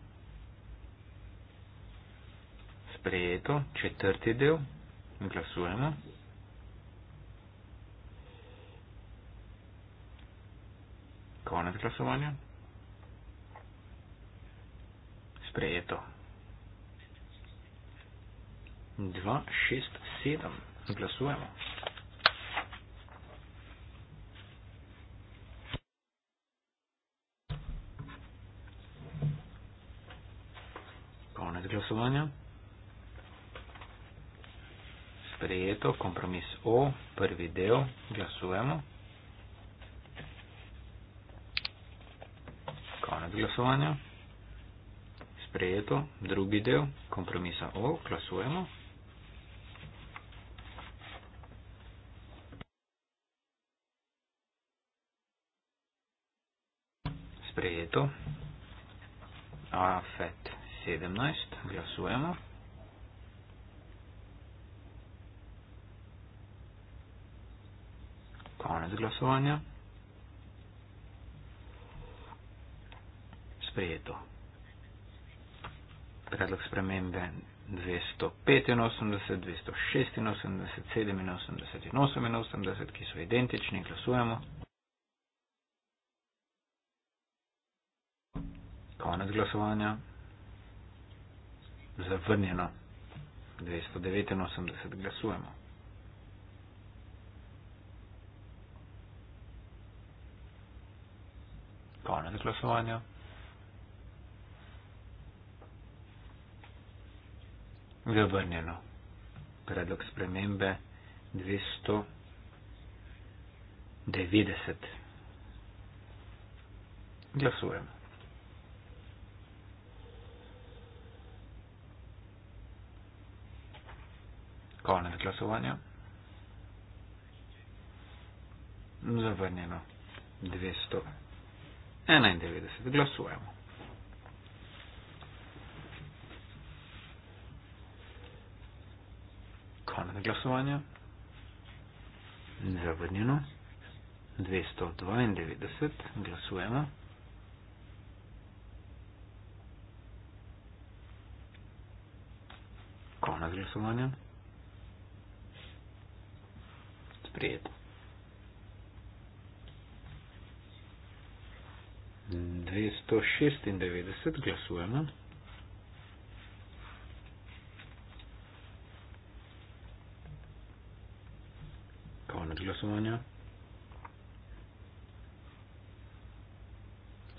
Speaker 2: Sprejeto, četrti del, glasujemo. Konec glasovanja. Sprejeto. 2, 6, 7. Glasujemo. konec glasovanja. Sprejeto, kompromis O, prvi del, glasujemo. Konec glasovanja. Sprejeto, drugi del, kompromisa O, glasujemo. Sprejeto. Affet. 17, glasujemo. Konec glasovanja. Sprejeto. Predlog spremembe 285, 286, 87 in 88, ki so identični, glasujemo. Konec glasovanja zavrnjeno. 289 glasujemo. Konec glasovanja. Zavrnjeno. Predlog spremembe 290. Glasujemo. Konec glasovanja. Zavrnjeno 291. Glasujemo. Konec glasovanja. Zavrnjeno 292. Glasujemo. Konec glasovanja. prijetno. Dvesto šestindevetdeset glasujemo. Konec glasovanja.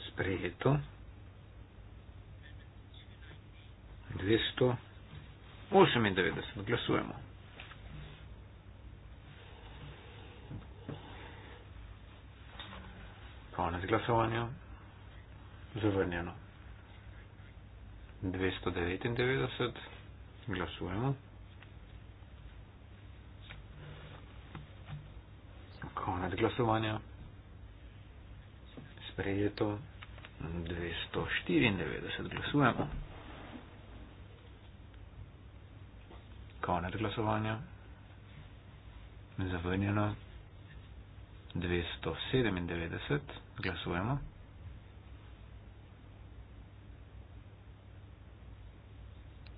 Speaker 2: Sprejeto. Dvesto osemindevetdeset glasujemo. konec glasovanja. Zavrnjeno. 299. Glasujemo. Konec glasovanja. Sprejeto. 294. Glasujemo. Konec glasovanja. Zavrnjeno. 297, glasujemo.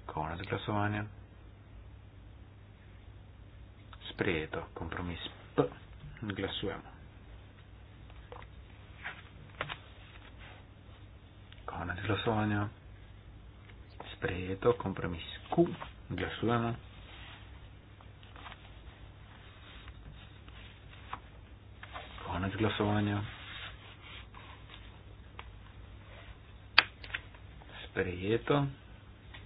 Speaker 2: Konec glasovanja. Sprejeto, kompromis P, glasujemo. Konec glasovanja. Sprejeto, kompromis Q, glasujemo. konec glasovanja. Sprejeto.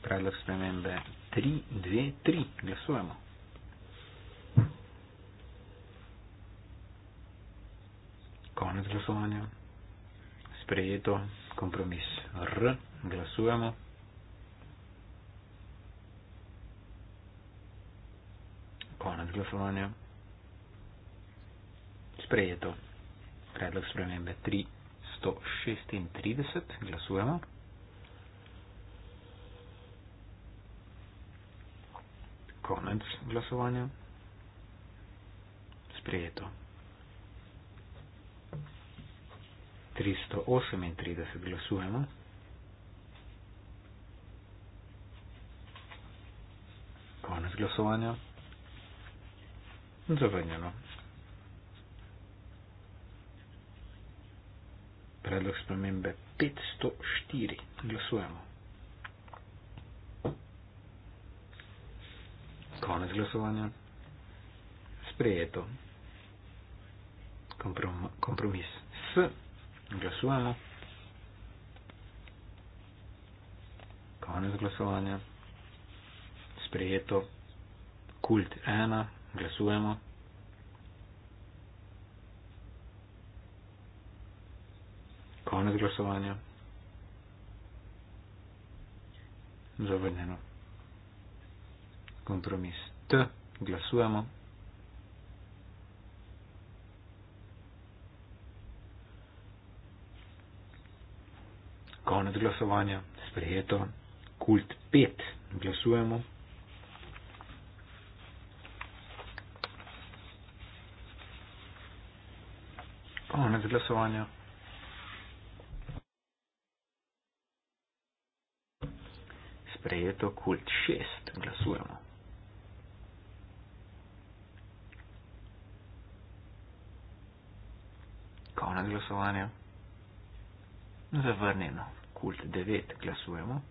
Speaker 2: Predlog spremembe 3, 2, 3. Glasujemo. Konec glasovanja. Sprejeto. Kompromis R. Glasujemo. Konec glasovanja. Sprejeto predlog spremembe 336. Glasujemo. Konec glasovanja. Sprejeto. 338 glasujemo. Konec glasovanja. Zavrnjeno. predlog spremembe 504. Glasujemo. Konec glasovanja. Sprejeto. Komprom kompromis S. Glasujemo. Konec glasovanja. Sprejeto. Kult 1. Glasujemo. Konec glasovanja. Zavrnjeno. Kompromis T. Glasujemo. Konec glasovanja. Sprejeto. Kult 5. Glasujemo. Konec glasovanja. sprejeto kult 6. Glasujemo. Konec glasovanja. Zavrnjeno. Kult 9. Glasujemo.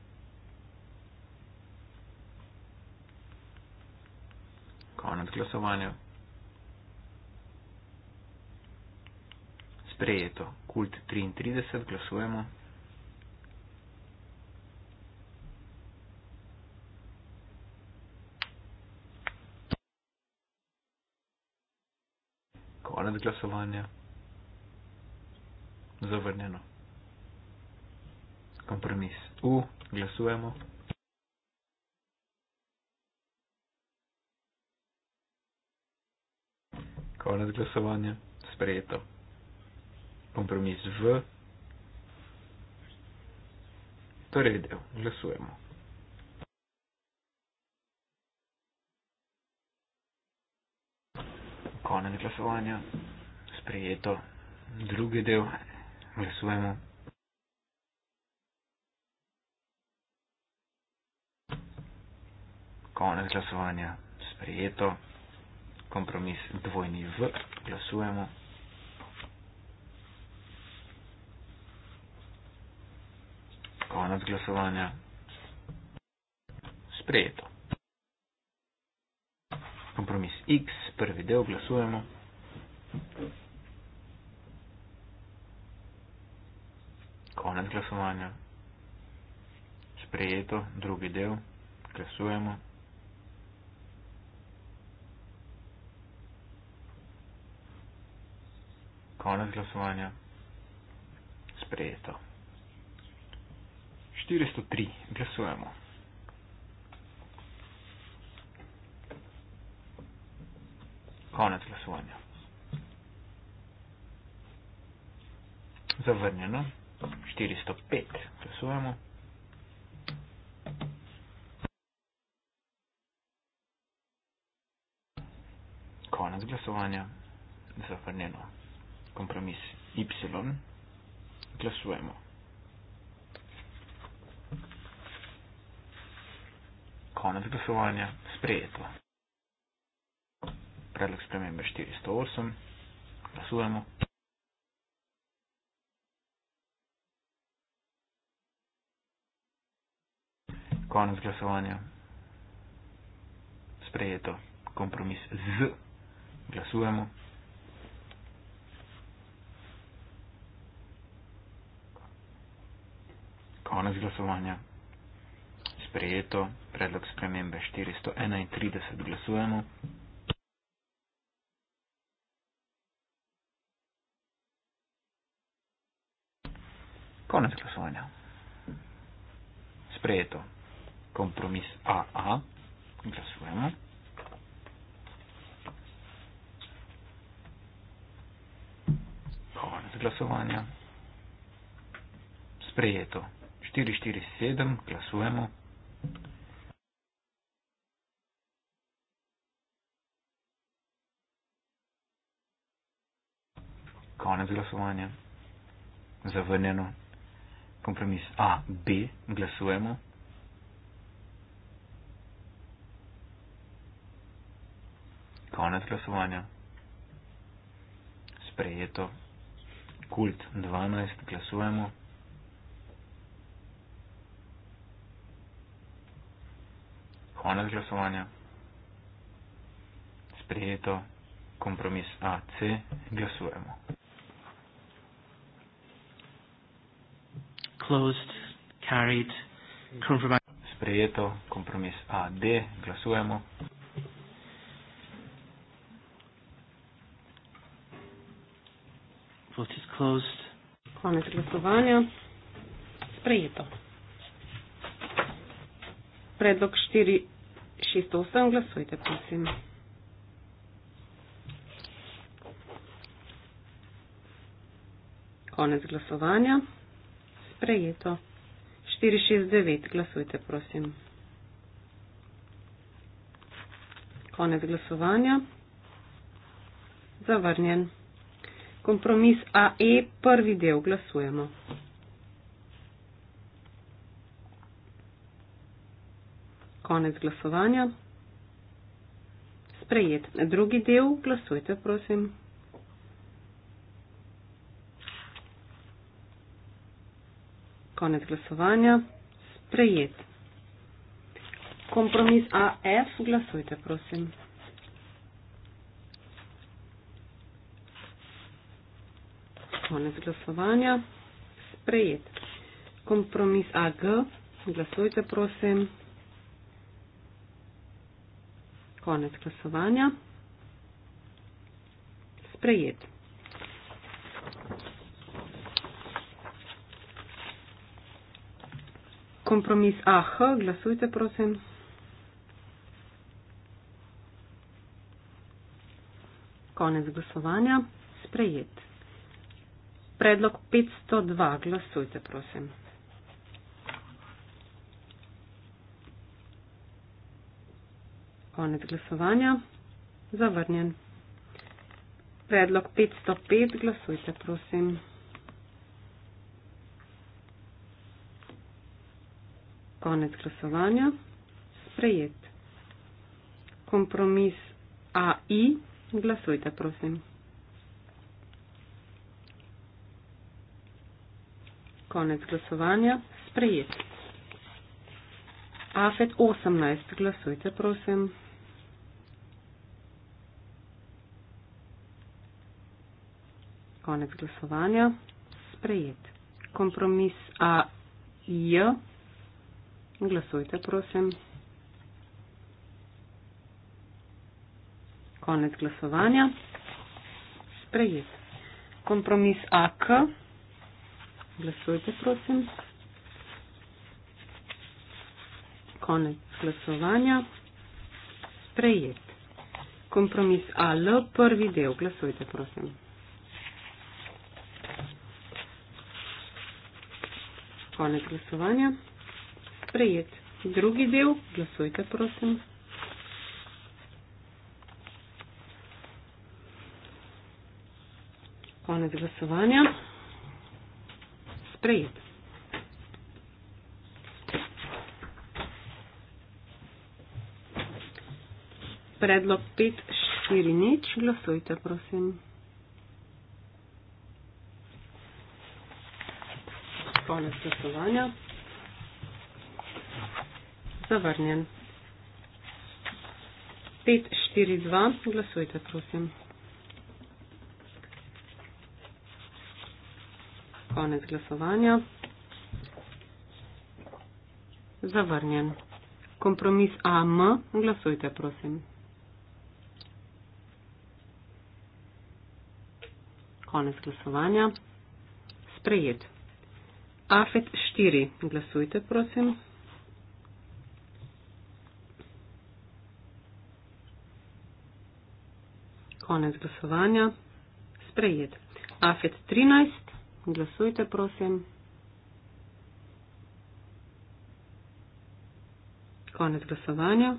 Speaker 2: Konec glasovanja. Sprejeto. Kult 33. Glasujemo. konec glasovanja. Zavrnjeno. Kompromis. U, glasujemo. Konec glasovanja. Sprejeto. Kompromis v. Torej del. Glasujemo. konec glasovanja, sprejeto drugi del, glasujemo. Konec glasovanja, sprejeto, kompromis dvojni v, glasujemo. Konec glasovanja, sprejeto kompromis X, prvi del, glasujemo. Konec glasovanja. Sprejeto, drugi del, glasujemo. Konec glasovanja. Sprejeto. 403, glasujemo. konec glasovanja. Zavrnjeno. 405. Glasujemo. Konec glasovanja. Zavrnjeno. Kompromis Y. Glasujemo. Konec glasovanja. Sprejeto predlog spremembe 408. Glasujemo. Konec glasovanja. Sprejeto. Kompromis z. Glasujemo. Konec glasovanja. Sprejeto. Predlog spremembe 431. Glasujemo. Konec glasovanja. Sprejeto. Kompromis AA. Glasujemo. Konec glasovanja. Sprejeto. 447. Glasujemo. Konec glasovanja. Zavrnjeno kompromis A, B, glasujemo. Konec glasovanja. Sprejeto. Kult 12, glasujemo. Konec glasovanja. Sprejeto. Kompromis AC, glasujemo. closed, carried, compromised. Sprejeto, kompromis AD, glasujemo.
Speaker 1: Vote is closed.
Speaker 3: Konec glasovanja. Sprejeto. Predlog 468, glasujte, prosim. Konec glasovanja sprejeto. 469 glasujte, prosim. Konec glasovanja. Zavrnjen. Kompromis AE, prvi del, glasujemo. Konec glasovanja. Sprejet. Drugi del, glasujte, prosim. Konec glasovanja. Sprejet. Kompromis AF. Glasujte, prosim. Konec glasovanja. Sprejet. Kompromis AG. Glasujte, prosim. Konec glasovanja. Sprejet. kompromis AH, glasujte prosim. Konec glasovanja. Sprejet. Predlog 502. Glasujte, prosim. Konec glasovanja. Zavrnjen. Predlog 505. Glasujte, prosim. konec glasovanja. Sprejet. Kompromis AI. Glasujte, prosim. Konec glasovanja. Sprejet. AFET 18. Glasujte, prosim. Konec glasovanja. Sprejet. Kompromis AI. Glasujte, prosim. Konec glasovanja. Sprejet. Kompromis AK. Glasujte, prosim. Konec glasovanja. Sprejet. Kompromis AL. Prvi del. Glasujte, prosim. Konec glasovanja
Speaker 4: sprejet. Drugi del,
Speaker 3: glasujte prosim. Konec glasovanja. Sprejet. Predlog 5.4. Nič, glasujte prosim. Konec glasovanja zavrnjen. 542, glasujte prosim. Konec glasovanja. Zavrnjen. Kompromis AM, glasujte prosim. Konec glasovanja. Sprejet. AFET 4, glasujte prosim. konec glasovanja. Sprejet. AFET 13. Glasujte, prosim. Konec glasovanja.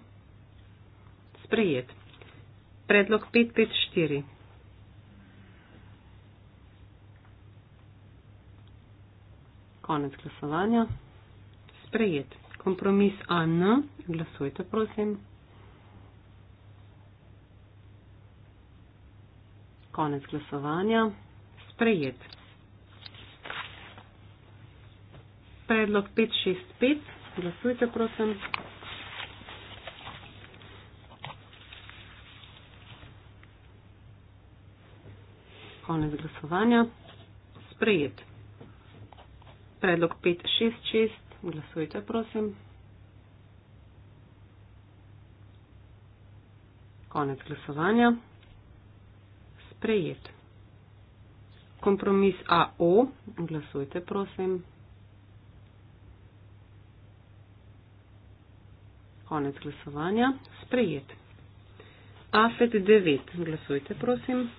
Speaker 3: Sprejet. Predlog 554. Konec glasovanja. Sprejet. Kompromis AN. Glasujte, prosim. Konec glasovanja. Sprejet. Predlog 565. Glasujte, prosim. Konec glasovanja. Sprejet. Predlog 566. Glasujte, prosim. Konec glasovanja sprejet. Kompromis AO, glasujte prosim. Konec glasovanja, sprejet. AFET 9, glasujte prosim.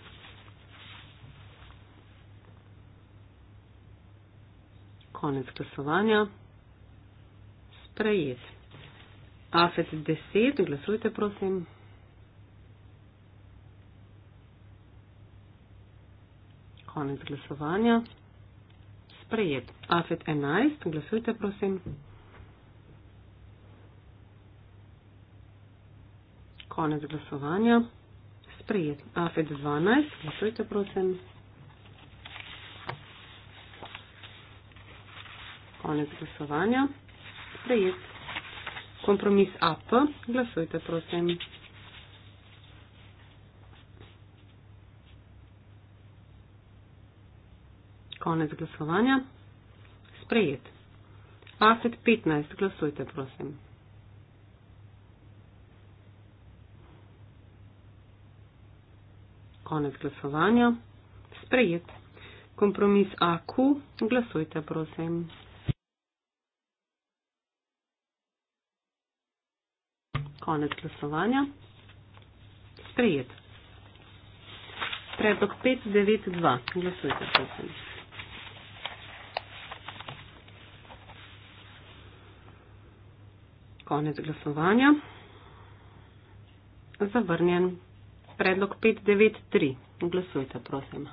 Speaker 3: Konec glasovanja, sprejet. AFET 10, glasujte prosim. konec glasovanja. Sprejet. Afet 11, glasujte prosim. Konec glasovanja. Sprejet. Afet 12, glasujte prosim. Konec glasovanja. Sprejet. Kompromis AP, glasujte prosim. konec glasovanja. Sprejet. Afet 15, glasujte, prosim. Konec glasovanja. Sprejet. Kompromis AQ, glasujte, prosim. Konec glasovanja. Sprejet. Predlog 592. Glasujte, prosim. Konec glasovanja. Zavrnjen. Predlog 593. Glasujte, prosim.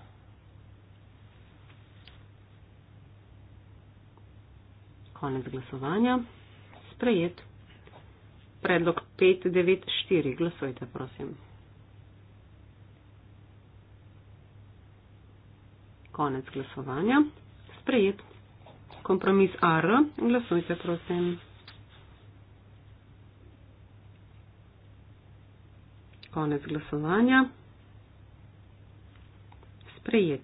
Speaker 3: Konec glasovanja. Sprejet. Predlog 594. Glasujte, prosim. Konec glasovanja. Sprejet. Kompromis AR. Glasujte, prosim. konec glasovanja. Sprejet.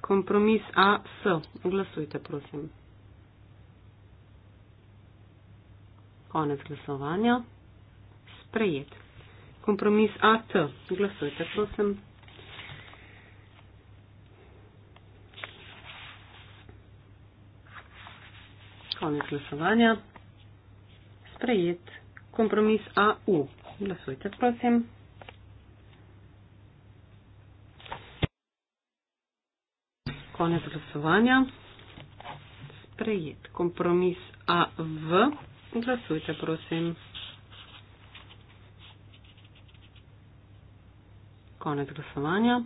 Speaker 3: Kompromis AS. Glasujte, prosim. Konec glasovanja. Sprejet. Kompromis AT. Glasujte, prosim. Konec glasovanja. Sprejet. Kompromis AU. Glasujte, prosim. konec glasovanja. Sprejet kompromis AV. Glasujte, prosim. Konec glasovanja.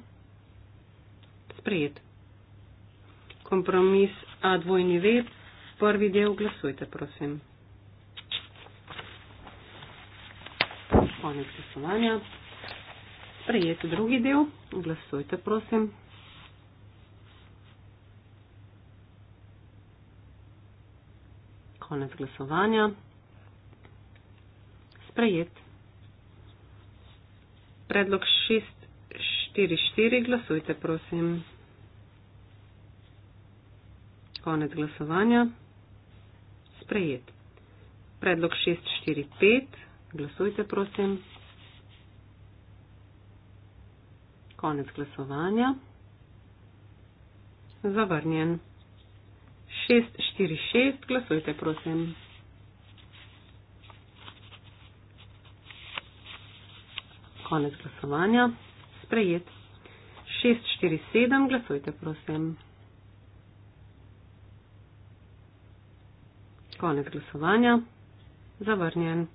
Speaker 3: Sprejet. Kompromis A dvojni V. Prvi del. Glasujte, prosim. Konec glasovanja. Sprejet drugi del. Glasujte, prosim. konec glasovanja. Sprejet. Predlog 644, glasujte prosim. Konec glasovanja. Sprejet. Predlog 645, glasujte prosim. Konec glasovanja. Zavrnjen. 646, glasujte prosim. Konec glasovanja. Sprejet. 647, glasujte prosim. Konec glasovanja. Zavrnjen.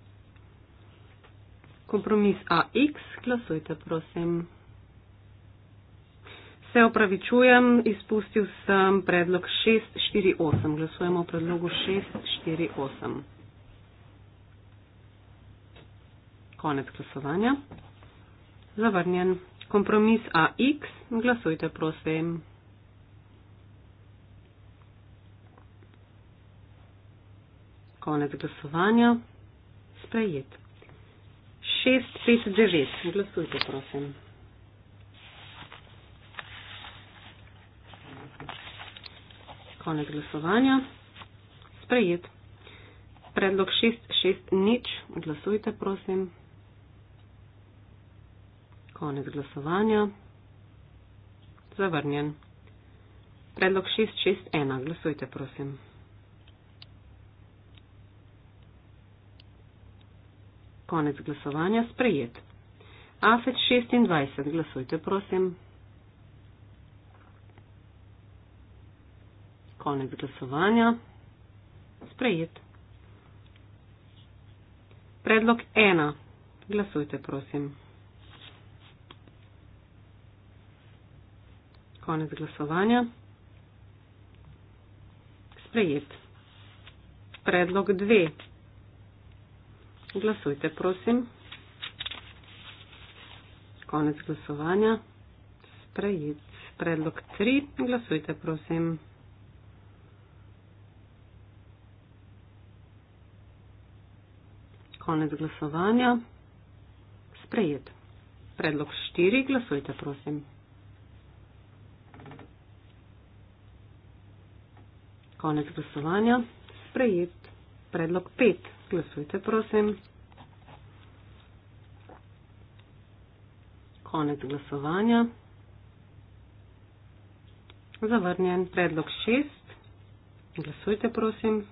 Speaker 3: Kompromis AX, glasujte prosim. Se opravičujem, izpustil sem predlog 648. Glasujemo o predlogu 648. Konec glasovanja. Zavrnjen. Kompromis AX. Glasujte, prosim. Konec glasovanja. Sprejet. 659. Glasujte, prosim. Konec glasovanja. Sprejet. Predlog 660. Glasujte, prosim. Konec glasovanja. Zavrnjen. Predlog 661. Glasujte, prosim. Konec glasovanja. Sprejet. Afet 26. Glasujte, prosim. konec glasovanja. Sprejet. Predlog ena. Glasujte, prosim. Konec glasovanja. Sprejet. Predlog dve. Glasujte, prosim. Konec glasovanja. Sprejet. Predlog tri. Glasujte, prosim. konec glasovanja. Sprejet. Predlog štiri, glasujte, prosim. Konec glasovanja. Sprejet. Predlog pet, glasujte, prosim. Konec glasovanja. Zavrnjen predlog 6. Glasujte, prosim.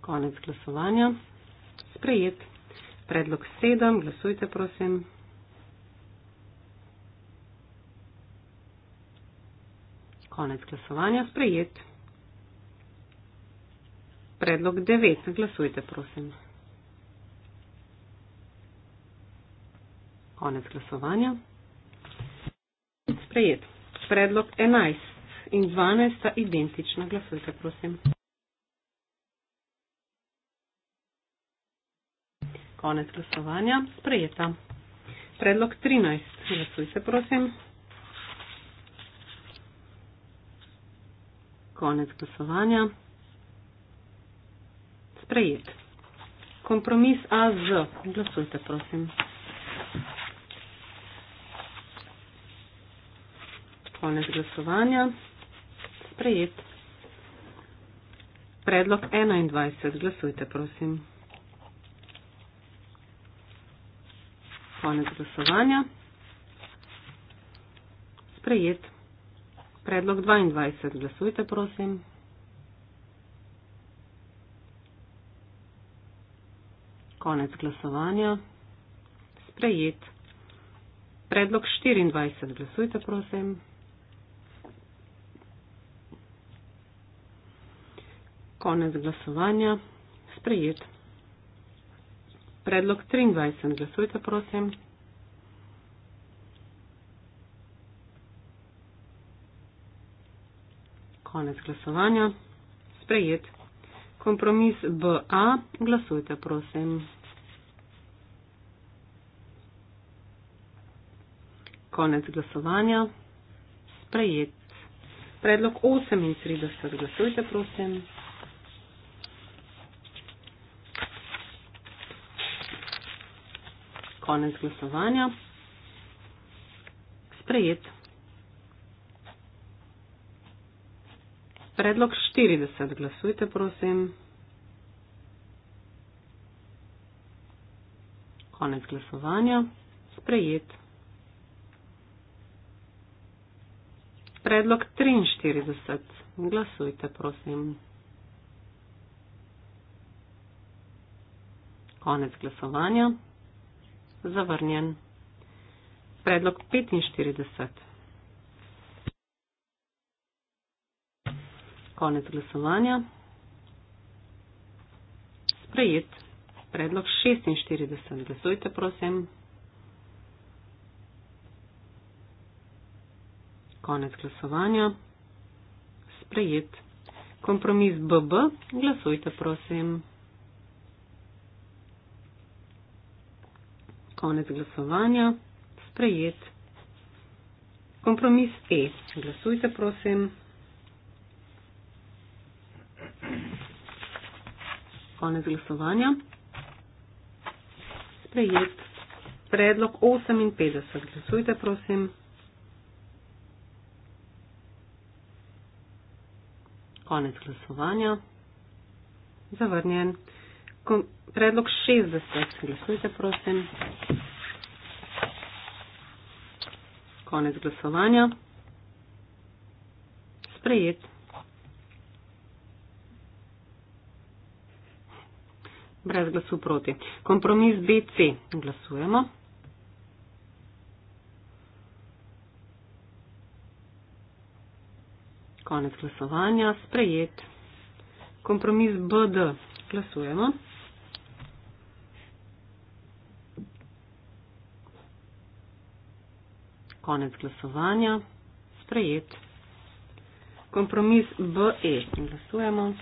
Speaker 3: Konec glasovanja. Sprejet. Predlog sedem. Glasujte, prosim. Konec glasovanja. Sprejet. Predlog devet. Glasujte, prosim. Konec glasovanja. Sprejet. Predlog enajst in dvanajst sta identična. Glasujte, prosim. Konec glasovanja. Sprejeta. Predlog 13. Glasujte, prosim. Konec glasovanja. Sprejet. Kompromis AZ. Glasujte, prosim. Konec glasovanja. Sprejet. Predlog 21. Glasujte, prosim. Konec glasovanja. Sprejet. Predlog 22. Glasujte, prosim. Konec glasovanja. Sprejet. Predlog 24. Glasujte, prosim. Konec glasovanja. Sprejet. Predlog 23. Glasujte, prosim. Konec glasovanja. Sprejet. Kompromis BA. Glasujte, prosim. Konec glasovanja. Sprejet. Predlog 38. Glasujte, prosim. konec glasovanja. Sprejet. Predlog 40. Glasujte, prosim. Konec glasovanja. Sprejet. Predlog 43. Glasujte, prosim. Konec glasovanja zavrnjen. Predlog 45. Konec glasovanja. Sprejet. Predlog 46. Glasujte, prosim. Konec glasovanja. Sprejet. Kompromis BB. Glasujte, prosim. konec glasovanja, sprejet. Kompromis E. Glasujte, prosim. Konec glasovanja. Sprejet. Predlog 58. Glasujte, prosim. Konec glasovanja. Zavrnjen predlog 60. Glasujte, prosim. Konec glasovanja. Sprejet. Brez glasu proti. Kompromis BC. Glasujemo. Konec glasovanja. Sprejet. Kompromis BD. Glasujemo. konec glasovanja. Sprejet. Kompromis BE. Glasujemo.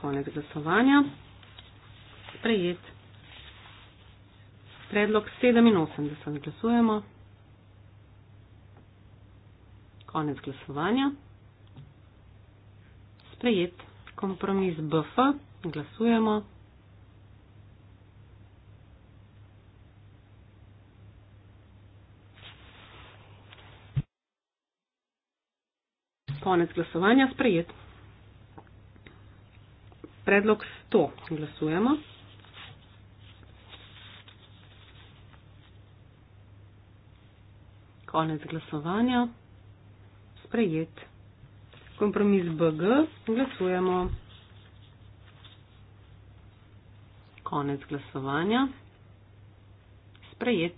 Speaker 3: Konec glasovanja. Sprejet. Predlog 87. Glasujemo. Konec glasovanja. Sprejet. Kompromis BF. Glasujemo. konec glasovanja sprejet. Predlog 100 glasujemo. Konec glasovanja sprejet. Kompromis BG glasujemo. Konec glasovanja sprejet.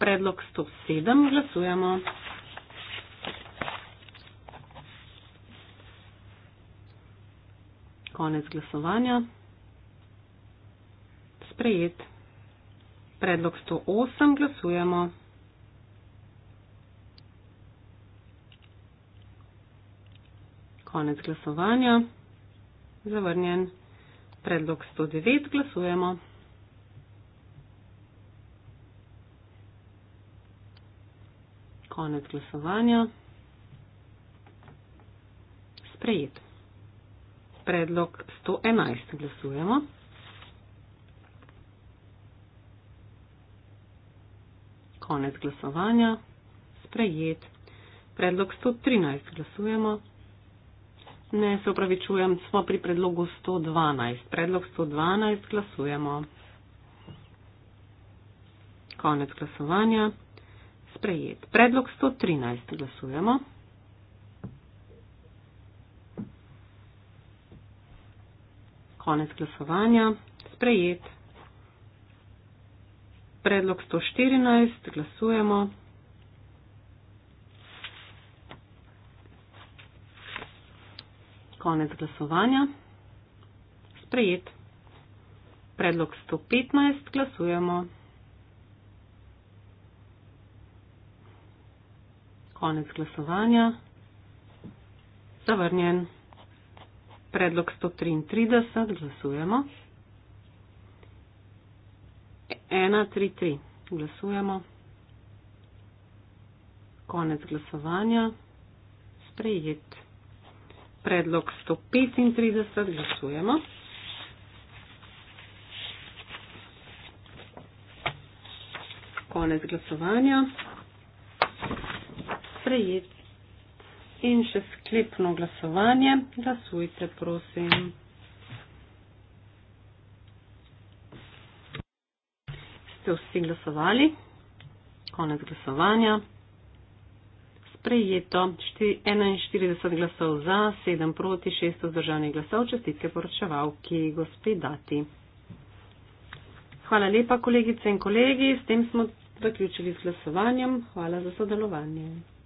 Speaker 3: Predlog 107 glasujemo. konec glasovanja. Sprejet. Predlog 108 glasujemo. Konec glasovanja. Zavrnjen. Predlog 109 glasujemo. Konec glasovanja. Sprejet predlog 111. Glasujemo. Konec glasovanja. Sprejet. Predlog 113. Glasujemo. Ne, se opravičujem, smo pri predlogu 112. Predlog 112. Glasujemo. Konec glasovanja. Sprejet. Predlog 113. Glasujemo. konec glasovanja. Sprejet. Predlog 114. Glasujemo. Konec glasovanja. Sprejet. Predlog 115. Glasujemo. Konec glasovanja. Zavrnjen. Predlog 133, glasujemo. 133, glasujemo. Konec glasovanja. Sprejet. Predlog 135, glasujemo. Konec glasovanja. Sprejet. In še sklepno glasovanje. Glasujte, prosim. Ste vsi glasovali? Konec glasovanja. Prejeto 41 glasov za, 7 proti, 6 vzdržanih glasov. Čestitke poročevalki, gospe Dati. Hvala lepa, kolegice in kolegi. S tem smo zaključili s glasovanjem. Hvala za sodelovanje.